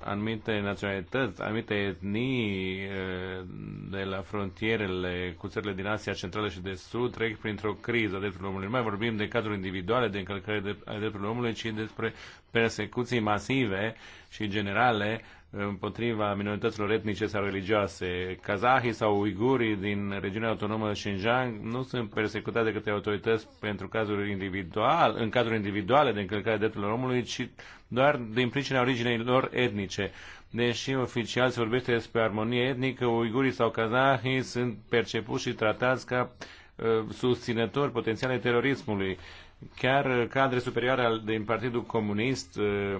anumite naționalități, anumite etnii uh, de la frontierele cu țările din Asia Centrală și de Sud trec printr-o criză a drepturilor omului. Nu mai vorbim de cazuri individuale de încălcări de, a drepturilor omului, ci despre persecuții masive și generale împotriva minorităților etnice sau religioase. Kazahii sau uigurii din regiunea autonomă Xinjiang nu sunt persecutați de către autorități pentru cazuri individual, în cazuri individuale de încălcare drepturilor omului, ci doar din pricina originei lor etnice. Deși oficial se vorbește despre armonie etnică, uigurii sau kazahii sunt percepuți și tratați ca uh, susținători potențiale terorismului. Chiar uh, cadre superioare din Partidul Comunist uh,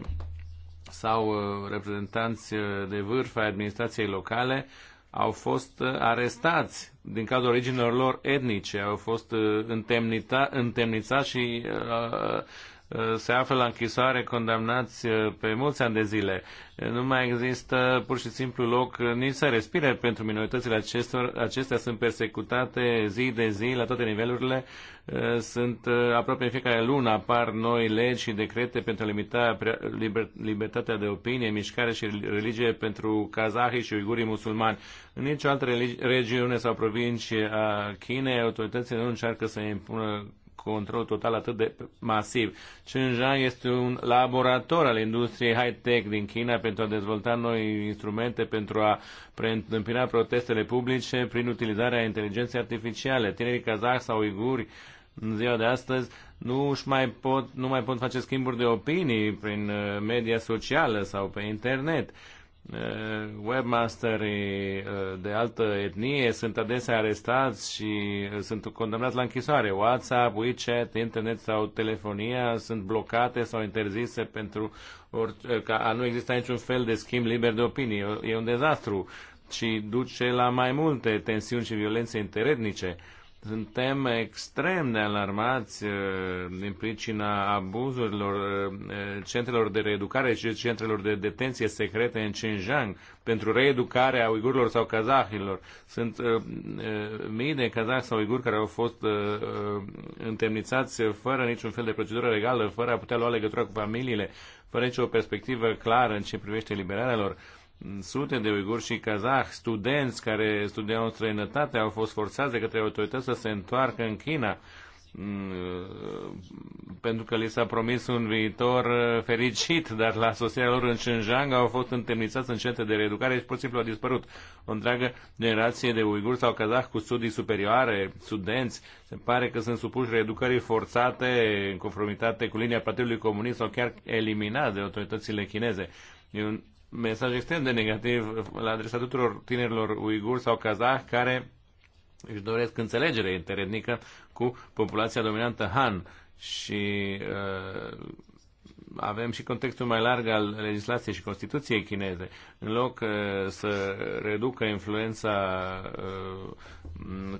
sau uh, reprezentanți uh, de vârf ai administrației locale au fost uh, arestați din cauza originilor lor etnice, au fost întemnițați și uh, Uh, se află la închisoare condamnați uh, pe mulți ani de zile. Uh, nu mai există pur și simplu loc nici să respire pentru minoritățile acestor. Acestea sunt persecutate zi de zi la toate nivelurile. Sunt aproape în fiecare lună apar noi legi și decrete pentru a limita libertatea de opinie, mișcare și religie pentru kazahii și uigurii musulmani. În nicio altă regiune sau provincie a Chinei, autoritățile nu încearcă să impună control total atât de masiv. Shenzhen este un laborator al industriei high-tech din China pentru a dezvolta noi instrumente pentru a preîntâmpina protestele publice prin utilizarea inteligenței artificiale. Tinerii kazah sau uiguri în ziua de astăzi nu, -și mai pot, nu mai pot face schimburi de opinii prin uh, media socială sau pe internet. Eh, webmasterii eh, de altă etnie sunt adesea arestați și eh, sunt condamnați la închisoare. WhatsApp, WeChat, internet sau telefonia sunt blocate sau interzise pentru orice, ca a nu exista niciun fel de schimb liber de opinie. E un dezastru și duce la mai multe tensiuni și violențe interetnice. Uh, suntem extrem de alarmați uh, din pricina abuzurilor uh, uh, centrelor de reeducare și centrelor de detenție secrete în Xinjiang pentru reeducarea uigurilor sau kazahilor. Sunt mii de kazahi sau uiguri care au fost întemnițați fără niciun fel de procedură legală, fără a putea lua legătura cu familiile, fără nicio perspectivă clară în ce privește eliberarea lor sute de uiguri și kazah, studenți care studiau în străinătate, au fost forțați de către autorități să se întoarcă în China mm, pentru că li s-a promis un viitor uh, fericit, dar la sosirea lor în Xinjiang au fost întemnițați în centre de reeducare și pur și simplu au dispărut. O întreagă generație de uiguri sau kazah cu studii superioare, studenți, se pare că sunt supuși reeducării forțate în conformitate cu linia Partidului Comunist sau chiar eliminați de autoritățile chineze. E un mesaj extrem de negativ la adresa tuturor tinerilor uiguri sau kazah care își doresc înțelegere interetnică cu populația dominantă Han și uh, avem și contextul mai larg al legislației și Constituției chineze. În loc uh, să reducă influența uh,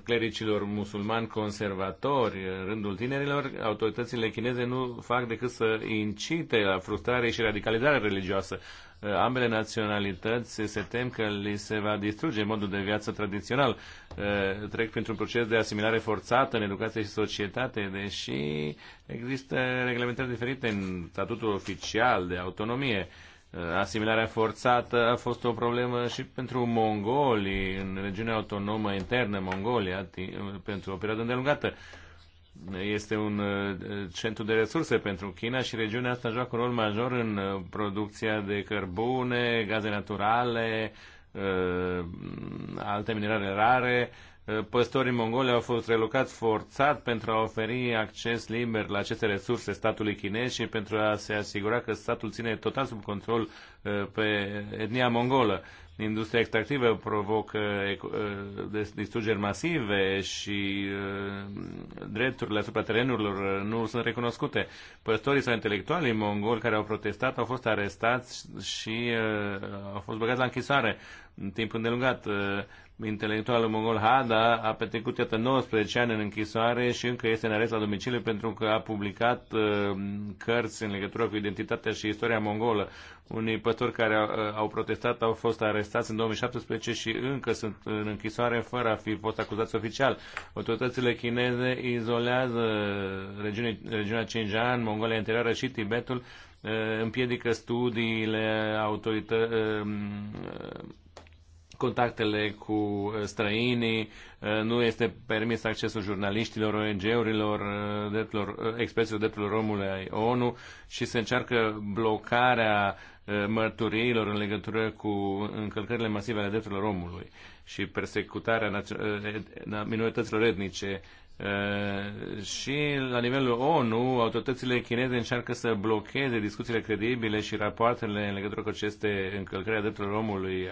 clericilor musulmani conservatori în rândul tinerilor, autoritățile chineze nu fac decât să incite la frustrare și radicalizare religioasă. Uh, Eh, ambele naționalități se tem că li se va distruge modul de viață tradițional. Eh, trec printr-un proces de asimilare forțată în educație și societate, deși există reglementări diferite în statutul oficial de autonomie. Eh, asimilarea forțată a fost o problemă și pentru mongolii în regiunea autonomă internă, Mongolia, pentru o perioadă îndelungată este un uh, centru de resurse pentru China și regiunea asta joacă un rol major în uh, producția de cărbune, gaze naturale, uh, alte minerale rare. Păstorii mongoli au fost relocați forțat pentru a oferi acces liber la aceste resurse statului chinez și pentru a se asigura că statul ține total sub control pe etnia mongolă industria extractivă provocă ă, distrugeri masive și ă, drepturile asupra terenurilor ă, nu sunt recunoscute. Păstorii sau intelectualii mongoli care au protestat au fost arestați și au fost băgați la închisoare în timp îndelungat intelectualul mongol Hada a petrecut iată 19 ani în închisoare și încă este în arest la domiciliu pentru că a publicat uh, cărți în legătură cu identitatea și istoria mongolă. Unii păstori care uh, au, protestat au fost arestați în 2017 și încă sunt în închisoare fără a fi fost acuzați oficial. Autoritățile chineze izolează regiunea Xinjiang, Mongolia Interioară și Tibetul, uh, împiedică studiile autorităților contactele cu uh, străinii, uh, nu este permis accesul jurnaliștilor, ONG-urilor, uh, expresiilor drepturilor omului ai ONU și se încearcă blocarea mărturiilor în legătură cu încălcările masive ale drepturilor omului și persecutarea minorităților etnice Eh, și la nivelul ONU, autoritățile chineze încearcă să blocheze discuțiile credibile și rapoartele în legătură cu aceste încălcări a drepturilor omului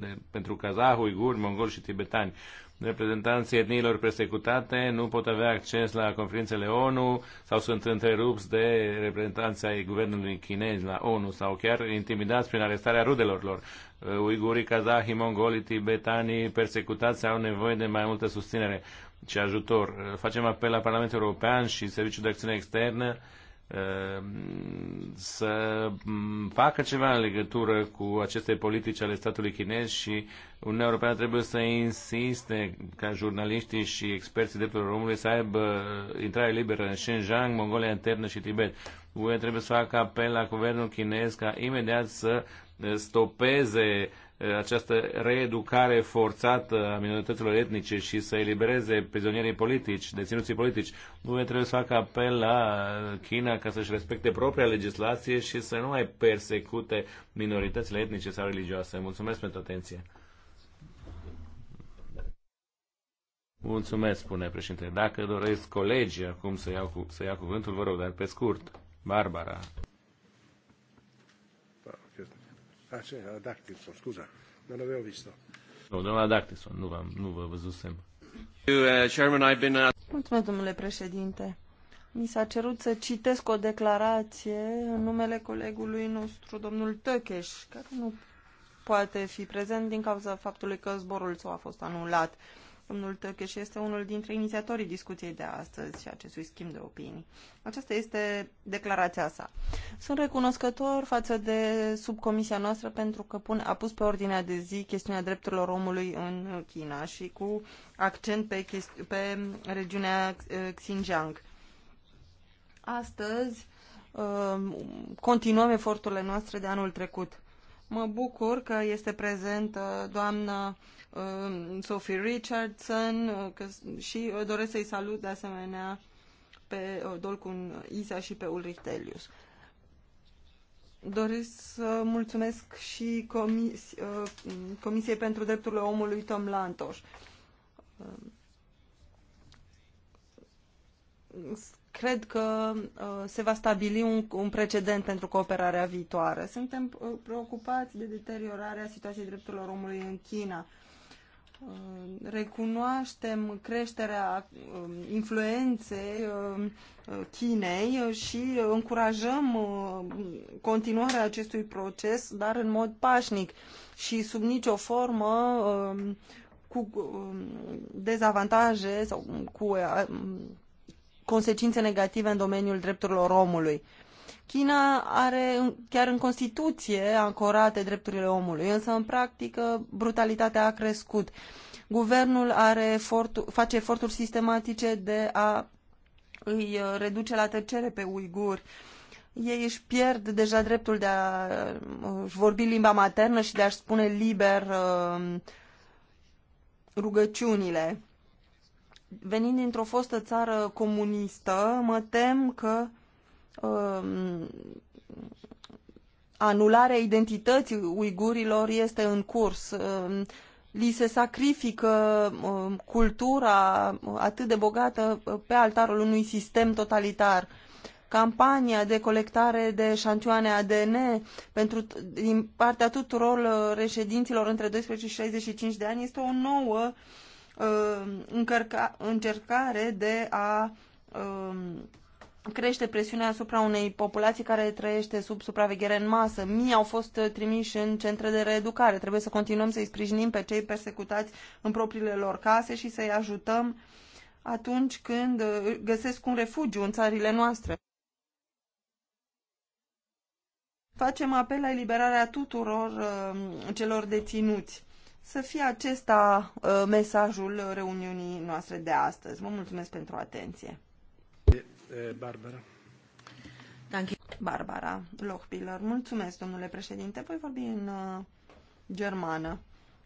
eh, pentru Kazah, Uigur, mongoli și tibetani. Reprezentanții etniilor persecutate nu pot avea acces la conferințele ONU sau sunt întrerupți de reprezentanții ai guvernului chinez la ONU sau chiar intimidați prin arestarea rudelor lor. Eh, Uigurii, kazahii, mongolii, tibetanii persecutați au nevoie de mai multă susținere ce ajutor. Uh, facem apel la Parlamentul European și Serviciul de Acțiune Externă uh, să mm, facă ceva în legătură cu aceste politici ale statului chinez și Uniunea Europeană trebuie să insiste ca jurnaliștii și experții drepturilor omului să aibă intrare liberă în Xinjiang, Mongolia internă și Tibet. UE trebuie să facă apel la guvernul chinez ca imediat să stopeze această reeducare forțată a minorităților etnice și să elibereze prizonierii politici, deținuții politici. nu trebuie să facă apel la China ca să-și respecte propria legislație și să nu mai persecute minoritățile etnice sau religioase. Mulțumesc pentru atenție. Mulțumesc, spune președinte. Dacă doresc colegii acum să, iau cu, să iau cuvântul, vă rog, dar pe scurt. Barbara. Ah, c'è, la Dactilson, non avevo visto. Nu, doamna Dactilson, nu, v-am, nu vă văzusem. Uh, uh, Mulțumesc, domnule președinte. Mi s-a cerut să citesc o declarație în numele colegului nostru, domnul Tăcheș, care nu poate fi prezent din cauza faptului că zborul său a fost anulat. Domnul Tăcheș este unul dintre inițiatorii discuției de astăzi și acestui schimb de opinii. Aceasta este declarația sa. Sunt recunoscător față de subcomisia noastră pentru că pun, a pus pe ordinea de zi chestiunea drepturilor omului în China și cu accent pe, pe regiunea Xinjiang. Astăzi um, continuăm eforturile noastre de anul trecut. Mă bucur că este prezentă doamna Um, Sophie Richardson uh, că și uh, doresc să-i salut de asemenea pe uh, Dolcun Isa și pe Ulrich Telius. Doresc să mulțumesc și comis, Comisiei pentru Drepturile Omului Tom Lantos. Um, cred că se va stabili un, un precedent pentru cooperarea viitoare. Suntem preocupați de deteriorarea situației drepturilor omului în China. Uh, recunoaștem creșterea um, influenței um, uh, Chinei și încurajăm uh, continuarea acestui proces, dar în mod pașnic și sub nicio formă um, cu dezavantaje sau cu consecințe negative în domeniul drepturilor omului. China are chiar în Constituție ancorate drepturile omului, însă în practică brutalitatea a crescut. Guvernul are face eforturi sistematice de a îi uh, reduce la tăcere pe uiguri. Ei își pierd deja dreptul de a uh, vorbi limba maternă și de a-și spune liber uh, rugăciunile. Venind dintr-o fostă țară comunistă, mă tem că Um, anularea identității uigurilor este în curs. Um, li se sacrifică um, cultura atât de bogată uh, pe altarul unui sistem totalitar. Campania de colectare de șantioane ADN pentru, din partea tuturor uh, reședinților între 12 și 65 de ani este o nouă uh, încărca, încercare de a crește presiunea asupra unei populații care trăiește sub supraveghere în masă. Mii au fost trimiși în centre de reeducare. Trebuie să continuăm să-i sprijinim pe cei persecutați în propriile lor case și să-i ajutăm atunci când uh, găsesc un refugiu în țările noastre. Facem apel la eliberarea tuturor uh, celor deținuți. Să fie acesta uh, mesajul reuniunii noastre de astăzi. Vă mulțumesc pentru atenție. Barbara. Barbara Lochbiller. Mulțumesc, domnule președinte. Voi vorbi în uh, germană.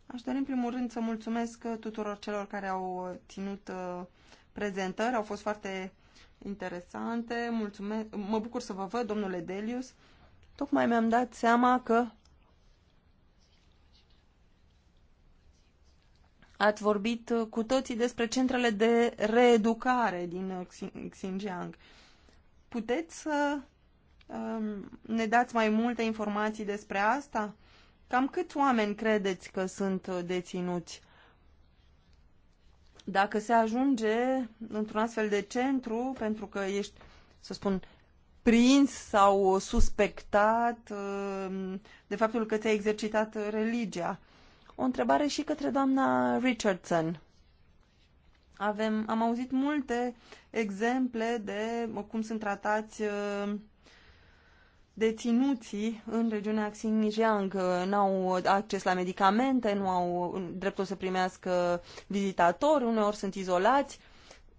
Aș dori în primul rând să mulțumesc uh, tuturor celor care au ținut uh, prezentări. Au fost foarte interesante. Mulțumesc. Mă bucur să vă văd, domnule Delius. Tocmai mi-am dat seama că Ați vorbit uh, cu toții despre centrele de reeducare din uh, Xinjiang. Puteți să um, ne dați mai multe informații despre asta? Cam câți oameni credeți că sunt uh, deținuți? Dacă se ajunge într-un astfel de centru, pentru că ești, să spun, prins sau suspectat um, de faptul că ți-ai exercitat religia, o întrebare și către doamna Richardson. Avem, am auzit multe exemple de uh, cum sunt tratați uh, deținuții în regiunea Xinjiang. N-au acces la medicamente, nu au uh, dreptul să primească vizitatori, uneori sunt izolați.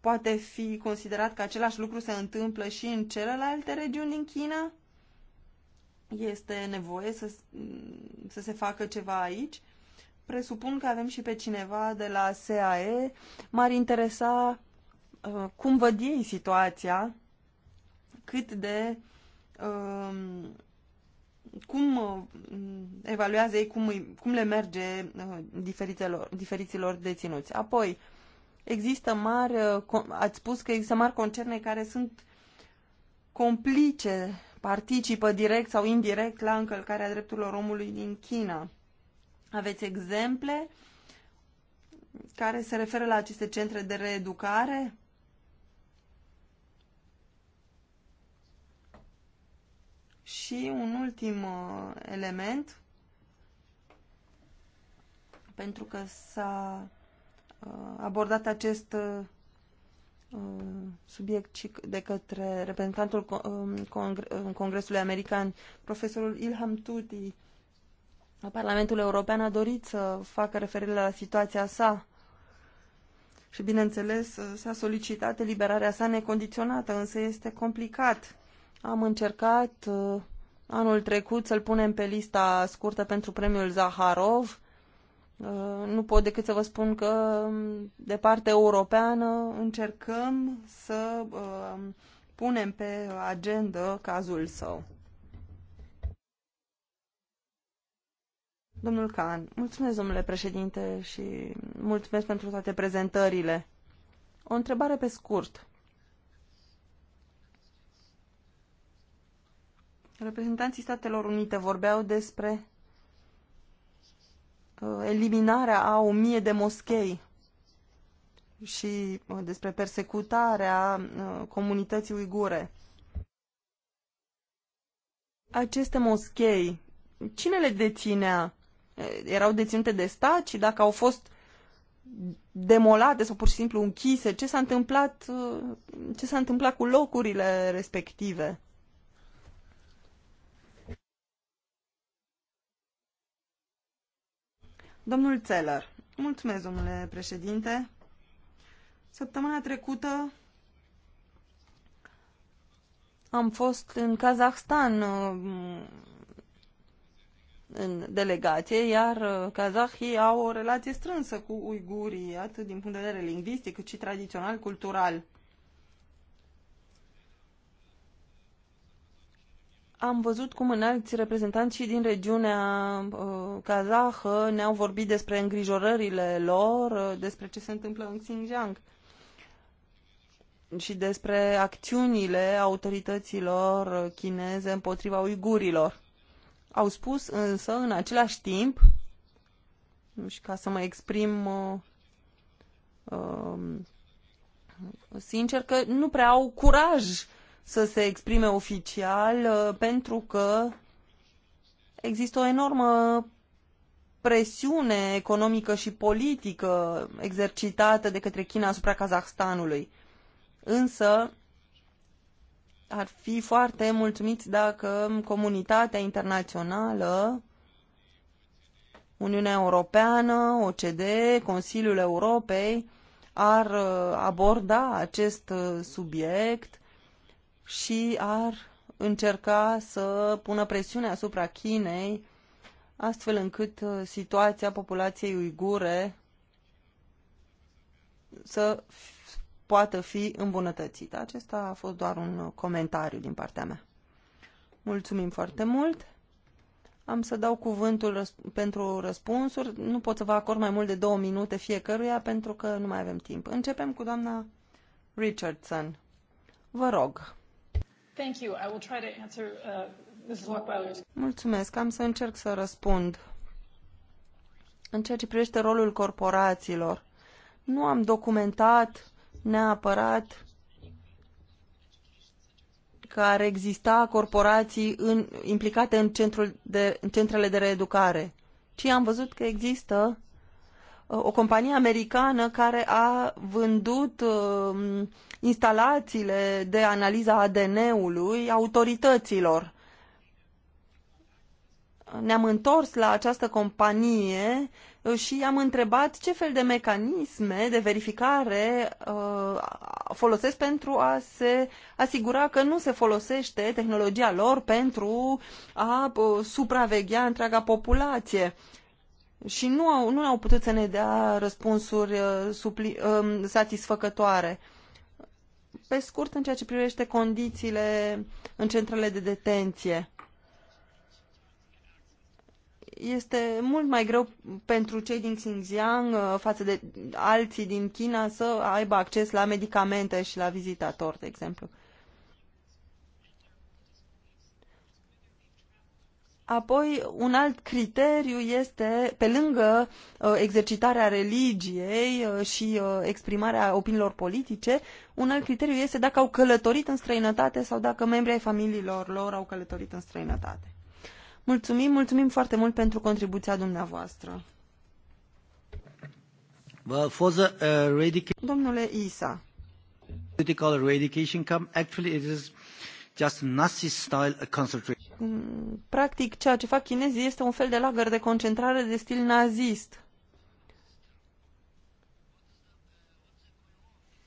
Poate fi considerat că același lucru se întâmplă și în celelalte regiuni din China? Este nevoie să, să se facă ceva aici? presupun că avem și pe cineva de la SAE. M-ar interesa uh, cum văd ei situația, cât de um, uh, cum evaluează ei, cum, îi, cum le merge uh, diferitelor, diferiților deținuți. Apoi, există mari, uh, ați spus că există mari concerne care sunt complice, participă direct sau indirect la încălcarea drepturilor omului din China. Aveți exemple care se referă la aceste centre de reeducare? Și un ultim uh, element, pentru că s-a uh, abordat acest uh, subiect și de către reprezentantul um, Congresului American, profesorul Ilham Tuti, Parlamentul European a dorit să facă referire la situația sa și, bineînțeles, s-a solicitat eliberarea sa necondiționată, însă este complicat. Am încercat uh, anul trecut să-l punem pe lista scurtă pentru premiul Zaharov. Uh, nu pot decât să vă spun că, um, de parte europeană, încercăm să uh, punem pe agenda cazul său. Domnul Can, mulțumesc, domnule președinte, și mulțumesc pentru toate prezentările. O întrebare pe scurt. Reprezentanții Statelor Unite vorbeau despre uh, eliminarea a o mie de moschei și uh, despre persecutarea uh, comunității uigure. Aceste moschei, cine le deținea? erau deținute de stat și dacă au fost demolate sau pur și simplu închise, ce s-a întâmplat, uh, ce s-a întâmplat cu locurile respective. Domnul Țeler. Mulțumesc, domnule președinte. Săptămâna trecută am fost în Kazahstan uh, în delegație, iar uh, kazahii au o relație strânsă cu uigurii, atât din punct de vedere lingvistic, cât și tradițional, cultural. Am văzut cum înalți reprezentanți și din regiunea uh, kazahă ne-au vorbit despre îngrijorările lor, uh, despre ce se întâmplă în Xinjiang și despre acțiunile autorităților chineze împotriva uigurilor. Au spus însă în același timp, nu știu ca să mă exprim uh, uh, sincer, că nu prea au curaj să se exprime oficial uh, pentru că există o enormă presiune economică și politică exercitată de către China asupra Kazahstanului. Însă, ar fi foarte mulțumiți dacă comunitatea internațională, Uniunea Europeană, OCD, Consiliul Europei ar uh, aborda acest uh, subiect și ar încerca să pună presiune asupra Chinei astfel încât uh, situația populației uigure să poată fi îmbunătățită. Acesta a fost doar un comentariu din partea mea. Mulțumim foarte mult! Am să dau cuvântul răsp- pentru răspunsuri. Nu pot să vă acord mai mult de două minute fiecăruia pentru că nu mai avem timp. Începem cu doamna Richardson. Vă rog. Thank you. I will try to answer, uh, Mrs. Mulțumesc. Am să încerc să răspund. În ceea ce privește rolul corporațiilor, nu am documentat neapărat că ar exista corporații în, implicate în, centrul de, în centrele de reeducare, ci am văzut că există uh, o companie americană care a vândut uh, instalațiile de analiza ADN-ului autorităților. Ne-am întors la această companie uh, și am întrebat ce fel de mecanisme de verificare uh, folosesc pentru a se asigura că nu se folosește tehnologia lor pentru a uh, supraveghea întreaga populație. Și nu au, nu au putut să ne dea răspunsuri uh, supli, um, satisfăcătoare. Pe scurt, în ceea ce privește condițiile în centrele de detenție este mult mai greu pentru cei din Xinjiang uh, față de alții din China să aibă acces la medicamente și la vizitatori, de exemplu. Apoi, un alt criteriu este, pe lângă uh, exercitarea religiei uh, și uh, exprimarea opinilor politice, un alt criteriu este dacă au călătorit în străinătate sau dacă membrii ai familiilor lor au călătorit în străinătate. Mulțumim, mulțumim foarte mult pentru contribuția dumneavoastră. Well, for the, uh, Domnule Isa. Political eradication camp, actually it is just Nazi-style concentration. Practic, ceea ce fac chinezii este un fel de lagăr de concentrare de stil nazist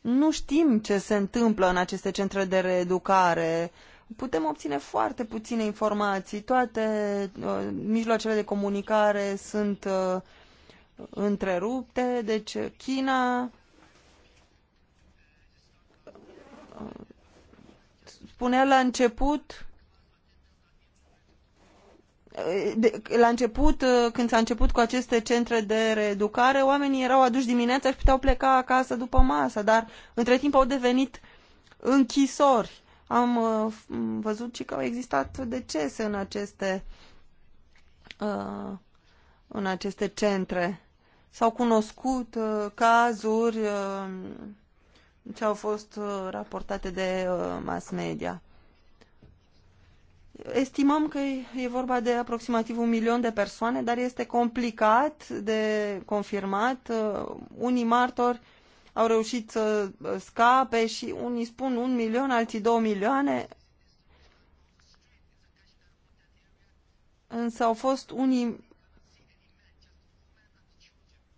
Nu știm ce se întâmplă în aceste centre de reeducare. Putem obține foarte puține informații. Toate uh, mijloacele de comunicare sunt uh, întrerupte. Deci China uh, spunea la început la început, când s-a început cu aceste centre de reeducare, oamenii erau aduși dimineața și puteau pleca acasă după masă, dar între timp au devenit închisori. Am uh, văzut și că au existat decese în aceste, uh, în aceste centre. S-au cunoscut uh, cazuri uh, ce au fost uh, raportate de uh, mass media. Estimăm că e vorba de aproximativ un milion de persoane, dar este complicat de confirmat. Uh, unii martori au reușit să uh, scape și unii spun un milion, alții două milioane. Însă au fost unii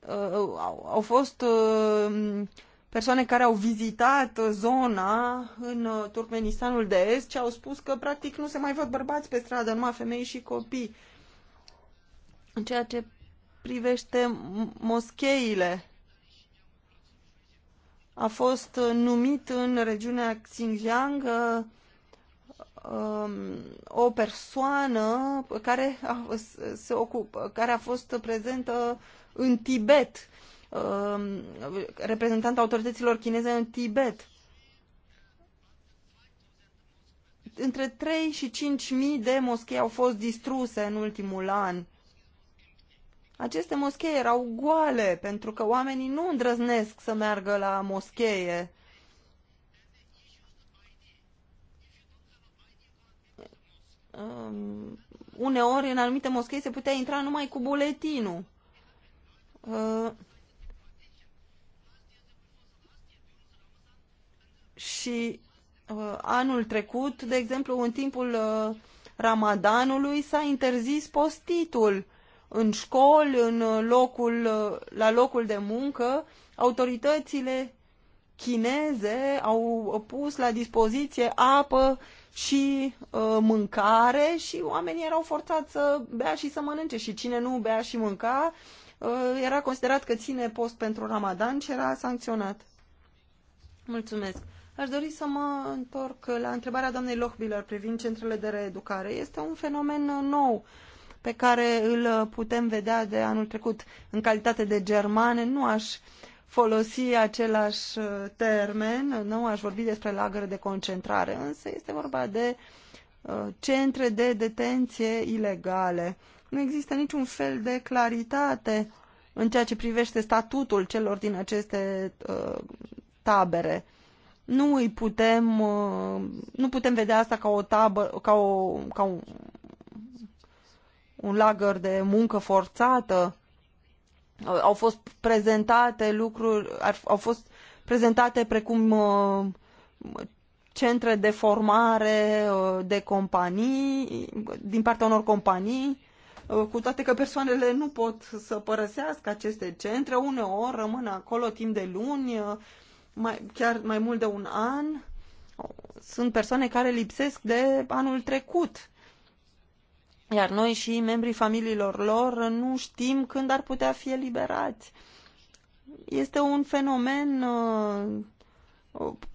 uh, au, fost uh, persoane care au vizitat zona în uh, Turkmenistanul de Est și au spus că practic nu se mai văd bărbați pe stradă, numai femei și copii. În ceea ce privește moscheile, a fost uh, numit în regiunea Xinjiang uh, um, o persoană care a, se ocupă, care a fost prezentă în Tibet Um, reprezentant autorităților chineze în Tibet. Între 3 și 5 mii de moschei au fost distruse în ultimul an. Aceste moschei erau goale pentru că oamenii nu îndrăznesc să meargă la moschee. Um, uneori în anumite moschei se putea intra numai cu buletinul. Uh, Și uh, anul trecut, de exemplu, în timpul uh, Ramadanului s-a interzis postitul în școli, în uh, locul, uh, la locul de muncă. Autoritățile chineze au uh, pus la dispoziție apă și uh, mâncare și oamenii erau forțați să bea și să mănânce și cine nu bea și mânca uh, era considerat că ține post pentru Ramadan și era sancționat. Mulțumesc. Aș dori să mă întorc la întrebarea doamnei Lochbiller privind centrele de reeducare. Este un fenomen nou pe care îl putem vedea de anul trecut. În calitate de germane nu aș folosi același uh, termen, nu aș vorbi despre lagăre de concentrare, însă este vorba de uh, centre de detenție ilegale. Nu există niciun fel de claritate în ceea ce privește statutul celor din aceste uh, tabere nu îi putem, uh, nu putem vedea asta ca o tabă, ca, o, ca un, un lagăr de muncă forțată. Au fost prezentate lucruri, au fost prezentate precum uh, centre de formare uh, de companii, din partea unor companii, cu toate că persoanele nu pot să părăsească aceste centre, uneori rămân acolo timp de luni, mai, chiar mai mult de un an. Sunt persoane care lipsesc de anul trecut. Iar noi și membrii familiilor lor nu știm când ar putea fi eliberați. Este un fenomen uh,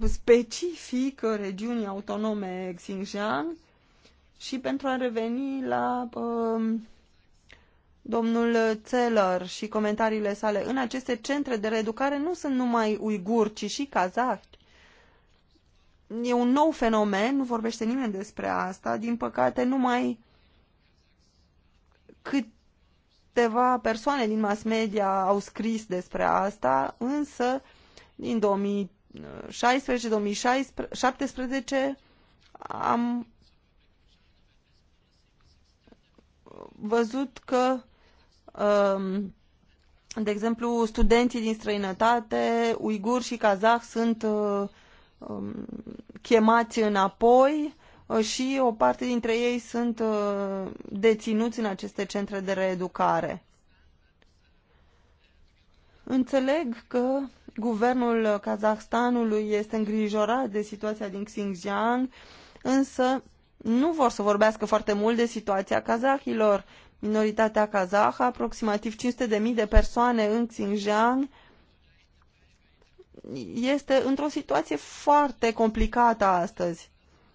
specific regiunii autonome Xinjiang și pentru a reveni la uh, domnul Țelăr și comentariile sale, în aceste centre de reeducare nu sunt numai uiguri, ci și cazahi. E un nou fenomen, nu vorbește nimeni despre asta, din păcate numai câteva persoane din mass media au scris despre asta, însă din 2016-2017 am văzut că Um, de exemplu, studenții din străinătate, uiguri și kazah sunt uh, um, chemați înapoi uh, și o parte dintre ei sunt uh, deținuți în aceste centre de reeducare. Înțeleg că guvernul Kazahstanului este îngrijorat de situația din Xinjiang, însă nu vor să vorbească foarte mult de situația kazahilor minoritatea kazahă, aproximativ 500.000 de persoane în Xinjiang, este într-o situație foarte complicată astăzi.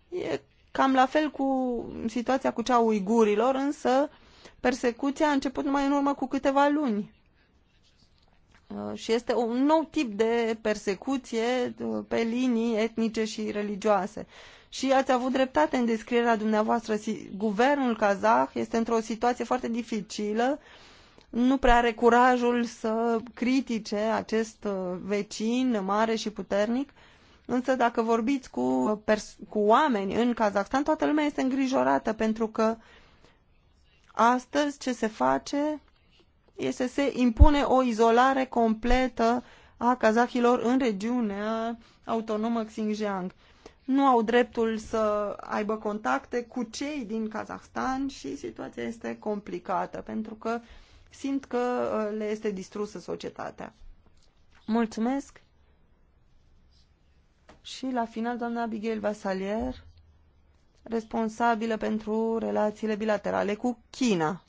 E cam la fel cu situația cu cea uigurilor, însă persecuția a început numai în urmă cu câteva luni. Uh, și este un nou tip de persecuție uh, pe linii etnice și religioase. Și ați avut dreptate în descrierea dumneavoastră. Guvernul kazah este într-o situație foarte dificilă, nu prea are curajul să critique acest uh, vecin mare și puternic, însă dacă vorbiți cu, uh, cu oameni în Kazakhstan, toată lumea este îngrijorată pentru că astăzi ce se face este să se impune o izolare completă a kazahilor în regiunea autonomă Xinjiang nu au dreptul să aibă contacte cu cei din Kazahstan și situația este complicată pentru că simt că uh, le este distrusă societatea. Mulțumesc! Și la final, doamna Abigail Vasalier, responsabilă pentru relațiile bilaterale cu China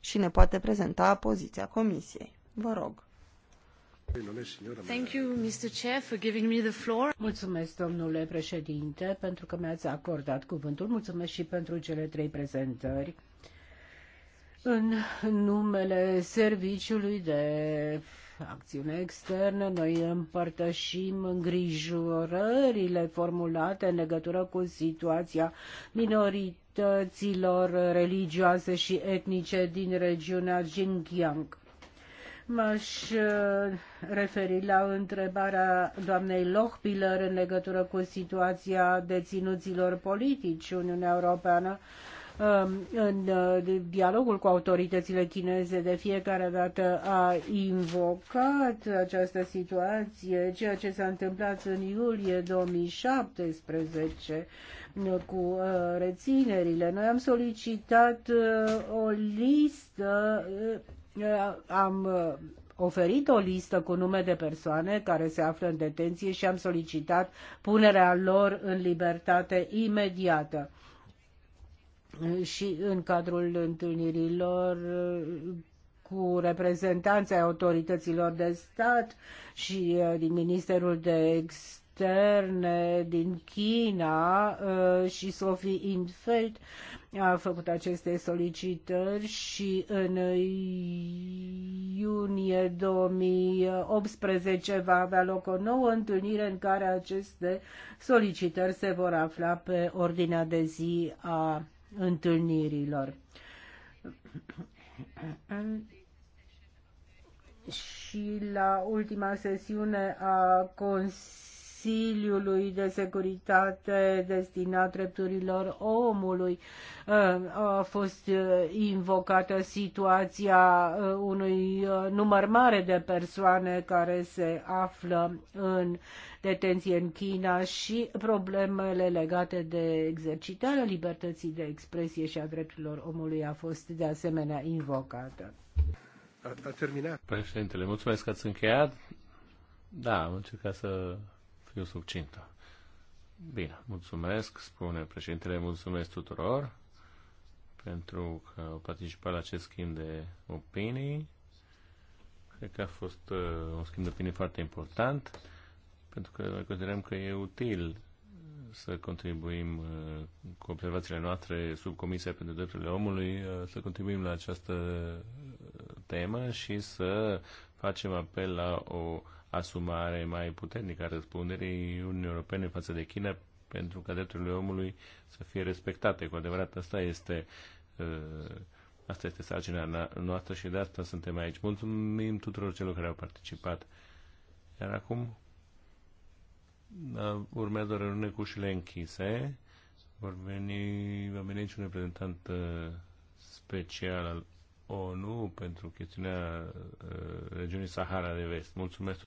și ne poate prezenta poziția Comisiei. Vă rog. Thank you, Mr. Chair, for giving me the floor. Mulțumesc, domnule președinte, pentru că mi-ați acordat cuvântul. Mulțumesc și pentru cele trei prezentări. În numele Serviciului de acțiune externă, noi împărtășim îngrijorările formulate în legătură cu situația minorităților religioase și etnice din regiunea Xinjiang. M-aș uh, referi la întrebarea doamnei Lochbiller în legătură cu situația deținuților politici. Uniunea Europeană um, în uh, dialogul cu autoritățile chineze de fiecare dată a invocat această situație, ceea ce s-a întâmplat în iulie 2017 cu uh, reținerile. Noi am solicitat o listă Uh, am uh, oferit o listă cu nume de persoane care se află în detenție și am solicitat punerea lor în libertate imediată. Uh, și în cadrul întâlnirilor cu reprezentanții autorităților de stat și din Ministerul de Externe din China și Sophie Infeld a făcut aceste solicitări și în iunie 2018 va avea loc o nouă întâlnire în care aceste solicitări se vor afla pe ordinea de zi a întâlnirilor. și la ultima sesiune a Consiliului Consiliului de Securitate destinat drepturilor omului. Uh, a fost uh, invocată situația uh, unui număr mare de persoane care se află în detenție în China și problemele legate de exercitarea libertății de expresie și a drepturilor omului a fost de asemenea invocată. A, a terminat. Președintele, mulțumesc că ați încheiat. Da, am încercat să fiu succintă. Bine, mulțumesc, spune președintele, mulțumesc tuturor pentru că au participat la acest schimb de opinii. Cred că a fost uh, un schimb de opinii foarte important, pentru că noi considerăm că e util să contribuim uh, cu observațiile noastre sub Comisia pentru Drepturile Omului, uh, să contribuim la această uh, temă și să facem apel la o uh, asumare mai puternică a răspunderii Uniunii Europene față de China pentru ca drepturile omului să fie respectate. Cu adevărat, asta este, uh, asta este sarcina noastră și de asta suntem aici. Mulțumim tuturor celor care au participat. Iar acum uh, urmează o reuniune cu ușile închise. Vor veni, va veni și un reprezentant uh, special al ONU pentru chestiunea regiunii Sahara de Vest. Mulțumesc!